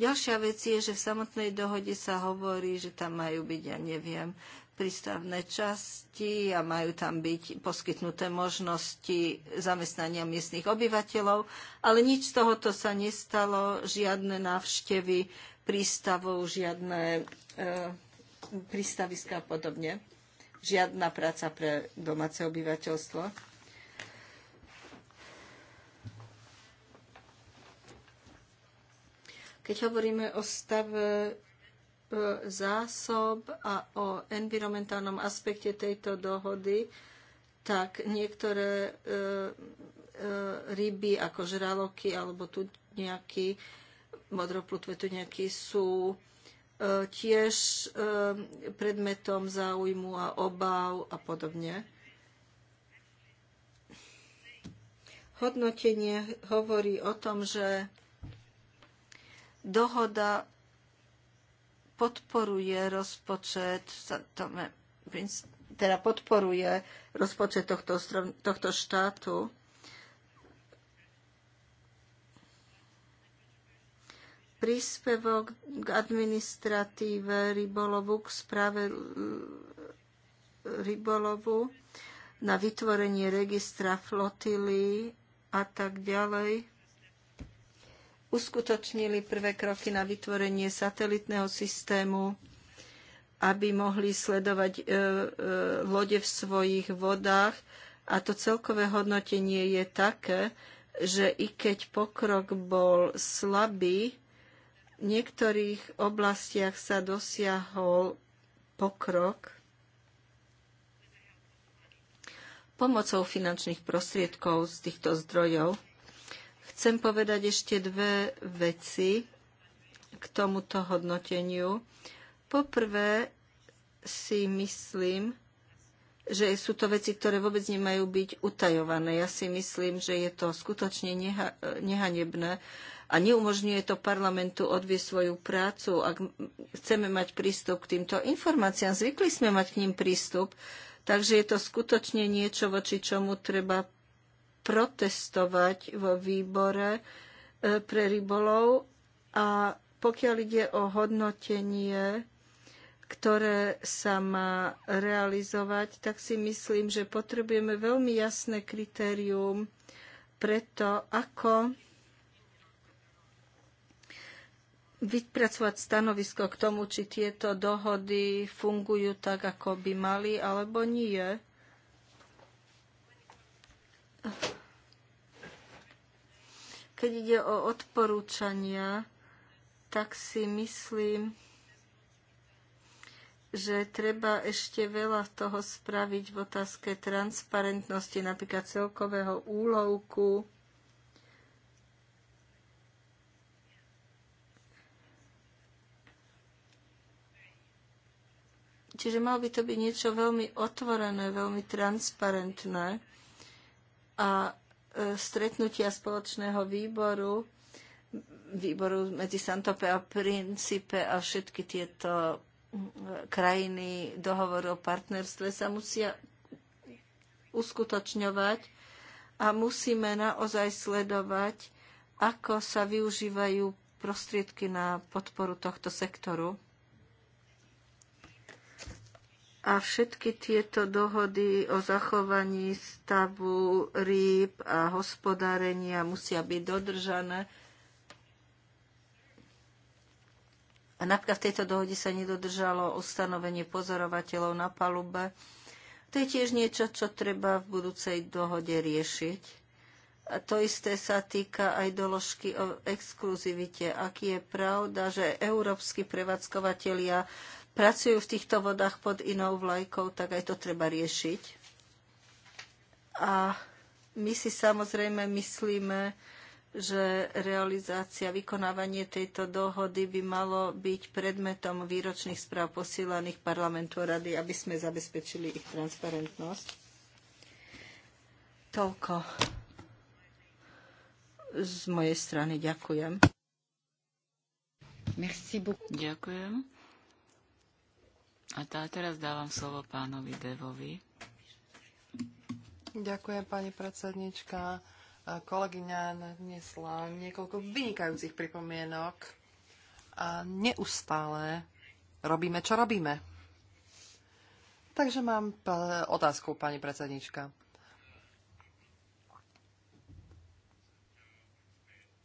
Ďalšia vec je, že v samotnej dohode sa hovorí, že tam majú byť, ja neviem, prístavné časti a majú tam byť poskytnuté možnosti zamestnania miestnych obyvateľov, ale nič z tohoto sa nestalo, žiadne návštevy prístavov, žiadne e, prístaviska a podobne, žiadna práca pre domáce obyvateľstvo. Keď hovoríme o stave e, zásob a o environmentálnom aspekte tejto dohody, tak niektoré e, e, ryby ako žraloky alebo tu nejaký modroplutve tu nejaký sú tiež predmetom záujmu a obav a podobne. Hodnotenie hovorí o tom, že Dohoda podporuje rozpočet, teda podporuje rozpočet tohto, tohto štátu. Príspevok k administratíve rybolovu, k správe rybolovu, na vytvorenie registra flotily a tak ďalej uskutočnili prvé kroky na vytvorenie satelitného systému, aby mohli sledovať e, e, lode v svojich vodách. A to celkové hodnotenie je také, že i keď pokrok bol slabý, v niektorých oblastiach sa dosiahol pokrok pomocou finančných prostriedkov z týchto zdrojov. Chcem povedať ešte dve veci k tomuto hodnoteniu. Poprvé si myslím, že sú to veci, ktoré vôbec nemajú byť utajované. Ja si myslím, že je to skutočne neha- nehanebné a neumožňuje to parlamentu odvieť svoju prácu. Ak chceme mať prístup k týmto informáciám, zvykli sme mať k ním prístup, takže je to skutočne niečo, voči čomu treba protestovať vo výbore e, pre rybolov a pokiaľ ide o hodnotenie, ktoré sa má realizovať, tak si myslím, že potrebujeme veľmi jasné kritérium pre to, ako vypracovať stanovisko k tomu, či tieto dohody fungujú tak, ako by mali, alebo nie. Keď ide o odporúčania, tak si myslím, že treba ešte veľa toho spraviť v otázke transparentnosti, napríklad celkového úlovku. Čiže malo by to byť niečo veľmi otvorené, veľmi transparentné a e, stretnutia spoločného výboru, výboru medzi Santope a Principe a všetky tieto krajiny dohovoru o partnerstve sa musia uskutočňovať a musíme naozaj sledovať, ako sa využívajú prostriedky na podporu tohto sektoru a všetky tieto dohody o zachovaní stavu rýb a hospodárenia musia byť dodržané. A napríklad v tejto dohode sa nedodržalo ustanovenie pozorovateľov na palube. To je tiež niečo, čo treba v budúcej dohode riešiť. A to isté sa týka aj doložky o exkluzivite. Ak je pravda, že európsky prevádzkovateľia pracujú v týchto vodách pod inou vlajkou, tak aj to treba riešiť. A my si samozrejme myslíme, že realizácia, vykonávanie tejto dohody by malo byť predmetom výročných správ posílaných parlamentu a rady, aby sme zabezpečili ich transparentnosť. Toľko z mojej strany. Ďakujem. Merci beaucoup. Ďakujem. A tá, teraz dávam slovo pánovi Devovi. Ďakujem, pani predsednička. Kolegyňa nadnesla niekoľko vynikajúcich pripomienok a neustále robíme, čo robíme. Takže mám e, otázku, pani predsednička.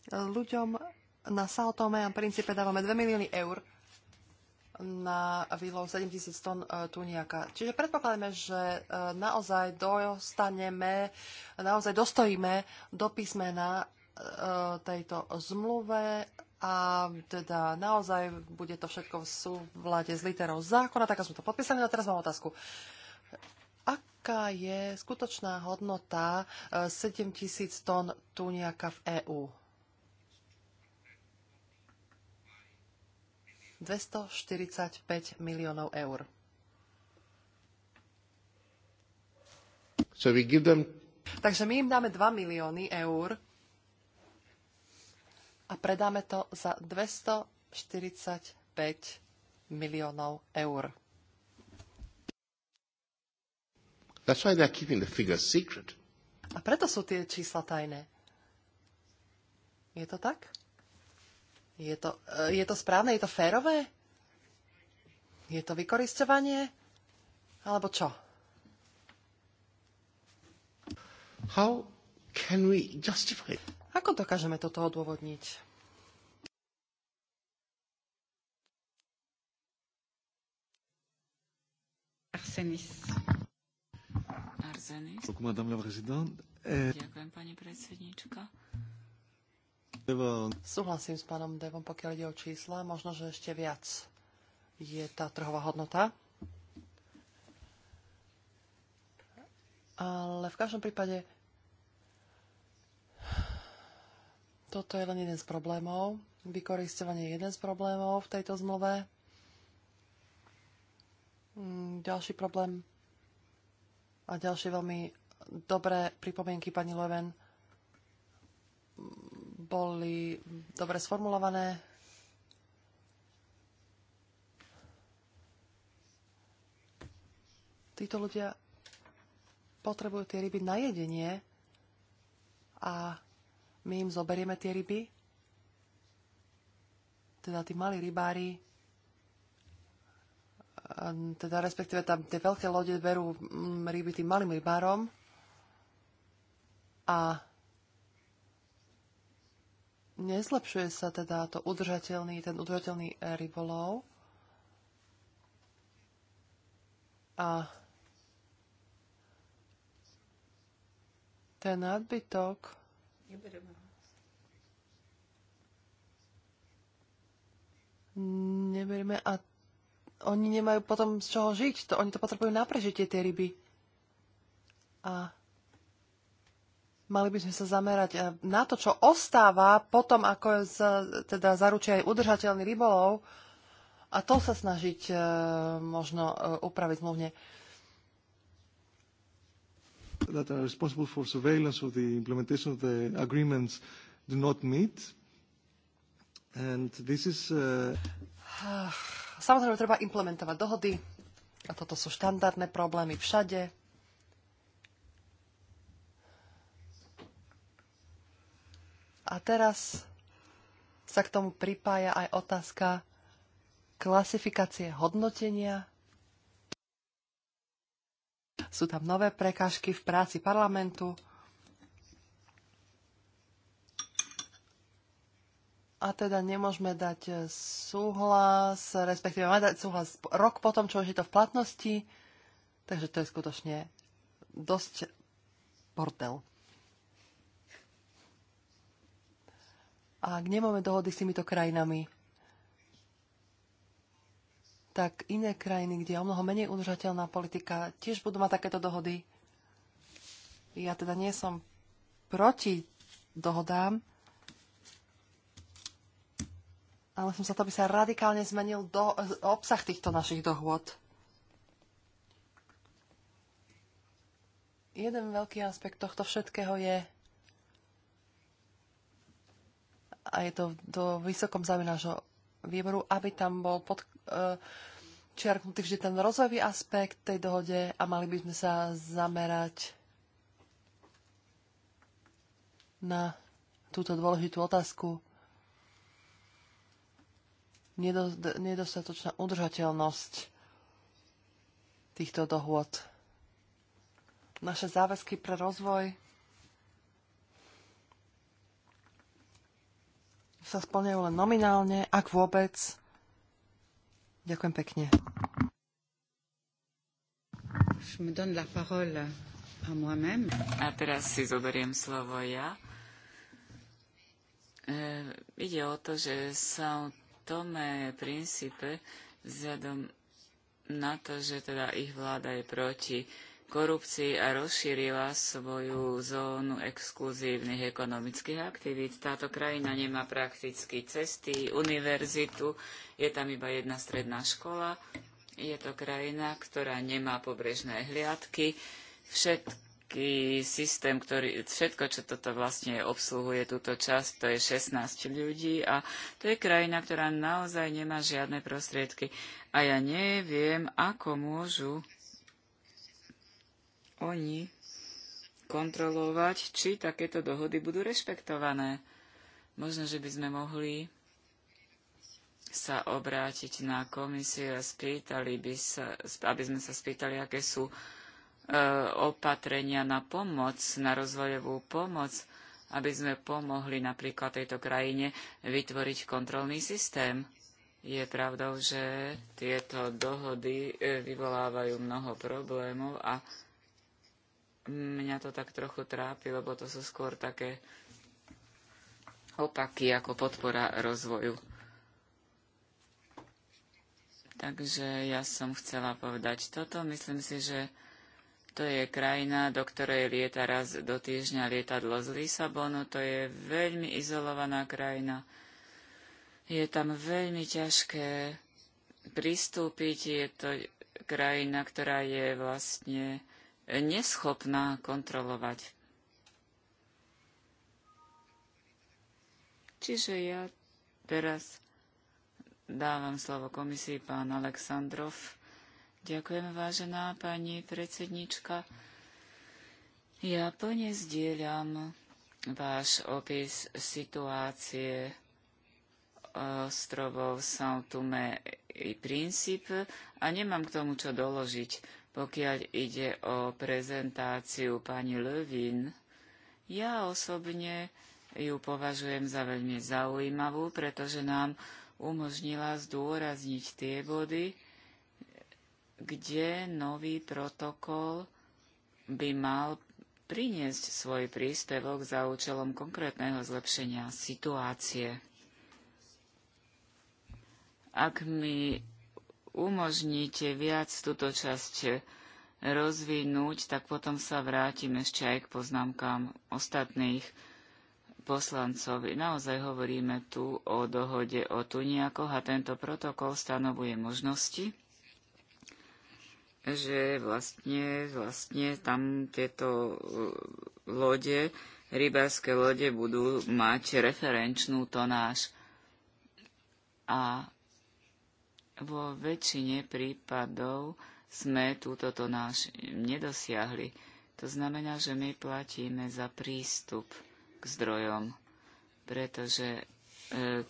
Ľuďom na Sao Tome a Principe dávame 2 milióny eur na výlov 7000 tón e, tuniaka. Čiže predpokladáme, že e, naozaj dostaneme, naozaj dostojíme do písmena e, tejto zmluve a teda naozaj bude to všetko v súvlade s literou zákona, tak sme to podpísali. A teraz mám otázku. Aká je skutočná hodnota 7000 tón tuniaka v EÚ? 245 miliónov eur. So we give them... Takže my im dáme 2 milióny eur a predáme to za 245 miliónov eur. That's why they're keeping the figures secret. A preto sú tie čísla tajné. Je to tak? Je to, e, je to správne? Je to férové? Je to vykoristovanie? Alebo čo? How can we justify? Ako dokážeme toto odôvodniť? Arsenis. Arsenis. Ďakujem, pani predsednička. Súhlasím s pánom Devom, pokiaľ ide o čísla, možno, že ešte viac je tá trhová hodnota. Ale v každom prípade toto je len jeden z problémov. Vykoristovanie je jeden z problémov v tejto zmluve. Mm, ďalší problém a ďalšie veľmi dobré pripomienky pani Leven boli dobre sformulované. Títo ľudia potrebujú tie ryby na jedenie a my im zoberieme tie ryby. Teda tí malí rybári, ehm, teda respektíve tam tie veľké lode berú mm, ryby tým malým rybárom a nezlepšuje sa teda to udržateľný, ten udržateľný e, rybolov. A ten nadbytok neberieme a oni nemajú potom z čoho žiť. To, oni to potrebujú na prežitie, tie ryby. A Mali by sme sa zamerať eh, na to, čo ostáva potom, ako za, teda zaručia aj udržateľný rybolov a to sa snažiť eh, možno eh, upraviť zmluvne. That are responsible for surveillance of the implementation of the agreements do not meet. And this is... Uh... Samozrejme, treba implementovať dohody a toto sú štandardné problémy všade A teraz sa k tomu pripája aj otázka klasifikácie hodnotenia. Sú tam nové prekážky v práci parlamentu. A teda nemôžeme dať eh, súhlas, respektíve máme dať súhlas rok potom, čo už je to v platnosti. Takže to je skutočne dosť bordel. ak nemáme dohody s týmito krajinami, tak iné krajiny, kde je o mnoho menej udržateľná politika, tiež budú mať takéto dohody. Ja teda nie som proti dohodám, ale som sa to, aby sa radikálne zmenil do, obsah týchto našich dohôd. Jeden veľký aspekt tohto všetkého je a je to do vysokom záujme nášho výboru, aby tam bol pod, uh, čiarknutý vždy ten rozvojový aspekt tej dohode a mali by sme sa zamerať na túto dôležitú otázku nedostatočná udržateľnosť týchto dohôd. Naše záväzky pre rozvoj sa splňajú len nominálne, ak vôbec. Ďakujem pekne. A teraz si zoberiem slovo ja. E, ide o to, že sa o tome princípe vzhľadom na to, že teda ich vláda je proti korupcii a rozšírila svoju zónu exkluzívnych ekonomických aktivít. Táto krajina nemá prakticky cesty, univerzitu, je tam iba jedna stredná škola. Je to krajina, ktorá nemá pobrežné hliadky. Všetký systém, ktorý, všetko, čo toto vlastne obsluhuje túto časť, to je 16 ľudí a to je krajina, ktorá naozaj nemá žiadne prostriedky. A ja neviem, ako môžu oni kontrolovať, či takéto dohody budú rešpektované. Možno, že by sme mohli sa obrátiť na komisiu a spýtali by sa, aby sme sa spýtali, aké sú e, opatrenia na pomoc, na rozvojovú pomoc, aby sme pomohli napríklad tejto krajine vytvoriť kontrolný systém. Je pravdou, že tieto dohody e, vyvolávajú mnoho problémov a mňa to tak trochu trápi, lebo to sú skôr také opaky ako podpora rozvoju. Takže ja som chcela povedať toto. Myslím si, že to je krajina, do ktorej lieta raz do týždňa lietadlo z Lisabonu. To je veľmi izolovaná krajina. Je tam veľmi ťažké pristúpiť. Je to krajina, ktorá je vlastne neschopná kontrolovať. Čiže ja teraz dávam slovo komisii pán Aleksandrov. Ďakujem, vážená pani predsednička. Ja plne zdieľam váš opis situácie ostrovov São Tomé i Príncipe a nemám k tomu čo doložiť. Pokiaľ ide o prezentáciu pani Levin, ja osobne ju považujem za veľmi zaujímavú, pretože nám umožnila zdôrazniť tie body, kde nový protokol by mal priniesť svoj príspevok za účelom konkrétneho zlepšenia situácie. Ak mi umožníte viac túto časť rozvinúť, tak potom sa vrátim ešte aj k poznámkám ostatných poslancov. Naozaj hovoríme tu o dohode o Tuniakoch a tento protokol stanovuje možnosti, že vlastne, vlastne tam tieto uh, lode, rybárske lode budú mať referenčnú tonáž. A vo väčšine prípadov sme túto náš nedosiahli. To znamená, že my platíme za prístup k zdrojom, pretože e,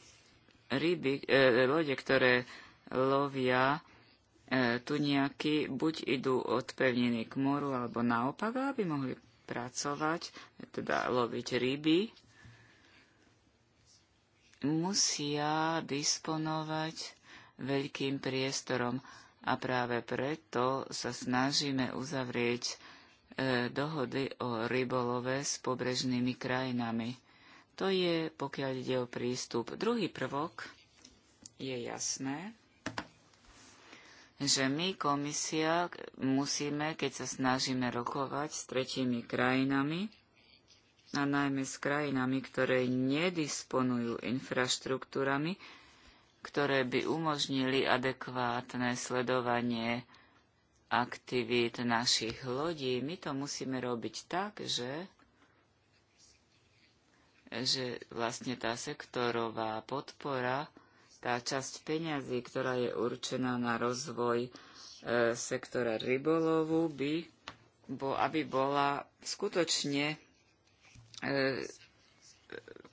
ryby, e, lode, ktoré lovia e, nejaký, buď idú od pevniny k moru, alebo naopak, aby mohli pracovať, teda loviť ryby, musia disponovať veľkým priestorom a práve preto sa snažíme uzavrieť e, dohody o rybolove s pobrežnými krajinami. To je, pokiaľ ide o prístup. Druhý prvok je jasné, že my, komisia, musíme, keď sa snažíme rokovať s tretími krajinami, a najmä s krajinami, ktoré nedisponujú infraštruktúrami, ktoré by umožnili adekvátne sledovanie aktivít našich lodí. My to musíme robiť tak, že, že vlastne tá sektorová podpora, tá časť peňazí, ktorá je určená na rozvoj e, sektora rybolovu, by, bo, aby bola skutočne e,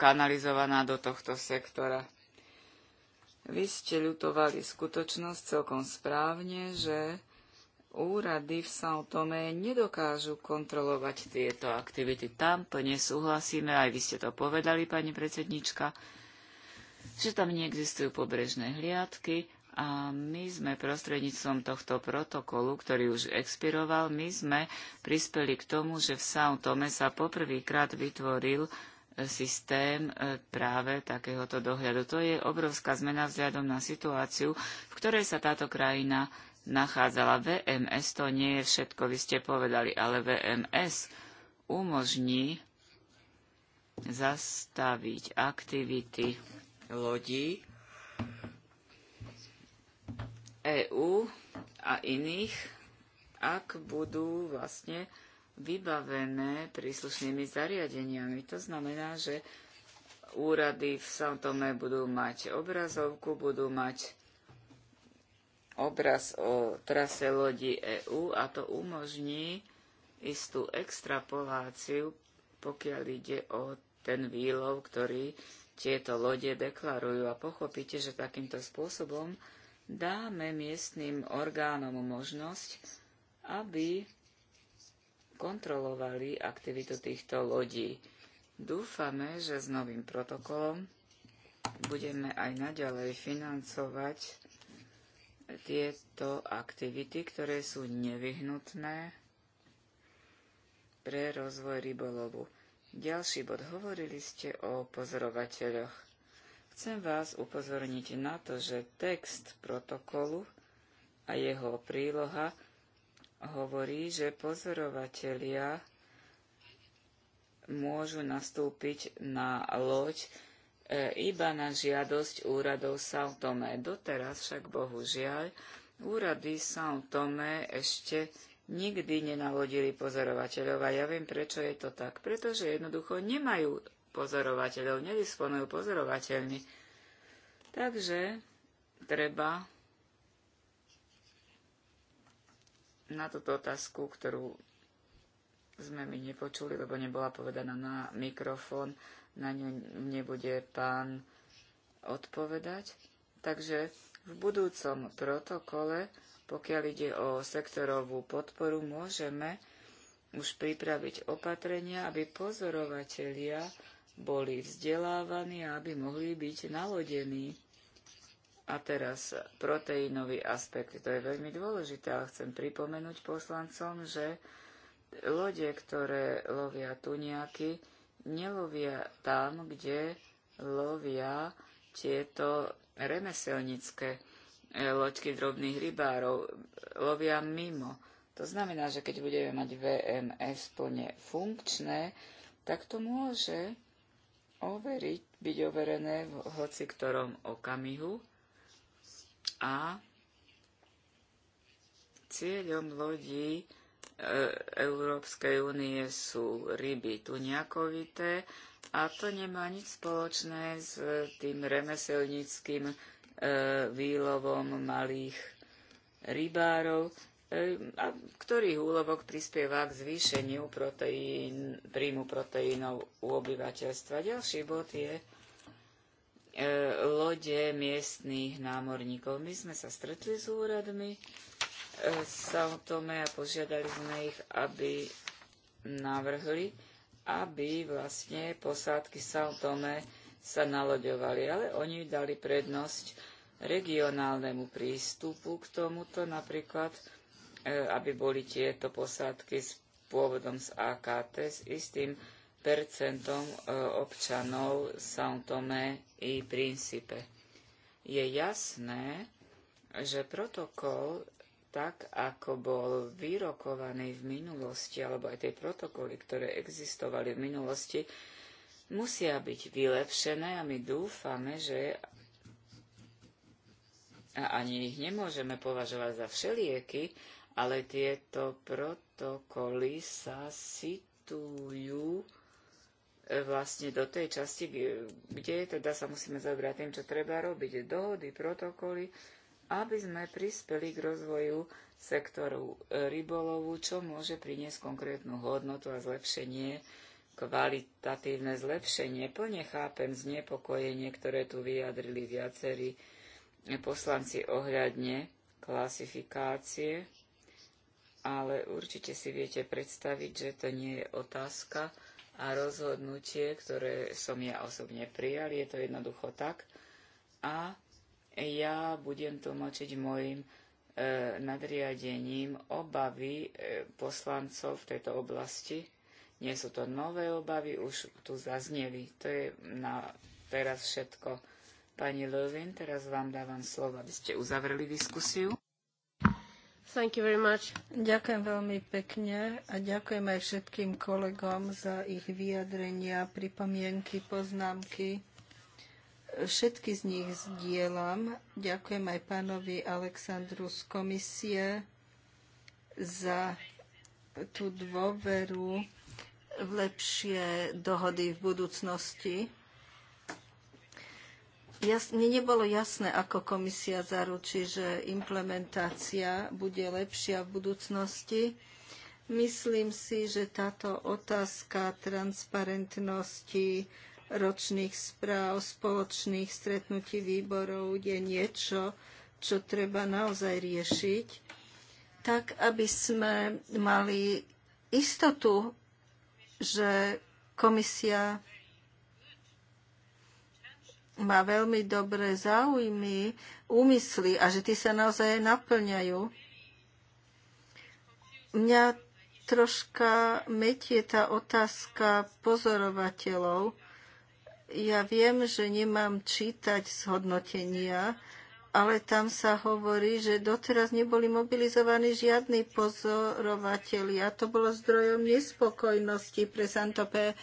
kanalizovaná do tohto sektora vy ste ľutovali skutočnosť celkom správne, že úrady v São nedokážu kontrolovať tieto aktivity. Tam plne súhlasíme, aj vy ste to povedali, pani predsednička, že tam neexistujú pobrežné hliadky a my sme prostredníctvom tohto protokolu, ktorý už expiroval, my sme prispeli k tomu, že v São Tome sa poprvýkrát vytvoril systém e, práve takéhoto dohľadu. To je obrovská zmena vzhľadom na situáciu, v ktorej sa táto krajina nachádzala. VMS to nie je všetko, vy ste povedali, ale VMS umožní zastaviť aktivity lodí EÚ a iných, ak budú vlastne vybavené príslušnými zariadeniami. To znamená, že úrady v Santome budú mať obrazovku, budú mať obraz o trase lodi EÚ a to umožní istú extrapoláciu, pokiaľ ide o ten výlov, ktorý tieto lode deklarujú. A pochopíte, že takýmto spôsobom dáme miestnym orgánom možnosť, aby kontrolovali aktivitu týchto lodí. Dúfame, že s novým protokolom budeme aj naďalej financovať tieto aktivity, ktoré sú nevyhnutné pre rozvoj rybolovu. Ďalší bod. Hovorili ste o pozorovateľoch. Chcem vás upozorniť na to, že text protokolu a jeho príloha hovorí, že pozorovatelia môžu nastúpiť na loď e, iba na žiadosť úradov São Tomé. Doteraz však bohužiaľ úrady São Tomé ešte nikdy nenalodili pozorovateľov a ja viem, prečo je to tak. Pretože jednoducho nemajú pozorovateľov, nedisponujú pozorovateľmi. Takže treba na túto otázku, ktorú sme mi nepočuli, lebo nebola povedaná na mikrofón, na ňu nebude pán odpovedať. Takže v budúcom protokole, pokiaľ ide o sektorovú podporu, môžeme už pripraviť opatrenia, aby pozorovatelia boli vzdelávaní a aby mohli byť nalodení. A teraz proteínový aspekt. To je veľmi dôležité, ale chcem pripomenúť poslancom, že lode, ktoré lovia tuniaky, nelovia tam, kde lovia tieto remeselnické e, loďky drobných rybárov. Lovia mimo. To znamená, že keď budeme mať VMS plne funkčné, tak to môže overiť, byť overené v hoci ktorom okamihu a cieľom lodí e, Európskej únie sú ryby tuňakovité a to nemá nič spoločné s tým remeselníckým e, výlovom malých rybárov, e, ktorých úlovok prispieva k zvýšeniu proteín, príjmu proteínov u obyvateľstva. Ďalší bod je E, lode miestných námorníkov. My sme sa stretli s úradmi e, Sao Tome a požiadali sme ich, aby navrhli, aby vlastne posádky Sao Tome sa naloďovali, ale oni dali prednosť regionálnemu prístupu k tomuto, napríklad, e, aby boli tieto posádky s pôvodom z AKT s istým percentom e, občanov São Tomé i Príncipe. Je jasné, že protokol, tak ako bol vyrokovaný v minulosti, alebo aj tie protokoly, ktoré existovali v minulosti, musia byť vylepšené a my dúfame, že a ani ich nemôžeme považovať za všelieky, ale tieto protokoly sa situujú vlastne do tej časti, kde teda sa musíme zaoberať tým, čo treba robiť, dohody, protokoly, aby sme prispeli k rozvoju sektoru rybolovu, čo môže priniesť konkrétnu hodnotu a zlepšenie, kvalitatívne zlepšenie. Plne chápem znepokojenie, ktoré tu vyjadrili viacerí poslanci ohľadne klasifikácie, ale určite si viete predstaviť, že to nie je otázka, a rozhodnutie, ktoré som ja osobne prijal, je to jednoducho tak. A ja budem tlmočiť mojim e, nadriadením obavy e, poslancov v tejto oblasti. Nie sú to nové obavy, už tu zazneli. To je na teraz všetko. Pani Lovin, teraz vám dávam slovo, aby ste uzavreli diskusiu. Thank you very much. Ďakujem veľmi pekne a ďakujem aj všetkým kolegom za ich vyjadrenia, pripomienky, poznámky. Všetky z nich zdieľam. Ďakujem aj pánovi Aleksandru z komisie za tú dôveru v lepšie dohody v budúcnosti. Jas, mne nebolo jasné, ako komisia zaručí, že implementácia bude lepšia v budúcnosti. Myslím si, že táto otázka transparentnosti ročných správ, spoločných stretnutí výborov je niečo, čo treba naozaj riešiť, tak aby sme mali istotu, že komisia má veľmi dobré záujmy, úmysly a že tie sa naozaj naplňajú. Mňa troška metie tá otázka pozorovateľov. Ja viem, že nemám čítať zhodnotenia, ale tam sa hovorí, že doteraz neboli mobilizovaní žiadni pozorovateľi. A To bolo zdrojom nespokojnosti pre Santope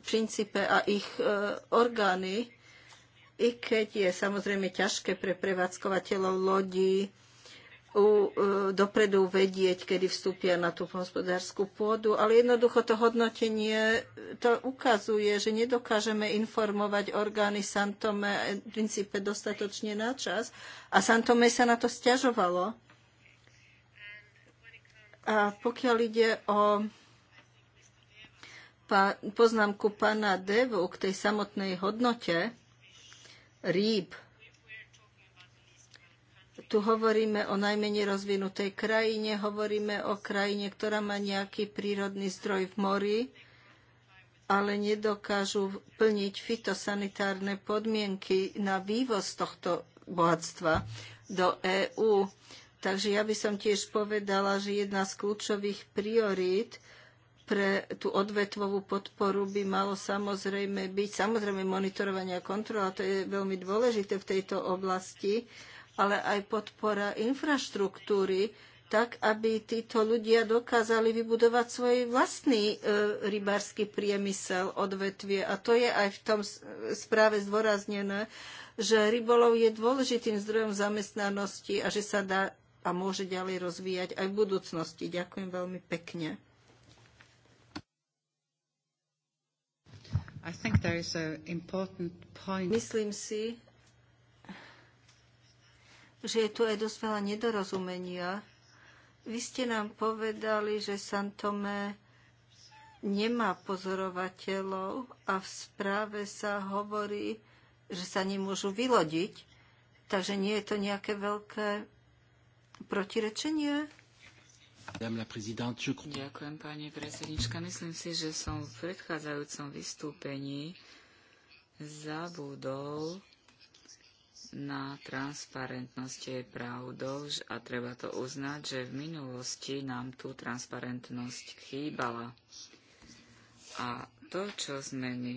Principe a ich e, orgány i keď je samozrejme ťažké pre prevádzkovateľov lodí u, e, dopredu vedieť, kedy vstúpia na tú hospodárskú pôdu, ale jednoducho to hodnotenie e, to ukazuje, že nedokážeme informovať orgány Santome e, v princípe dostatočne na čas a Santome sa na to stiažovalo. A pokiaľ ide o poznámku pána Devu k tej samotnej hodnote, rýb. Tu hovoríme o najmenej rozvinutej krajine, hovoríme o krajine, ktorá má nejaký prírodný zdroj v mori, ale nedokážu plniť fitosanitárne podmienky na vývoz tohto bohatstva do EÚ. Takže ja by som tiež povedala, že jedna z kľúčových priorít pre tú odvetvovú podporu by malo samozrejme byť samozrejme monitorovanie a kontrola, to je veľmi dôležité v tejto oblasti, ale aj podpora infraštruktúry, tak aby títo ľudia dokázali vybudovať svoj vlastný e, rybársky priemysel, odvetvie. A to je aj v tom správe zdôraznené, že rybolov je dôležitým zdrojom zamestnanosti a že sa dá a môže ďalej rozvíjať aj v budúcnosti. Ďakujem veľmi pekne. I think there is an important point. Myslím si, že je tu aj dosť veľa nedorozumenia. Vy ste nám povedali, že Santome nemá pozorovateľov a v správe sa hovorí, že sa nemôžu vylodiť. Takže nie je to nejaké veľké protirečenie? Ďakujem, pani predsednička. Myslím si, že som v predchádzajúcom vystúpení zabudol na transparentnosť je pravdou a treba to uznať, že v minulosti nám tú transparentnosť chýbala. A to, čo sme my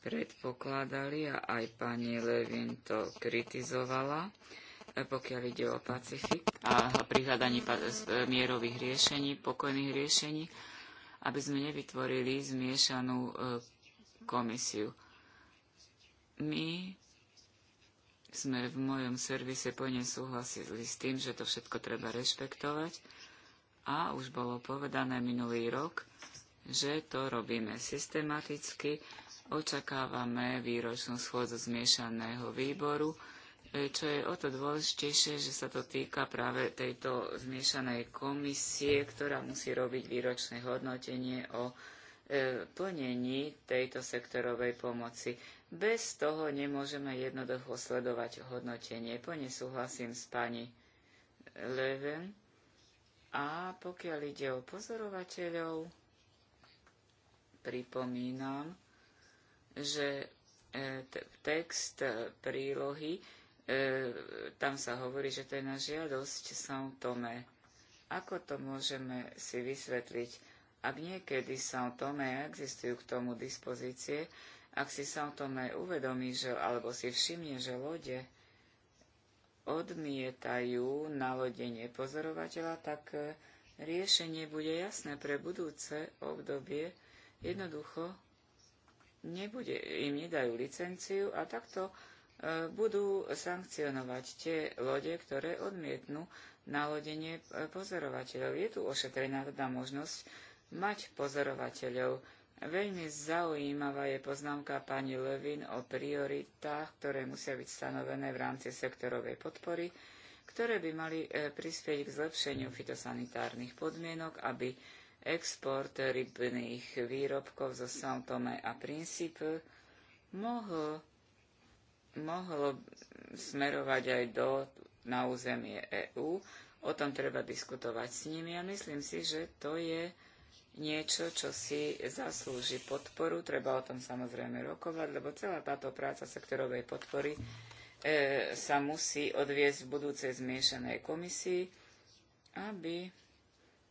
predpokladali a aj pani Levin to kritizovala, E, pokiaľ ide o Pacifik a pri hľadaní e, mierových riešení, pokojných riešení, aby sme nevytvorili zmiešanú e, komisiu. My sme v mojom servise plne súhlasili s tým, že to všetko treba rešpektovať a už bolo povedané minulý rok, že to robíme systematicky, očakávame výročnú schôdzu zmiešaného výboru, E, čo je o to dôležitejšie, že sa to týka práve tejto zmiešanej komisie, ktorá musí robiť výročné hodnotenie o e, plnení tejto sektorovej pomoci. Bez toho nemôžeme jednoducho sledovať hodnotenie. Plne súhlasím s pani Leven. A pokiaľ ide o pozorovateľov, pripomínam, že e, text prílohy E, tam sa hovorí, že to je na žiadosť São Tomé. Ako to môžeme si vysvetliť? Ak niekedy São Tomé existujú k tomu dispozície, ak si São Tomé uvedomí, že, alebo si všimne, že lode odmietajú nalodenie pozorovateľa, tak e, riešenie bude jasné pre budúce obdobie. Jednoducho nebude, im nedajú licenciu a takto E, budú sankcionovať tie lode, ktoré odmietnú nalodenie e, pozorovateľov. Je tu ošetrená teda možnosť mať pozorovateľov. Veľmi zaujímavá je poznámka pani Levin o prioritách, ktoré musia byť stanovené v rámci sektorovej podpory, ktoré by mali e, prispieť k zlepšeniu fitosanitárnych podmienok, aby export rybných výrobkov zo São a Principe mohol mohlo smerovať aj do, na územie EÚ. O tom treba diskutovať s nimi a myslím si, že to je niečo, čo si zaslúži podporu. Treba o tom samozrejme rokovať, lebo celá táto práca sektorovej podpory e, sa musí odviesť v budúcej zmiešanej komisii, aby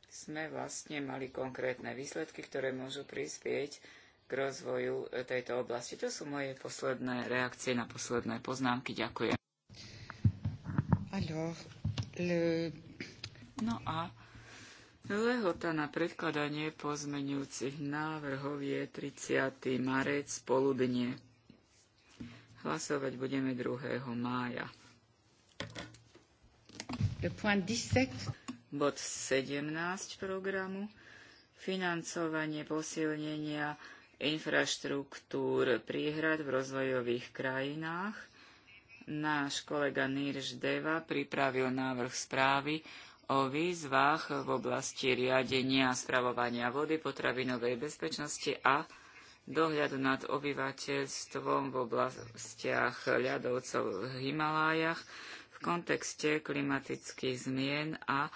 sme vlastne mali konkrétne výsledky, ktoré môžu prispieť k rozvoju e, tejto oblasti. To sú moje posledné reakcie na posledné poznámky. Ďakujem. No a lehota na predkladanie pozmenujúcich návrhov je 30. marec poludne. Hlasovať budeme 2. mája. Bod 17 programu. Financovanie posilnenia infraštruktúr priehrad v rozvojových krajinách. Náš kolega Nirž Deva pripravil návrh správy o výzvach v oblasti riadenia a spravovania vody, potravinovej bezpečnosti a dohľadu nad obyvateľstvom v oblastiach ľadovcov v Himalájach v kontekste klimatických zmien a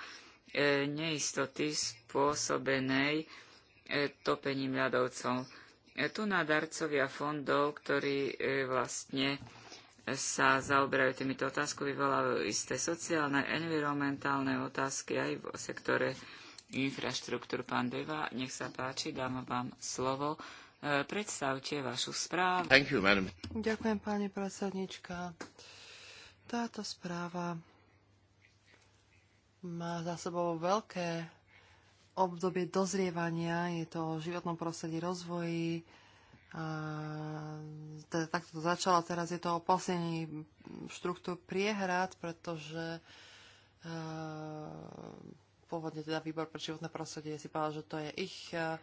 e, neistoty spôsobenej e, topením ľadovcov tu na darcovia fondov, ktorí e, vlastne sa zaoberajú týmito otázkami, vyvolávajú isté sociálne, environmentálne otázky aj v sektore infraštruktúr. Pán Deva, nech sa páči, dám vám slovo. E, predstavte vašu správu. You, Ďakujem, pani predsednička. Táto správa má za sebou veľké obdobie dozrievania, je to o životnom prostredí rozvoji. A, teda, takto to začalo, teraz je to o posilnení štruktúr priehrad, pretože a, pôvodne teda výbor pre životné prostredie si povedal, že to je ich a,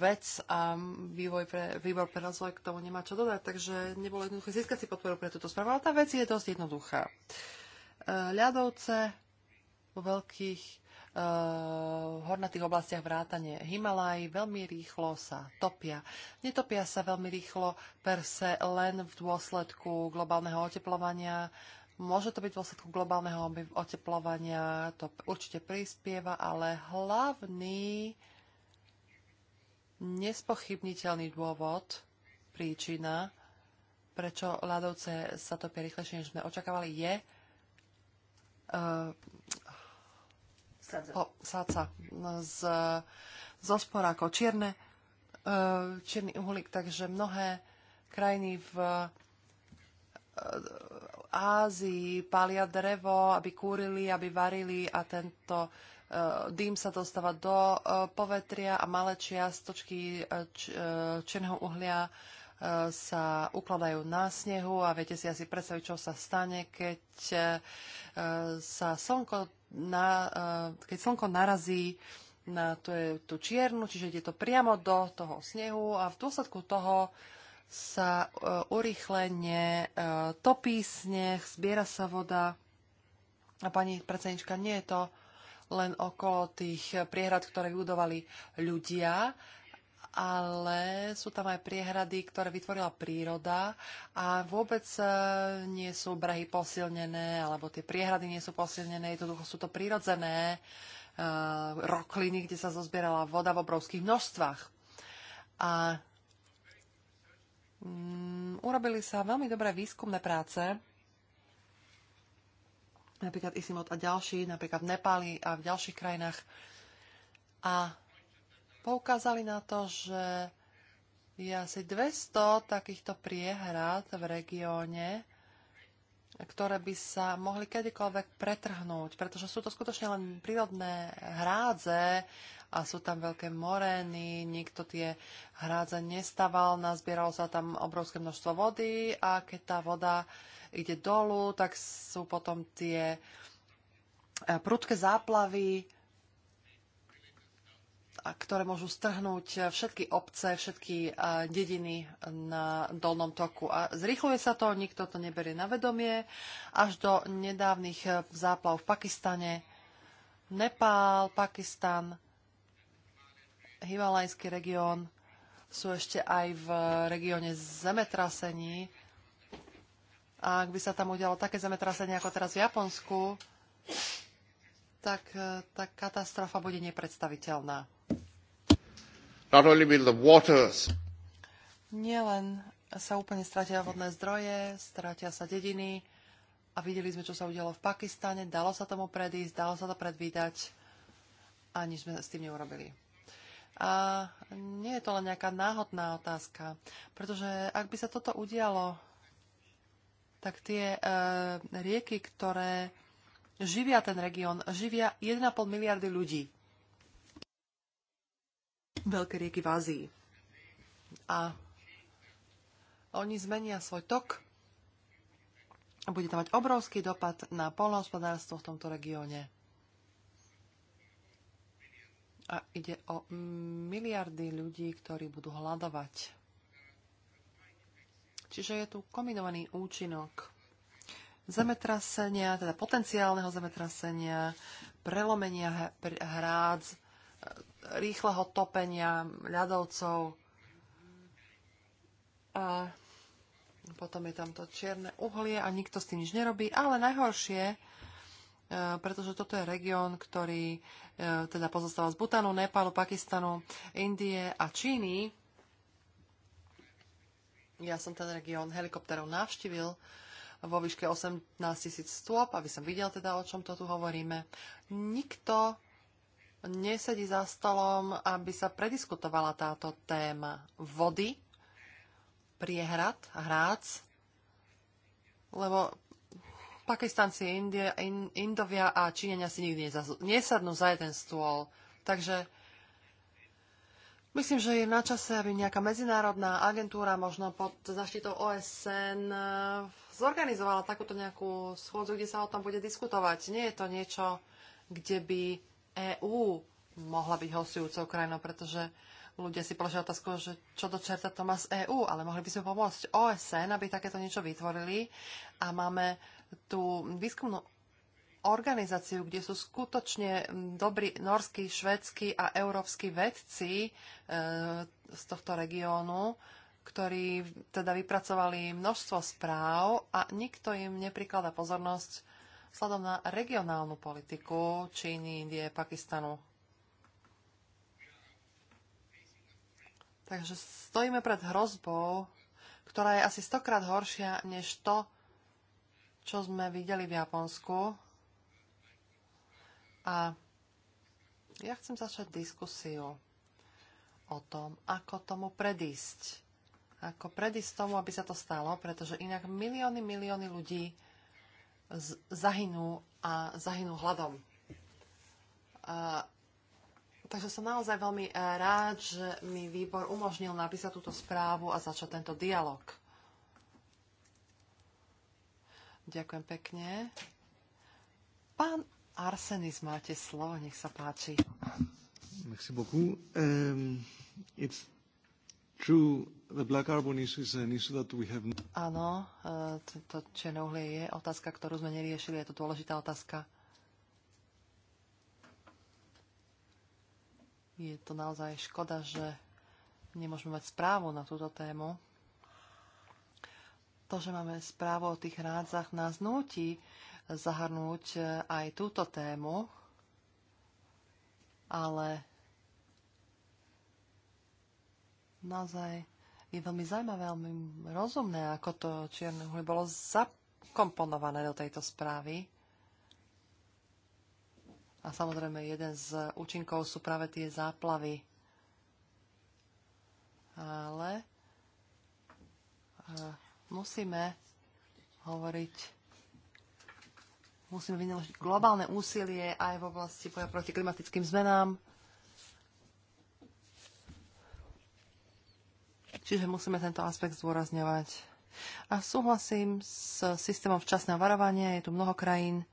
vec a vývoj pre, výbor pre rozvoj k tomu nemá čo dodať, takže nebolo jednoduché získať si podporu pre túto správu, ale tá vec je dosť jednoduchá. E, ľadovce vo veľkých v hornatých oblastiach vrátane Himalaj veľmi rýchlo sa topia. Netopia sa veľmi rýchlo per se len v dôsledku globálneho oteplovania. Môže to byť v dôsledku globálneho oteplovania, to určite prispieva, ale hlavný nespochybniteľný dôvod, príčina, prečo ľadovce sa topia rýchlejšie, než sme očakávali, je eh, sáca no, z, zo ako čierne, e, čierny uhlík, takže mnohé krajiny v e, e, Ázii palia drevo, aby kúrili, aby varili a tento dým sa dostáva do povetria a malé čiastočky čierneho uhlia sa ukladajú na snehu a viete si asi predstaviť, čo sa stane, keď sa slnko na, e, keď slnko narazí na tú, tú čiernu, čiže ide to priamo do toho snehu a v dôsledku toho sa e, urýchlenie e, topí sneh, zbiera sa voda. A pani predsednička, nie je to len okolo tých priehrad, ktoré vybudovali ľudia, ale sú tam aj priehrady, ktoré vytvorila príroda a vôbec e, nie sú brehy posilnené, alebo tie priehrady nie sú posilnené, jednoducho sú to prírodzené uh, e, rokliny, kde sa zozbierala voda v obrovských množstvách. A um, urobili sa veľmi dobré výskumné práce, napríklad Isimot a ďalší, napríklad v Nepáli a v ďalších krajinách. A poukázali na to, že je asi 200 takýchto priehrad v regióne, ktoré by sa mohli kedykoľvek pretrhnúť, pretože sú to skutočne len prírodné hrádze a sú tam veľké morény, nikto tie hrádze nestaval, nazbieralo sa tam obrovské množstvo vody a keď tá voda ide dolu, tak sú potom tie eh, prudké záplavy ktoré môžu strhnúť všetky obce, všetky e, dediny na dolnom toku. A zrýchluje sa to, nikto to neberie na vedomie, až do nedávnych e, záplav v Pakistane, Nepál, Pakistan, Himalajský región, sú ešte aj v regióne zemetrasení. A ak by sa tam udialo také zemetrasenie ako teraz v Japonsku, tak e, tá katastrofa bude nepredstaviteľná. Not only will the waters... Nielen sa úplne stratia vodné zdroje, stratia sa dediny a videli sme, čo sa udialo v Pakistane. Dalo sa tomu predísť, dalo sa to predvídať a nič sme s tým neurobili. A nie je to len nejaká náhodná otázka, pretože ak by sa toto udialo, tak tie e, rieky, ktoré živia ten región, živia 1,5 miliardy ľudí veľké rieky v Ázii. A oni zmenia svoj tok a bude to mať obrovský dopad na polnohospodárstvo v tomto regióne. A ide o miliardy ľudí, ktorí budú hľadovať. Čiže je tu kombinovaný účinok zemetrasenia, teda potenciálneho zemetrasenia, prelomenia hrádz, rýchleho topenia ľadovcov. A potom je tam to čierne uhlie a nikto s tým nič nerobí. Ale najhoršie, e, pretože toto je región, ktorý e, teda pozostáva z Butanu, Nepálu, Pakistanu, Indie a Číny. Ja som ten región helikopterov navštívil vo výške 18 tisíc stôp, aby som videl teda, o čom to tu hovoríme. Nikto nesedí za stolom, aby sa prediskutovala táto téma vody, priehrad, hrác, lebo Pakistanci, Indie, in, Indovia a Číňania si nikdy nesadnú za jeden stôl. Takže myslím, že je na čase, aby nejaká medzinárodná agentúra, možno pod zaštitou OSN, zorganizovala takúto nejakú schôdzu, kde sa o tom bude diskutovať. Nie je to niečo, kde by EÚ mohla byť hostujúcou krajinou, pretože ľudia si položia otázku, že čo do čerta to má z EÚ, ale mohli by sme pomôcť OSN, aby takéto niečo vytvorili a máme tú výskumnú organizáciu, kde sú skutočne dobrí norskí, švedskí a európsky vedci e, z tohto regiónu, ktorí teda vypracovali množstvo správ a nikto im neprikladá pozornosť vzhľadom na regionálnu politiku Číny, Indie, Pakistanu. Takže stojíme pred hrozbou, ktorá je asi stokrát horšia než to, čo sme videli v Japonsku. A ja chcem začať diskusiu o tom, ako tomu predísť. Ako predísť tomu, aby sa to stalo, pretože inak milióny, milióny ľudí zahynú a zahynú hladom. A, takže som naozaj veľmi e, rád, že mi výbor umožnil napísať túto správu a začať tento dialog. Ďakujem pekne. Pán Arsenis, máte slovo, nech sa páči. Merci beaucoup. Um, it's Áno, e, to černé uhlie je otázka, ktorú sme neriešili. Je to dôležitá otázka. Je to naozaj škoda, že nemôžeme mať správu na túto tému. To, že máme správu o tých hrádzach, nás núti zahrnúť e, aj túto tému, ale naozaj je veľmi zaujímavé, veľmi rozumné, ako to čierne uhlie bolo zakomponované do tejto správy. A samozrejme, jeden z účinkov sú práve tie záplavy. Ale musíme hovoriť, musíme vynaložiť globálne úsilie aj v oblasti boja proti klimatickým zmenám, Čiže musíme tento aspekt zdôrazňovať. A súhlasím s systémom včasného varovania, je tu mnoho krajín.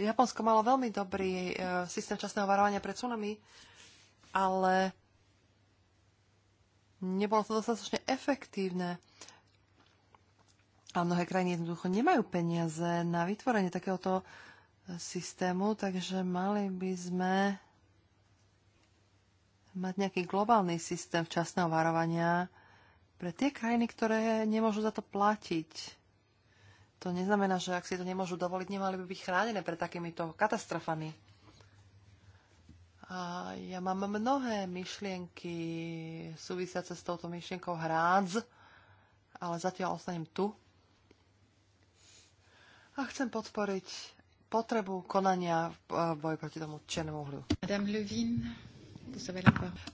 Japonsko malo veľmi dobrý e, systém včasného varovania pred tsunami, ale nebolo to dostatočne efektívne. A mnohé krajiny jednoducho nemajú peniaze na vytvorenie takéhoto systému, takže mali by sme mať nejaký globálny systém včasného varovania pre tie krajiny, ktoré nemôžu za to platiť. To neznamená, že ak si to nemôžu dovoliť, nemali by byť chránené pred takýmito katastrofami. A ja mám mnohé myšlienky súvisiace s touto myšlienkou hrádz, ale zatiaľ ostanem tu. A chcem podporiť potrebu konania v eh, boji proti tomu černému hľu. Madame Levine.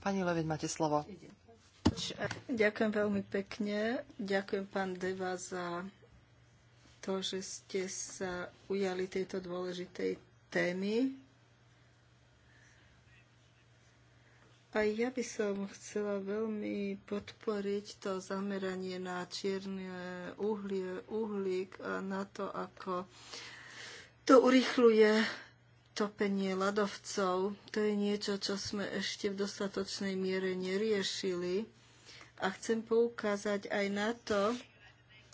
Pani Levin, máte slovo. Ďakujem veľmi pekne. Ďakujem pán Deva za to, že ste sa ujali tejto dôležitej témy. A ja by som chcela veľmi podporiť to zameranie na čierne uhlie, uhlík a na to, ako to urýchľuje topenie ľadovcov, to je niečo, čo sme ešte v dostatočnej miere neriešili. A chcem poukázať aj na to,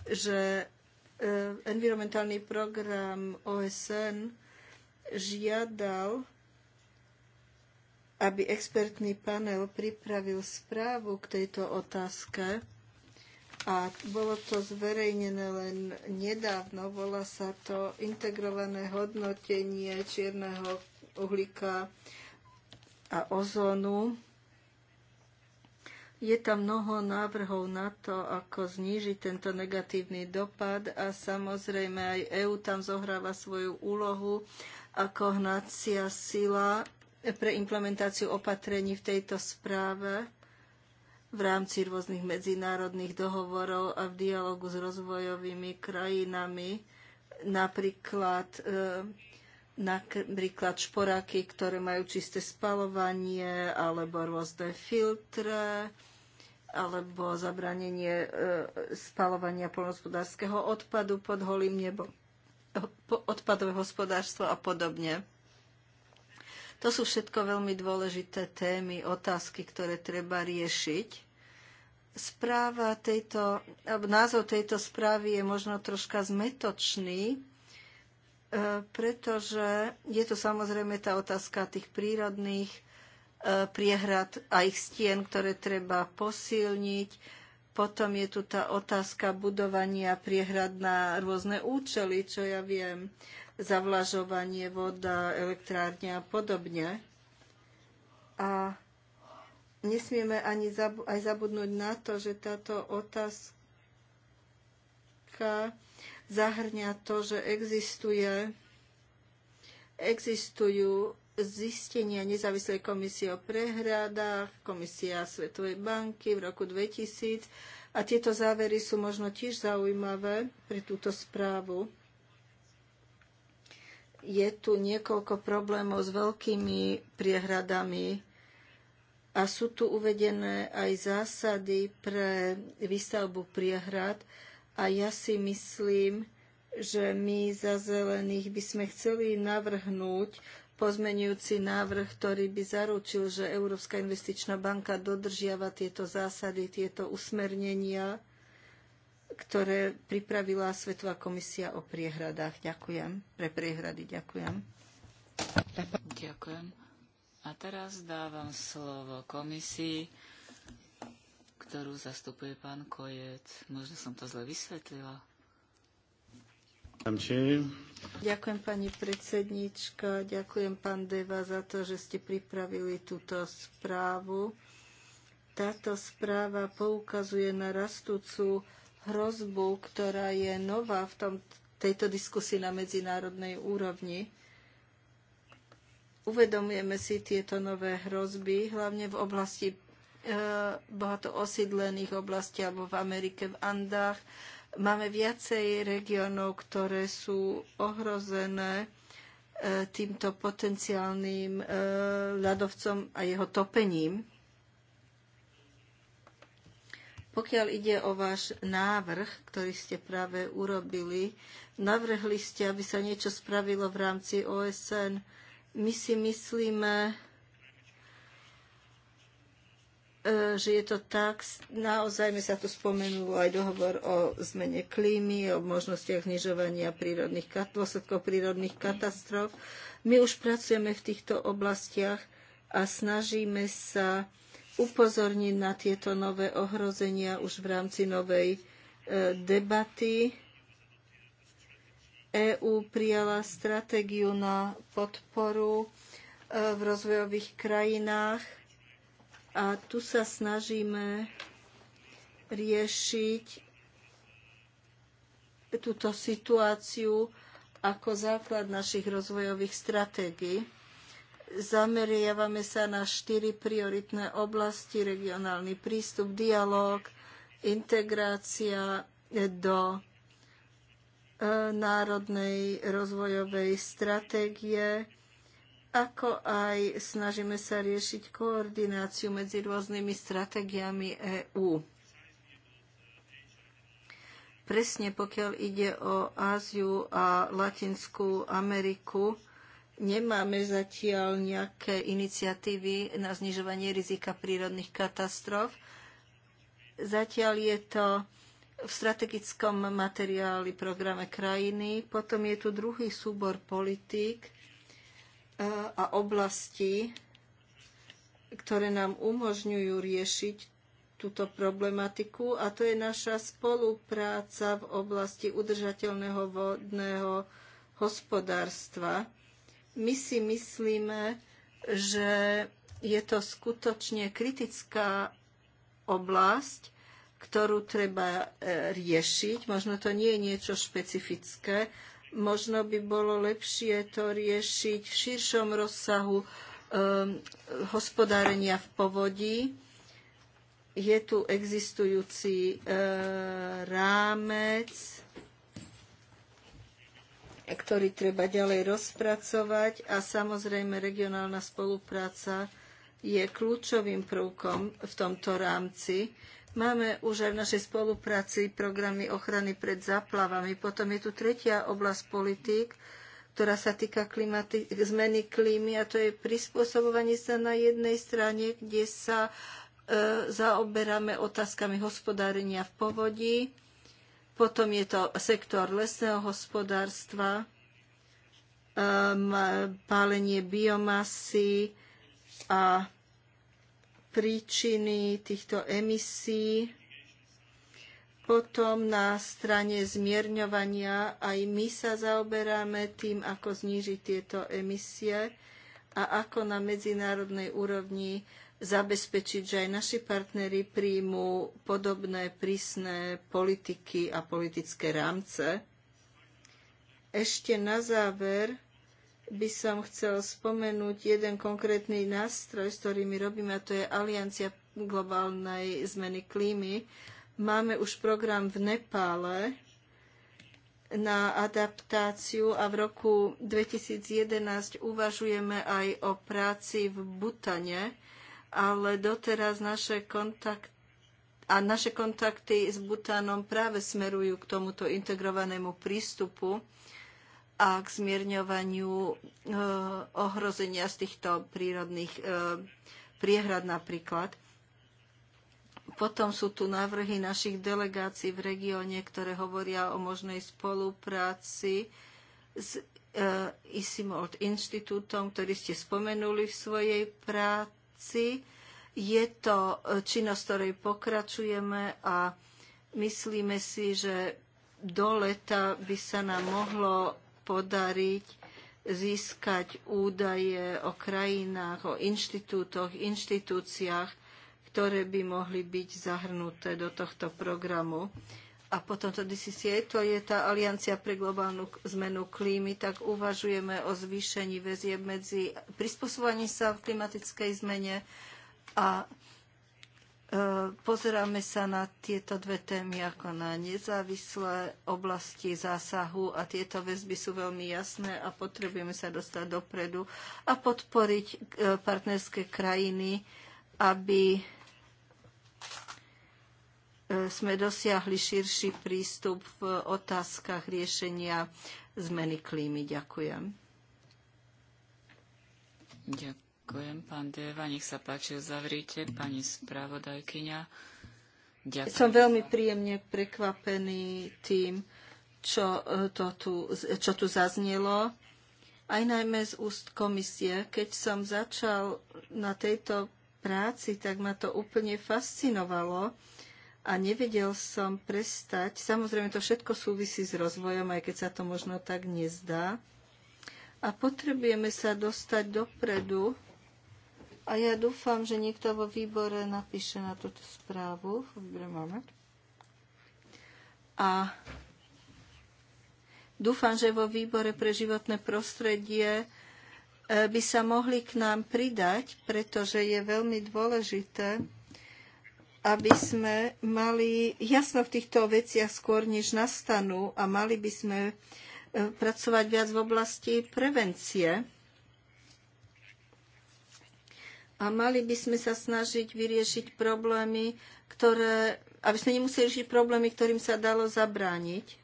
že e, environmentálny program OSN žiadal, aby expertný panel pripravil správu k tejto otázke a bolo to zverejnené len nedávno, volá sa to integrované hodnotenie čierneho uhlíka a ozónu. Je tam mnoho návrhov na to, ako znížiť tento negatívny dopad a samozrejme aj EÚ tam zohráva svoju úlohu ako hnacia sila pre implementáciu opatrení v tejto správe v rámci rôznych medzinárodných dohovorov a v dialogu s rozvojovými krajinami, napríklad, e, napríklad šporáky, ktoré majú čisté spalovanie, alebo rôzne filtre, alebo zabranenie e, spalovania polnospodárskeho odpadu pod holým nebom, odpadové hospodárstvo a podobne. To sú všetko veľmi dôležité témy, otázky, ktoré treba riešiť. Správa tejto, názov tejto správy je možno troška zmetočný, e, pretože je tu samozrejme tá otázka tých prírodných e, priehrad a ich stien, ktoré treba posilniť. Potom je tu tá otázka budovania priehrad na rôzne účely, čo ja viem, zavlažovanie voda, elektrárne a podobne. A nesmieme ani zabu- aj zabudnúť na to, že táto otázka zahrňa to, že existuje, existujú zistenia nezávislej komisie o prehradách, komisia Svetovej banky v roku 2000 a tieto závery sú možno tiež zaujímavé pre túto správu. Je tu niekoľko problémov s veľkými priehradami a sú tu uvedené aj zásady pre výstavbu priehrad a ja si myslím, že my za zelených by sme chceli navrhnúť pozmenujúci návrh, ktorý by zaručil, že Európska investičná banka dodržiava tieto zásady, tieto usmernenia, ktoré pripravila Svetová komisia o priehradách. Ďakujem. Pre priehrady ďakujem. Ďakujem. A teraz dávam slovo komisii, ktorú zastupuje pán Kojec. Možno som to zle vysvetlila. Ďakujem pani predsednička, ďakujem pán Deva za to, že ste pripravili túto správu. Táto správa poukazuje na rastúcu hrozbu, ktorá je nová v tom, tejto diskusii na medzinárodnej úrovni. Uvedomujeme si tieto nové hrozby, hlavne v oblasti e, bohato osídlených oblastí alebo v Amerike, v Andách, Máme viacej regiónov, ktoré sú ohrozené e, týmto potenciálnym e, ľadovcom a jeho topením. Pokiaľ ide o váš návrh, ktorý ste práve urobili, navrhli ste, aby sa niečo spravilo v rámci OSN. My si myslíme, E, že je to tak, naozaj mi sa tu spomenul aj dohovor o zmene klímy, o možnostiach znižovania prírodných, dôsledkov prírodných katastrof. My už pracujeme v týchto oblastiach a snažíme sa upozorniť na tieto nové ohrozenia už v rámci novej e, debaty. EÚ prijala stratégiu na podporu e, v rozvojových krajinách a tu sa snažíme riešiť túto situáciu ako základ našich rozvojových stratégií. Zameriavame sa na štyri prioritné oblasti, regionálny prístup, dialog, integrácia do e, národnej rozvojovej stratégie, ako aj snažíme sa riešiť koordináciu medzi rôznymi stratégiami EÚ. Presne pokiaľ ide o Áziu a Latinskú Ameriku, nemáme zatiaľ nejaké iniciatívy na znižovanie rizika prírodných katastrof. Zatiaľ je to v strategickom materiáli programe krajiny. Potom je tu druhý súbor politík, a oblasti, ktoré nám umožňujú riešiť túto problematiku a to je naša spolupráca v oblasti udržateľného vodného hospodárstva. My si myslíme, že je to skutočne kritická oblasť, ktorú treba e, riešiť. Možno to nie je niečo špecifické, Možno by bolo lepšie to riešiť v širšom rozsahu um, hospodárenia v povodí. Je tu existujúci uh, rámec, ktorý treba ďalej rozpracovať a samozrejme regionálna spolupráca je kľúčovým prvkom v tomto rámci. Máme už aj v našej spolupráci programy ochrany pred záplavami. Potom je tu tretia oblasť politík, ktorá sa týka klimaty, zmeny klímy a to je prispôsobovanie sa na jednej strane, kde sa e, zaoberáme otázkami hospodárenia v povodí. Potom je to sektor lesného hospodárstva, e, pálenie biomasy a príčiny týchto emisí, potom na strane zmierňovania aj my sa zaoberáme tým, ako znížiť tieto emisie a ako na medzinárodnej úrovni zabezpečiť, že aj naši partnery príjmú podobné prísne politiky a politické rámce. Ešte na záver by som chcel spomenúť jeden konkrétny nástroj, s ktorými robíme, a to je Aliancia globálnej zmeny klímy. Máme už program v Nepále na adaptáciu a v roku 2011 uvažujeme aj o práci v Butane, ale doteraz naše kontakty a naše kontakty s Butanom práve smerujú k tomuto integrovanému prístupu a k zmierňovaniu e, ohrozenia z týchto prírodných e, priehrad napríklad. Potom sú tu návrhy našich delegácií v regióne, ktoré hovoria o možnej spolupráci s e, Isimold inštitútom, ktorý ste spomenuli v svojej práci. Je to činnosť, ktorej pokračujeme a myslíme si, že do leta by sa nám mohlo podariť získať údaje o krajinách, o inštitútoch, inštitúciách, ktoré by mohli byť zahrnuté do tohto programu. A potom to DCCA, to je tá Aliancia pre globálnu zmenu klímy, tak uvažujeme o zvýšení väzie medzi prispôsobovaním sa v klimatickej zmene a E, pozeráme sa na tieto dve témy ako na nezávislé oblasti zásahu a tieto väzby sú veľmi jasné a potrebujeme sa dostať dopredu a podporiť e, partnerské krajiny, aby e, sme dosiahli širší prístup v otázkach riešenia zmeny klímy. Ďakujem. Ďakujem. Ďakujem, pán Deva. Nech sa páči, pani spravodajkyňa. Ďakujem. Som veľmi príjemne prekvapený tým, čo, e, to tu, čo tu zaznelo, aj najmä z úst komisie. Keď som začal na tejto práci, tak ma to úplne fascinovalo a nevedel som prestať. Samozrejme, to všetko súvisí s rozvojom, aj keď sa to možno tak nezdá. A potrebujeme sa dostať dopredu a ja dúfam, že niekto vo výbore napíše na túto správu. A dúfam, že vo výbore pre životné prostredie e, by sa mohli k nám pridať, pretože je veľmi dôležité, aby sme mali jasno v týchto veciach skôr, než nastanú a mali by sme e, pracovať viac v oblasti prevencie a mali by sme sa snažiť vyriešiť problémy, ktoré, aby sme nemuseli riešiť problémy, ktorým sa dalo zabrániť.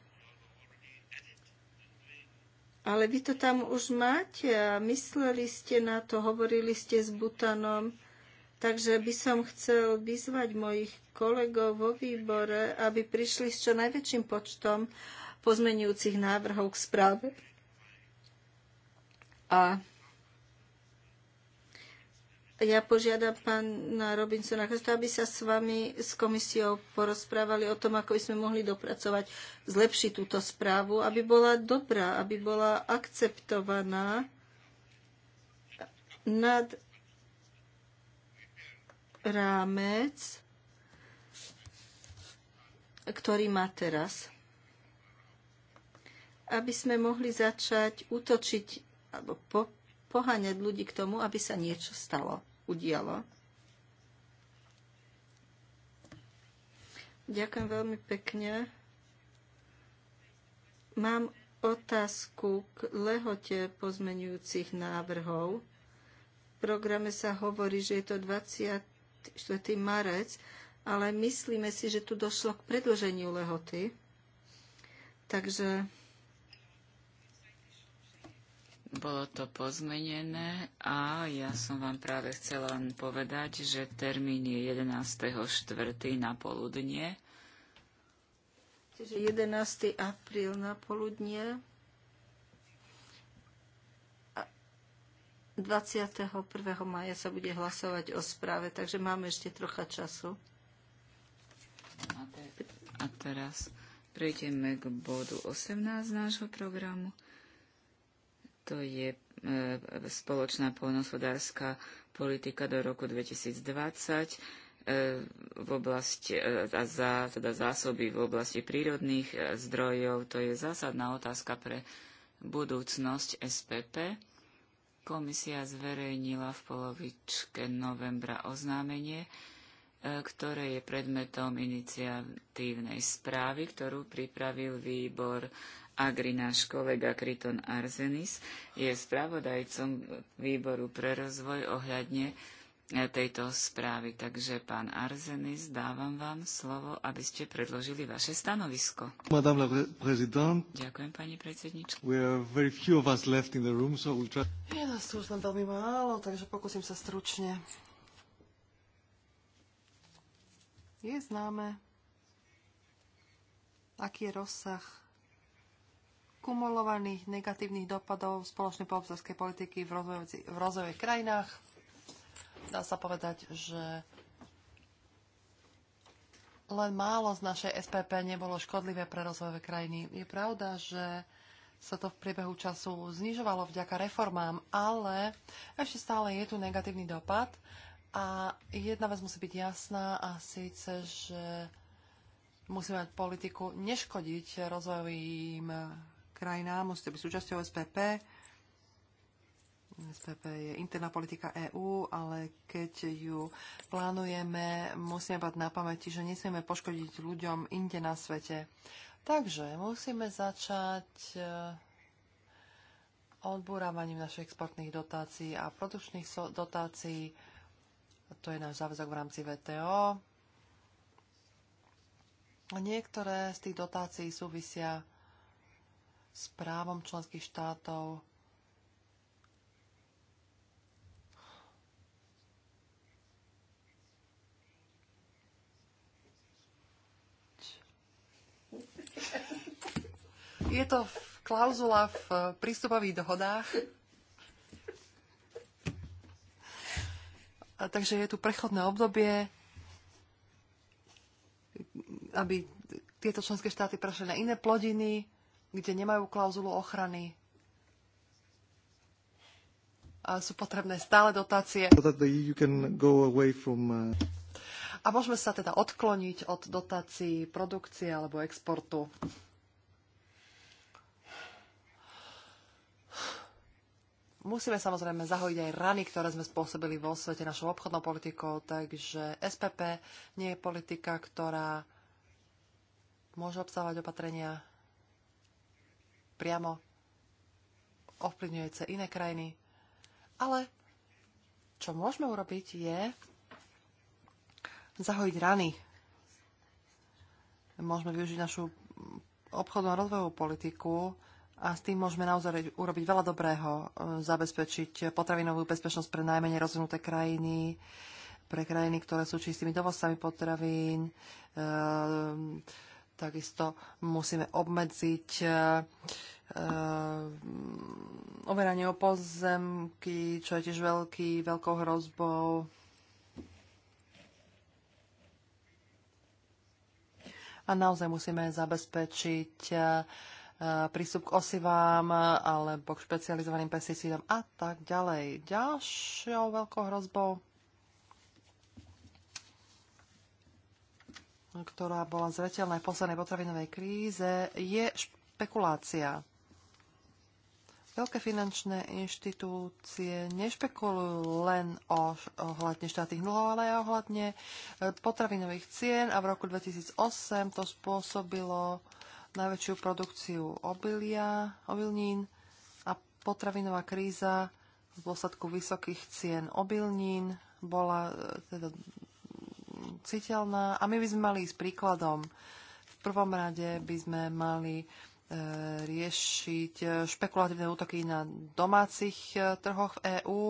Ale vy to tam už máte a mysleli ste na to, hovorili ste s Butanom, takže by som chcel vyzvať mojich kolegov vo výbore, aby prišli s čo najväčším počtom pozmenujúcich návrhov k správe. A ja požiadam pána Robinsona Krsta, aby sa s vami, s komisiou porozprávali o tom, ako by sme mohli dopracovať, zlepšiť túto správu, aby bola dobrá, aby bola akceptovaná nad rámec, ktorý má teraz. Aby sme mohli začať útočiť alebo poháňať ľudí k tomu, aby sa niečo stalo, udialo. Ďakujem veľmi pekne. Mám otázku k lehote pozmenujúcich návrhov. V programe sa hovorí, že je to 24. marec, ale myslíme si, že tu došlo k predlženiu lehoty. Takže bolo to pozmenené a ja som vám práve chcela len povedať, že termín je 11.4. na poludnie. Čiže 11. apríl na poludnie. 21. maja sa bude hlasovať o správe, takže máme ešte trocha času. A teraz prejdeme k bodu 18 nášho programu. To je e, spoločná poľnohospodárska politika do roku 2020 e, v oblasti, e, za, teda zásoby v oblasti prírodných e, zdrojov. To je zásadná otázka pre budúcnosť SPP. Komisia zverejnila v polovičke novembra oznámenie, e, ktoré je predmetom iniciatívnej správy, ktorú pripravil výbor Agri, náš kolega Kriton Arzenis, je spravodajcom výboru pre rozvoj ohľadne e, tejto správy. Takže, pán Arzenis, dávam vám slovo, aby ste predložili vaše stanovisko. Ďakujem, pani predsednička. so we'll try... Je nás tu už len veľmi málo, takže pokúsim sa stručne. Je známe, aký je rozsah kumulovaných negatívnych dopadov spoločnej poobzorskej politiky v, rozvoj, v rozvojových krajinách. Dá sa povedať, že len málo z našej SPP nebolo škodlivé pre rozvojové krajiny. Je pravda, že sa to v priebehu času znižovalo vďaka reformám, ale ešte stále je tu negatívny dopad. A jedna vec musí byť jasná a síce, že musíme mať politiku neškodiť rozvojovým krajiná musíte byť súčasťou SPP. SPP je interná politika EÚ, ale keď ju plánujeme, musíme mať na pamäti, že nesmieme poškodiť ľuďom inde na svete. Takže musíme začať eh, odburávaním našich exportných dotácií a produkčných dotácií. To je náš záväzok v rámci VTO. Niektoré z tých dotácií súvisia s právom členských štátov Je to klauzula v eh, prístupových dohodách. A takže je tu prechodné obdobie, aby tieto členské štáty prešli na iné plodiny kde nemajú klauzulu ochrany a sú potrebné stále dotácie. E uh, a môžeme sa teda odkloniť od dotácií produkcie alebo exportu. Musíme samozrejme zahojiť aj rany, ktoré sme spôsobili vo svete našou obchodnou politikou, takže SPP nie je politika, ktorá môže obsahovať opatrenia priamo ovplyvňujúce iné krajiny. Ale čo môžeme urobiť je zahojiť rany. Môžeme využiť našu obchodnú a rozvojovú politiku a s tým môžeme naozaj urobiť veľa dobrého. Zabezpečiť potravinovú bezpečnosť pre najmenej rozvinuté krajiny, pre krajiny, ktoré sú čistými dovozcami potravín, e Takisto musíme obmedziť e, e, overanie o pozemky, čo je tiež veľký, veľkou hrozbou. A naozaj musíme zabezpečiť e, prístup k osivám alebo k špecializovaným pesticídom a tak ďalej. Ďalšou veľkou hrozbou ktorá bola zretelná v poslednej potravinovej kríze, je špekulácia. Veľké finančné inštitúcie nešpekulujú len o, ohľadne štátnych dlhov, ale aj ohľadne e, potravinových cien a v roku 2008 to spôsobilo najväčšiu produkciu obilia, obilnín a potravinová kríza v dôsledku vysokých cien obilnín bola e, teda citeľná a my by sme mali ísť príkladom. V prvom rade by sme mali e, riešiť e, špekulatívne útoky na domácich e, trhoch v EÚ.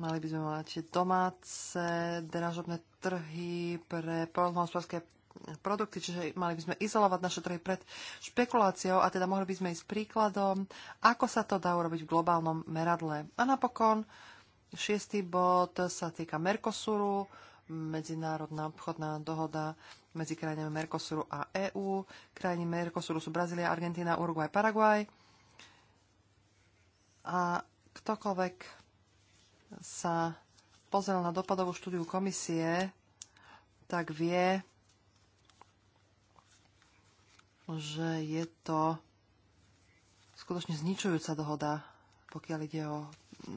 Mali by sme mať domáce dražobné trhy pre poľnohospodárske produkty, čiže mali by sme izolovať naše trhy pred špekuláciou a teda mohli by sme ísť príkladom, ako sa to dá urobiť v globálnom meradle. A napokon Šiestý bod sa týka Mercosuru, medzinárodná obchodná dohoda medzi krajinami Mercosuru a EÚ. Krajiny Mercosuru sú Brazília, Argentína, Uruguay, Paraguaj. A ktokoľvek sa pozrel na dopadovú štúdiu komisie, tak vie, že je to skutočne zničujúca dohoda, pokiaľ ide o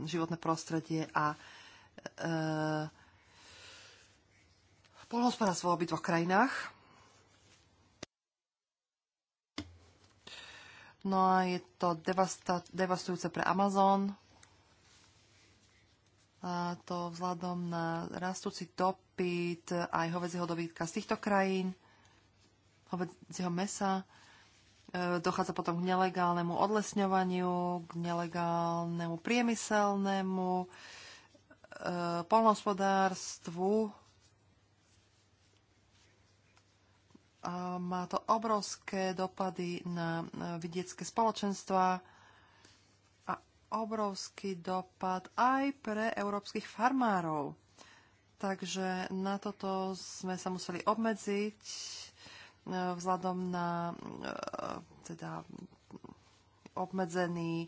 životné prostredie a e, polnohospodárstvo v obidvoch krajinách. No a je to devastujúce pre Amazon. A to vzhľadom na rastúci dopyt aj hovedzieho dobytka z týchto krajín, hovedzieho mesa. E, dochádza potom k nelegálnemu odlesňovaniu, k nelegálnemu priemyselnému e, polnohospodárstvu. A má to obrovské dopady na vidiecké spoločenstva a obrovský dopad aj pre európskych farmárov. Takže na toto sme sa museli obmedziť E, vzhľadom na e, teda obmedzený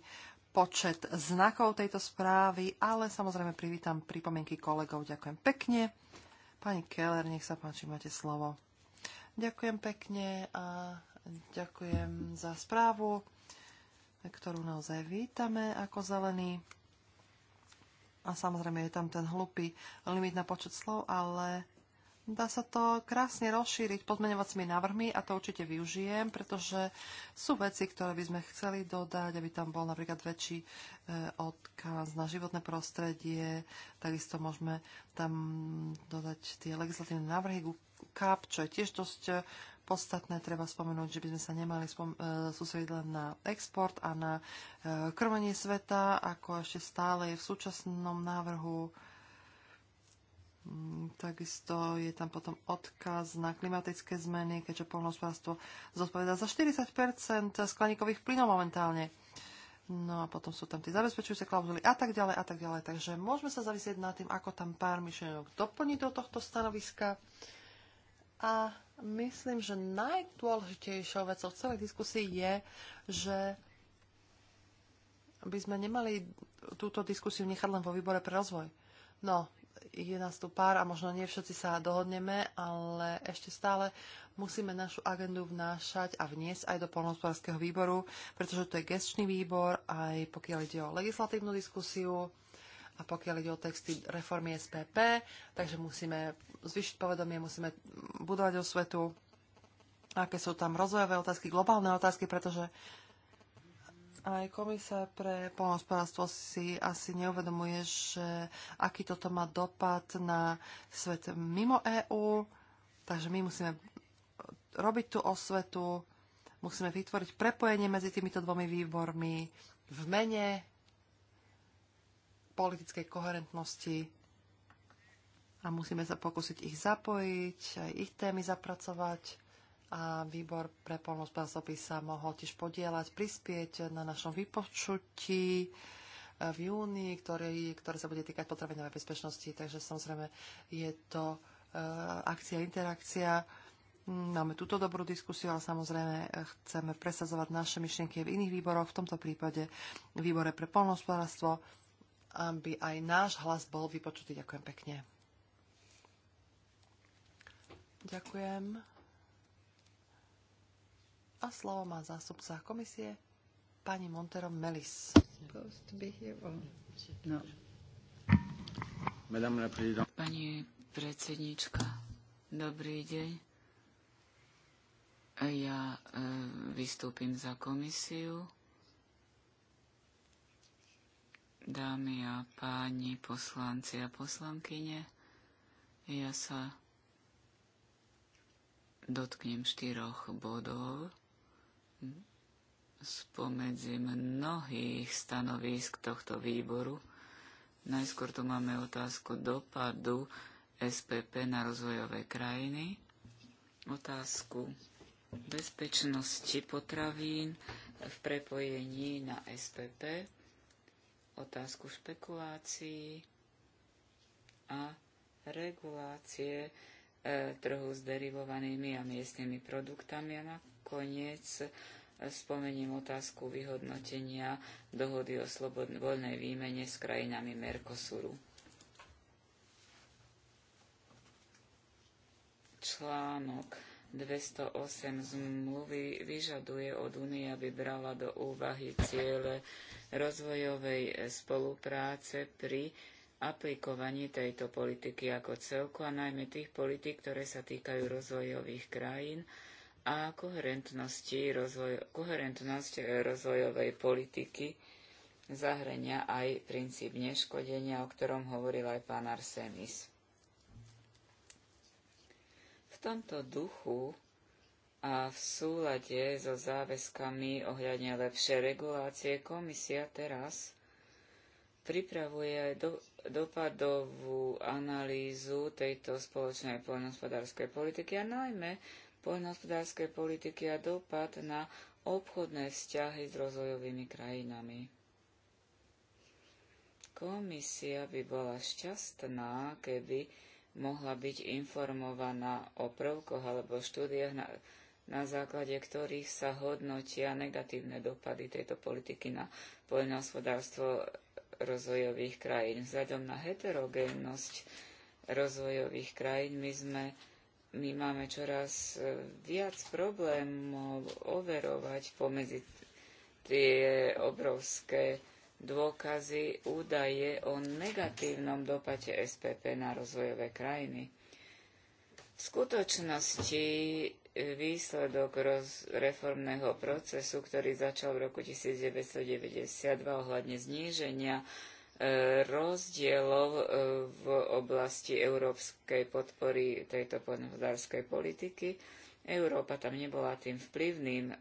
počet znakov tejto správy, ale samozrejme privítam pripomienky kolegov. Ďakujem pekne. Pani Keller, nech sa páči, máte slovo. Ďakujem pekne a ďakujem za správu, ktorú naozaj vítame ako zelený. A samozrejme je tam ten hlupý limit na počet slov, ale Dá sa to krásne rozšíriť podmenovacími návrhmi a to určite využijem, pretože sú veci, ktoré by sme chceli dodať, aby tam bol napríklad väčší e, odkaz na životné prostredie. Takisto môžeme tam dodať tie legislatívne návrhy KAP, čo je tiež dosť e, podstatné. Treba spomenúť, že by sme sa nemali spom- e, sústrediť len na export a na krmenie sveta, ako ešte stále je v súčasnom návrhu Mm, takisto je tam potom odkaz na klimatické zmeny, keďže polnospodárstvo zodpovedá za 40 skleníkových plynov momentálne. No a potom sú tam tie zabezpečujúce klauzuly a tak ďalej a tak ďalej. Takže môžeme sa zavisieť nad tým, ako tam pár myšlienok doplní do tohto stanoviska. A myslím, že najdôležitejšou vecou v celej diskusii je, že by sme nemali túto diskusiu nechať len vo výbore pre rozvoj. No, je nás tu pár a možno nie všetci sa dohodneme, ale ešte stále musíme našu agendu vnášať a vniesť aj do polnohospodárskeho výboru, pretože to je gestčný výbor, aj pokiaľ ide o legislatívnu diskusiu a pokiaľ ide o texty reformy SPP, takže musíme zvyšiť povedomie, musíme budovať o svetu, aké sú tam rozvojové otázky, globálne otázky, pretože aj komisár pre poľnohospodárstvo si asi neuvedomuje, že aký toto má dopad na svet mimo EÚ, takže my musíme robiť tú osvetu, musíme vytvoriť prepojenie medzi týmito dvomi výbormi v mene politickej koherentnosti a musíme sa pokúsiť ich zapojiť, aj ich témy zapracovať a výbor pre polnospodárstvo by sa mohol tiež podielať, prispieť na našom vypočutí eh, v júni, ktorý, ktoré sa bude týkať potravinovej bezpečnosti. Takže samozrejme je to eh, akcia, interakcia. Mm, máme túto dobrú diskusiu, ale samozrejme eh, chceme presazovať naše myšlienky v iných výboroch, v tomto prípade výbore pre polnospodárstvo, aby aj náš hlas bol vypočutý. Ďakujem pekne. Ďakujem. A slovo má zástupca komisie pani Montero Melis. Pani predsednička, dobrý deň. Ja e, vystúpim za komisiu. Dámy a páni poslanci a poslankyne, ja sa dotknem štyroch bodov spomedzi mnohých stanovísk tohto výboru. Najskôr tu máme otázku dopadu SPP na rozvojové krajiny, otázku bezpečnosti potravín v prepojení na SPP, otázku špekulácií a regulácie eh, trhu s derivovanými a miestnymi produktami a nakoniec spomením otázku vyhodnotenia dohody o slobodnej voľnej výmene s krajinami Mercosuru. Článok 208 zmluvy vyžaduje od Únie, aby brala do úvahy ciele rozvojovej spolupráce pri aplikovaní tejto politiky ako celku a najmä tých politik, ktoré sa týkajú rozvojových krajín, a koherentnosti rozvoj, koherentnosť e, rozvojovej politiky zahrania aj princíp neškodenia, o ktorom hovoril aj pán Arsenis. V tomto duchu a v súlade so záväzkami ohľadne lepšej regulácie komisia teraz pripravuje do, dopadovú analýzu tejto spoločnej poľnohospodárskej politiky a najmä poľnohospodárskej politiky a dopad na obchodné vzťahy s rozvojovými krajinami. Komisia by bola šťastná, keby mohla byť informovaná o prvkoch alebo štúdiách, na, na základe ktorých sa hodnotia negatívne dopady tejto politiky na poľnohospodárstvo rozvojových krajín. Vzhľadom na heterogénnosť rozvojových krajín my sme my máme čoraz e, viac problémov overovať pomedzi tie obrovské dôkazy, údaje o negatívnom dopate SPP na rozvojové krajiny. V skutočnosti e, výsledok roz, reformného procesu, ktorý začal v roku 1992 ohľadne zníženia rozdielov e, v oblasti európskej podpory tejto poľnohospodárskej politiky. Európa tam nebola tým vplyvným e,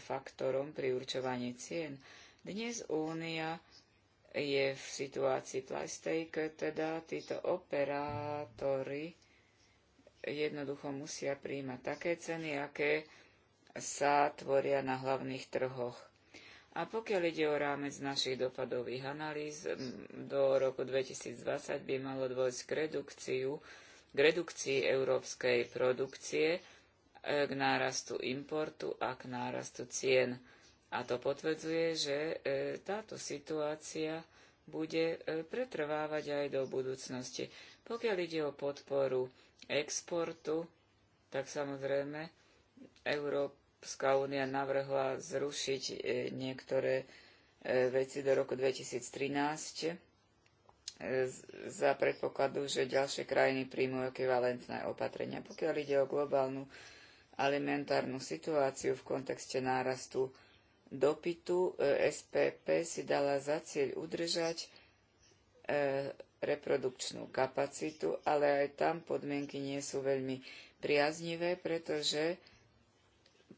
faktorom pri určovaní cien. Dnes Únia je v situácii PlayStake, teda títo operátori jednoducho musia príjmať také ceny, aké sa tvoria na hlavných trhoch. A pokiaľ ide o rámec našich dopadových analýz, do roku 2020 by malo dôjsť k, redukciu, k redukcii európskej produkcie, e, k nárastu importu a k nárastu cien. A to potvrdzuje, že e, táto situácia bude e, pretrvávať aj do budúcnosti. Pokiaľ ide o podporu exportu, tak samozrejme Európa Európska únia navrhla zrušiť e, niektoré e, veci do roku 2013 e, za predpokladu, že ďalšie krajiny príjmú ekvivalentné opatrenia. Pokiaľ ide o globálnu alimentárnu situáciu v kontexte nárastu dopytu, SPP si dala za cieľ udržať reprodukčnú kapacitu, ale aj tam podmienky nie sú veľmi priaznivé, pretože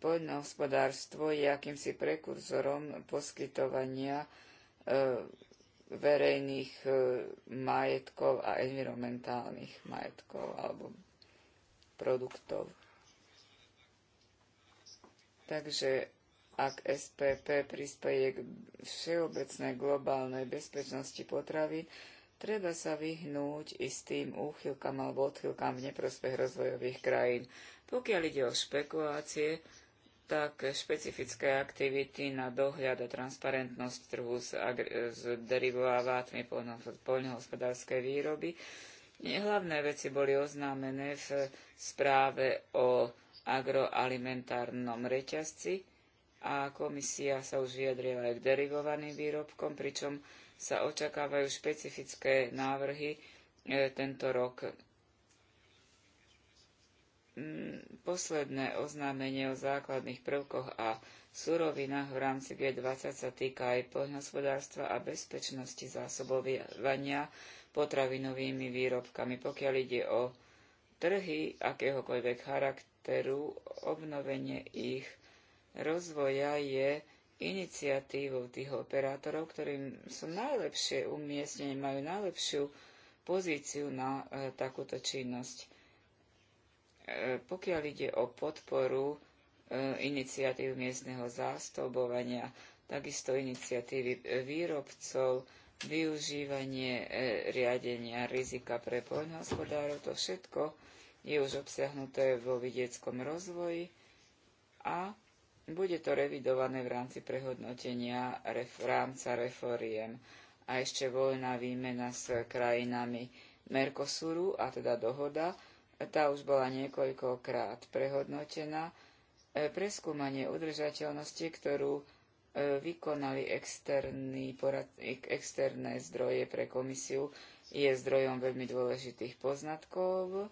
poľnohospodárstvo je akýmsi prekurzorom poskytovania e, verejných e, majetkov a environmentálnych majetkov alebo produktov. Takže ak SPP prispieje k všeobecnej globálnej bezpečnosti potravy, treba sa vyhnúť istým úchylkám alebo odchylkám v neprospech rozvojových krajín. Pokiaľ ide o špekulácie, tak špecifické aktivity na dohľad a transparentnosť trhu s, agri- s poľnohospodárskej výroby. Hlavné veci boli oznámené v správe o agroalimentárnom reťazci a komisia sa už vyjadrila aj k derivovaným výrobkom, pričom sa očakávajú špecifické návrhy e, tento rok Mm, posledné oznámenie o základných prvkoch a surovinách v rámci G20 sa týka aj poľnohospodárstva a bezpečnosti zásobovania potravinovými výrobkami. Pokiaľ ide o trhy akéhokoľvek charakteru, obnovenie ich rozvoja je iniciatívou tých operátorov, ktorí sú najlepšie umiestnení, majú najlepšiu pozíciu na e, takúto činnosť. E, pokiaľ ide o podporu e, iniciatív miestneho zástobovania, takisto iniciatívy e, výrobcov, využívanie riadenia rizika pre poľnohospodárov, to všetko je už obsiahnuté vo vidieckom rozvoji a bude to revidované v rámci prehodnotenia ref, rámca reforiem a ešte voľná výmena s krajinami Mercosuru, a teda dohoda, tá už bola niekoľkokrát prehodnotená. E, preskúmanie udržateľnosti, ktorú e, vykonali externý porad, externé zdroje pre komisiu, je zdrojom veľmi dôležitých poznatkov.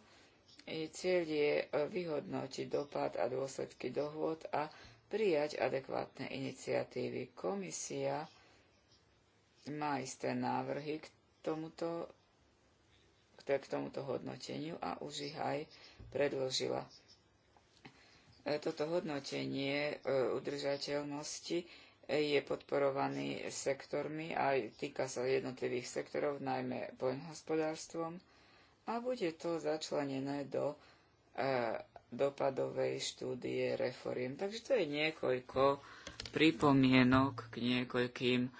Jej cieľ je e, vyhodnotiť dopad a dôsledky dohôd a prijať adekvátne iniciatívy. Komisia má isté návrhy k tomuto k tomuto hodnoteniu a už ich aj predložila. E, toto hodnotenie e, udržateľnosti e, je podporovaný sektormi a týka sa jednotlivých sektorov, najmä poľnohospodárstvom a bude to začlenené do dopadovej štúdie reforiem. Takže to je niekoľko pripomienok k niekoľkým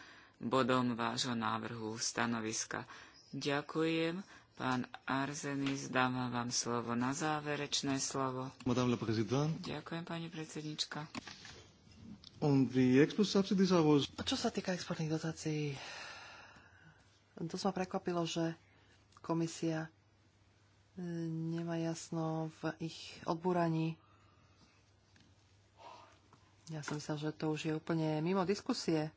bodom vášho návrhu stanoviska. Ďakujem. Pán Arzenis, dáva vám slovo na záverečné slovo. Madame la présidente. Ďakujem, pani predsednička. On the export subsidies I was... Čo sa týka exportných dotácií, to ma prekvapilo, že komisia e, nemá jasno v ich odbúraní. Ja som myslel, že to už je úplne mimo diskusie.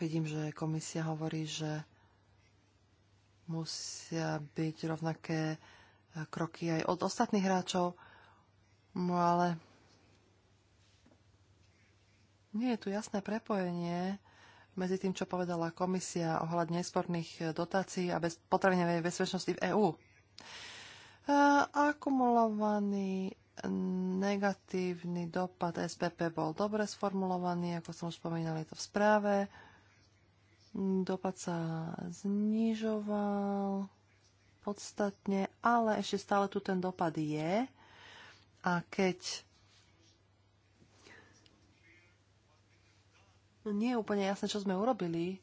Vidím, že komisia hovorí, že musia byť rovnaké eh, kroky aj od ostatných hráčov, no ale nie je tu jasné prepojenie medzi tým, čo povedala komisia ohľadne sporných eh, dotácií a bez potravinovej bezpečnosti v EÚ. Eh, akumulovaný negatívny dopad SPP bol dobre sformulovaný, ako som už spomínal, je to v správe. Dopad sa znižoval podstatne, ale ešte stále tu ten dopad je. A keď nie je úplne jasné, čo sme urobili,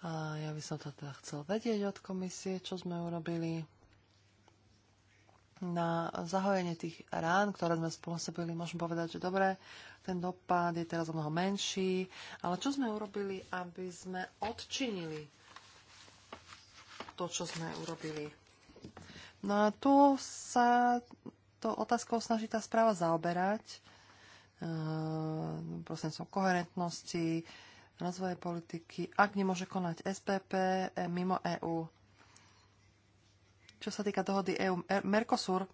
a ja by som to teda chcel vedieť od komisie, čo sme urobili na zahojenie tých rán, ktoré sme spôsobili, môžem povedať, že dobre, ten dopad je teraz o mnoho menší, ale čo sme urobili, aby sme odčinili to, čo sme urobili? No a tu sa to otázkou snaží tá správa zaoberať, ehm, prosím som, koherentnosti, rozvoje politiky, ak nemôže konať SPP eh, mimo EÚ čo sa týka dohody EU-Mercosur,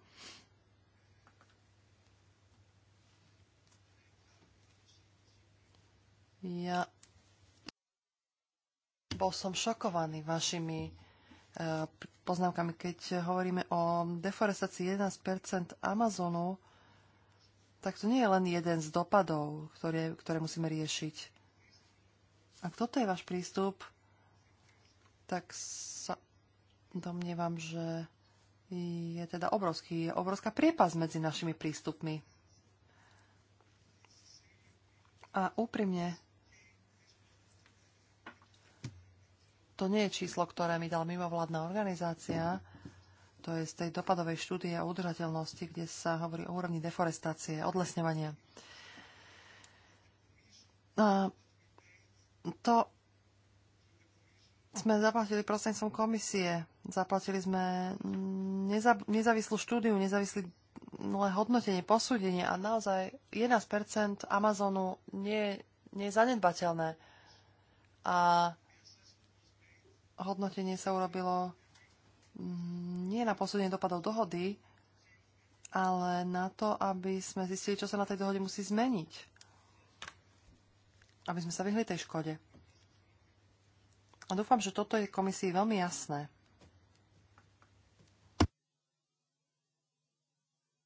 e ja bol som šokovaný vašimi e, poznámkami, keď hovoríme o deforestácii 11 Amazonu, tak to nie je len jeden z dopadov, ktoré, ktoré musíme riešiť. Ak toto je váš prístup, tak sa domnievam, že je teda obrovský, je obrovská priepas medzi našimi prístupmi. A úprimne, to nie je číslo, ktoré mi dal mimovládna organizácia, to je z tej dopadovej štúdie o udržateľnosti, kde sa hovorí o úrovni deforestácie, odlesňovania. A to sme zaplatili prostredníctvom komisie. Zaplatili sme neza, nezávislú štúdiu, nezávislé hodnotenie, posúdenie a naozaj 11% Amazonu nie, nie je zanedbateľné. A hodnotenie sa urobilo mm, nie na posúdenie dopadov dohody, ale na to, aby sme zistili, čo sa na tej dohode musí zmeniť. Aby sme sa vyhli tej škode. A dúfam, že toto je komisii veľmi jasné.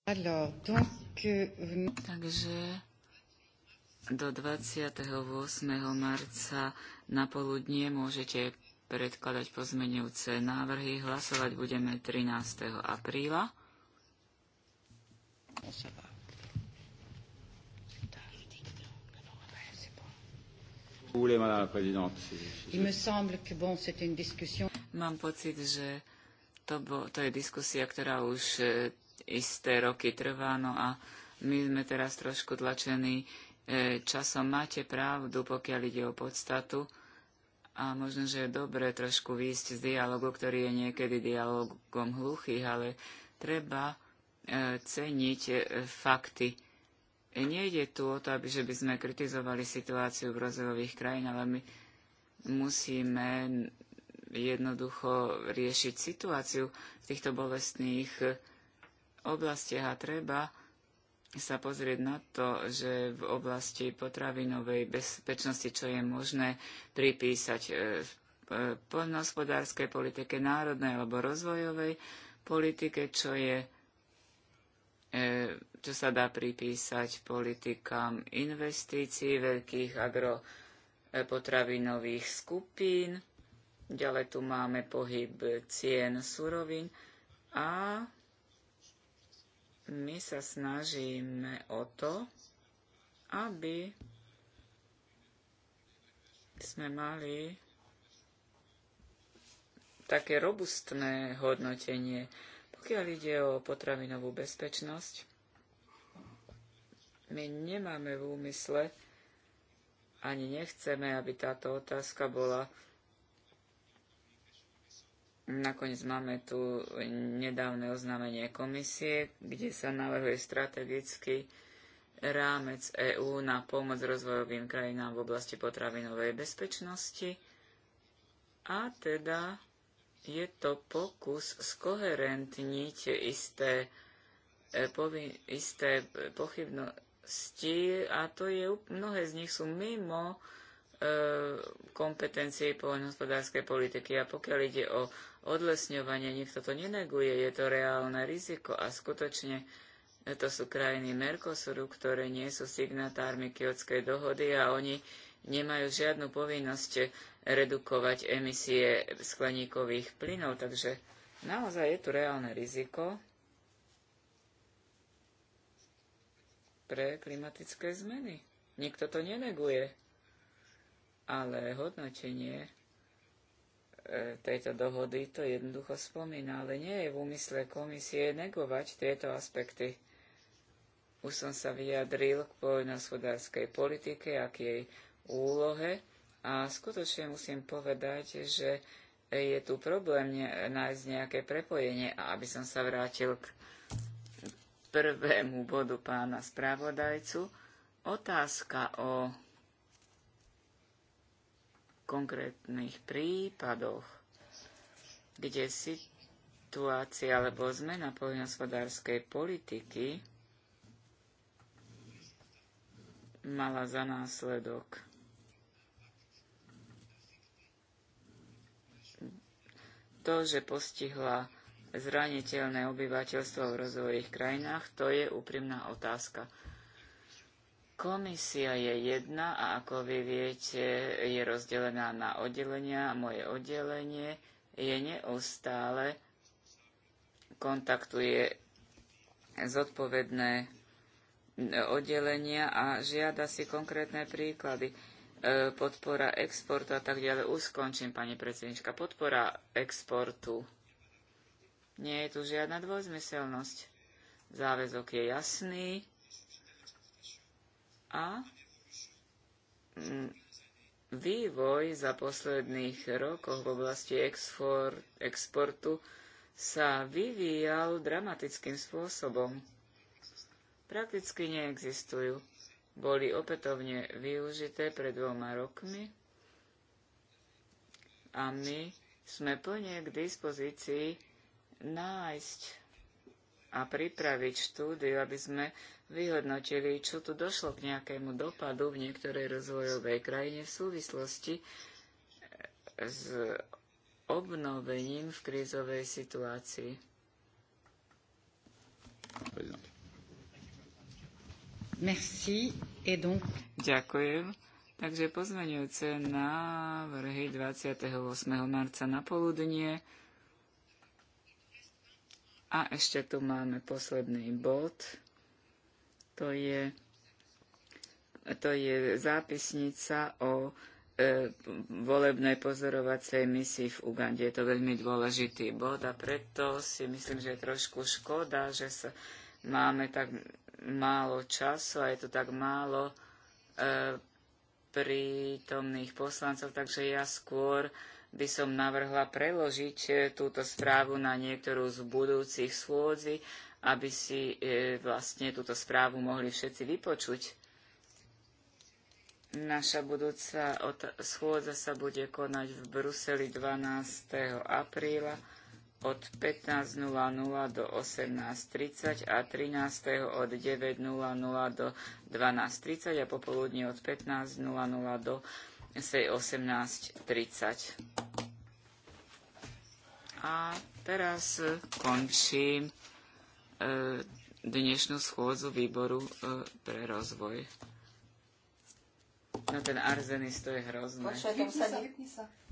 Euh, Takže do 28. marca na poludnie môžete predkladať pozmenujúce návrhy. Hlasovať budeme 13. apríla. No, Mám pocit, že to, bo, to je diskusia, ktorá už e, isté roky trvá, no a my sme teraz trošku tlačení e, časom. Máte pravdu, pokiaľ ide o podstatu a možno, že je dobre trošku výjsť z dialogu, ktorý je niekedy dialogom hluchých, ale treba e, ceniť fakty Nejde tu o to, aby, že by sme kritizovali situáciu v rozvojových krajinách, ale my musíme jednoducho riešiť situáciu v týchto bolestných oblastiach a treba sa pozrieť na to, že v oblasti potravinovej bezpečnosti, čo je možné pripísať e, e, poľnohospodárskej politike, národnej alebo rozvojovej politike, čo je e, čo sa dá pripísať politikám investícií veľkých agropotravinových skupín. Ďalej tu máme pohyb cien surovín a my sa snažíme o to, aby sme mali také robustné hodnotenie, pokiaľ ide o potravinovú bezpečnosť. My nemáme v úmysle, ani nechceme, aby táto otázka bola. Nakoniec máme tu nedávne oznámenie komisie, kde sa navrhuje strategický rámec EÚ na pomoc rozvojovým krajinám v oblasti potravinovej bezpečnosti. A teda je to pokus skoherentniť isté, e, povin, isté pochybno, oblasti, a to je, mnohé z nich sú mimo e, kompetencie poľnohospodárskej politiky. A pokiaľ ide o odlesňovanie, nikto to neneguje, je to reálne riziko a skutočne e, to sú krajiny Mercosuru, ktoré nie sú signatármi Kyotskej dohody a oni nemajú žiadnu povinnosť redukovať emisie skleníkových plynov. Takže naozaj je tu reálne riziko, pre klimatické zmeny. Nikto to neneguje. Ale hodnotenie e, tejto dohody to jednoducho spomína, ale nie je v úmysle komisie negovať tieto aspekty. Už som sa vyjadril k poľnohospodárskej politike a k jej úlohe a skutočne musím povedať, že je tu problém nájsť nejaké prepojenie. A aby som sa vrátil k prvému bodu pána spravodajcu. Otázka o konkrétnych prípadoch, kde situácia alebo zmena poľnohospodárskej politiky mala za následok to, že postihla zraniteľné obyvateľstvo v rozvojových krajinách, to je úprimná otázka. Komisia je jedna a ako vy viete, je rozdelená na oddelenia a moje oddelenie je neustále kontaktuje zodpovedné oddelenia a žiada si konkrétne príklady. E, podpora exportu a tak ďalej. Už skončím, pani predsednička. Podpora exportu nie je tu žiadna dvojzmyselnosť. Záväzok je jasný a vývoj za posledných rokoch v oblasti exportu sa vyvíjal dramatickým spôsobom. Prakticky neexistujú. Boli opätovne využité pred dvoma rokmi a my sme plne k dispozícii nájsť a pripraviť štúdiu, aby sme vyhodnotili, čo tu došlo k nejakému dopadu v niektorej rozvojovej krajine v súvislosti s obnovením v krízovej situácii. Merci. Et donc... Ďakujem. Takže pozmeňujúce návrhy 28. marca na poludnie. A ešte tu máme posledný bod. To je, to je zápisnica o e, volebnej pozorovacej misii v Ugande. Je to veľmi dôležitý bod a preto si myslím, že je trošku škoda, že sa máme tak málo času a je tu tak málo e, prítomných poslancov, takže ja skôr by som navrhla preložiť e, túto správu na niektorú z budúcich schôdzi, aby si e, vlastne túto správu mohli všetci vypočuť. Naša budúca schôdza sa bude konať v Bruseli 12. apríla od 15.00 do 18.30 a 13. od 9.00 do 12.30 a popoludne od 15.00 do 18.30. 18.30. A teraz končím e, dnešnú schôdzu výboru e, pre rozvoj. No ten arzenis to je hrozné. Počkaj, tam sa, sa.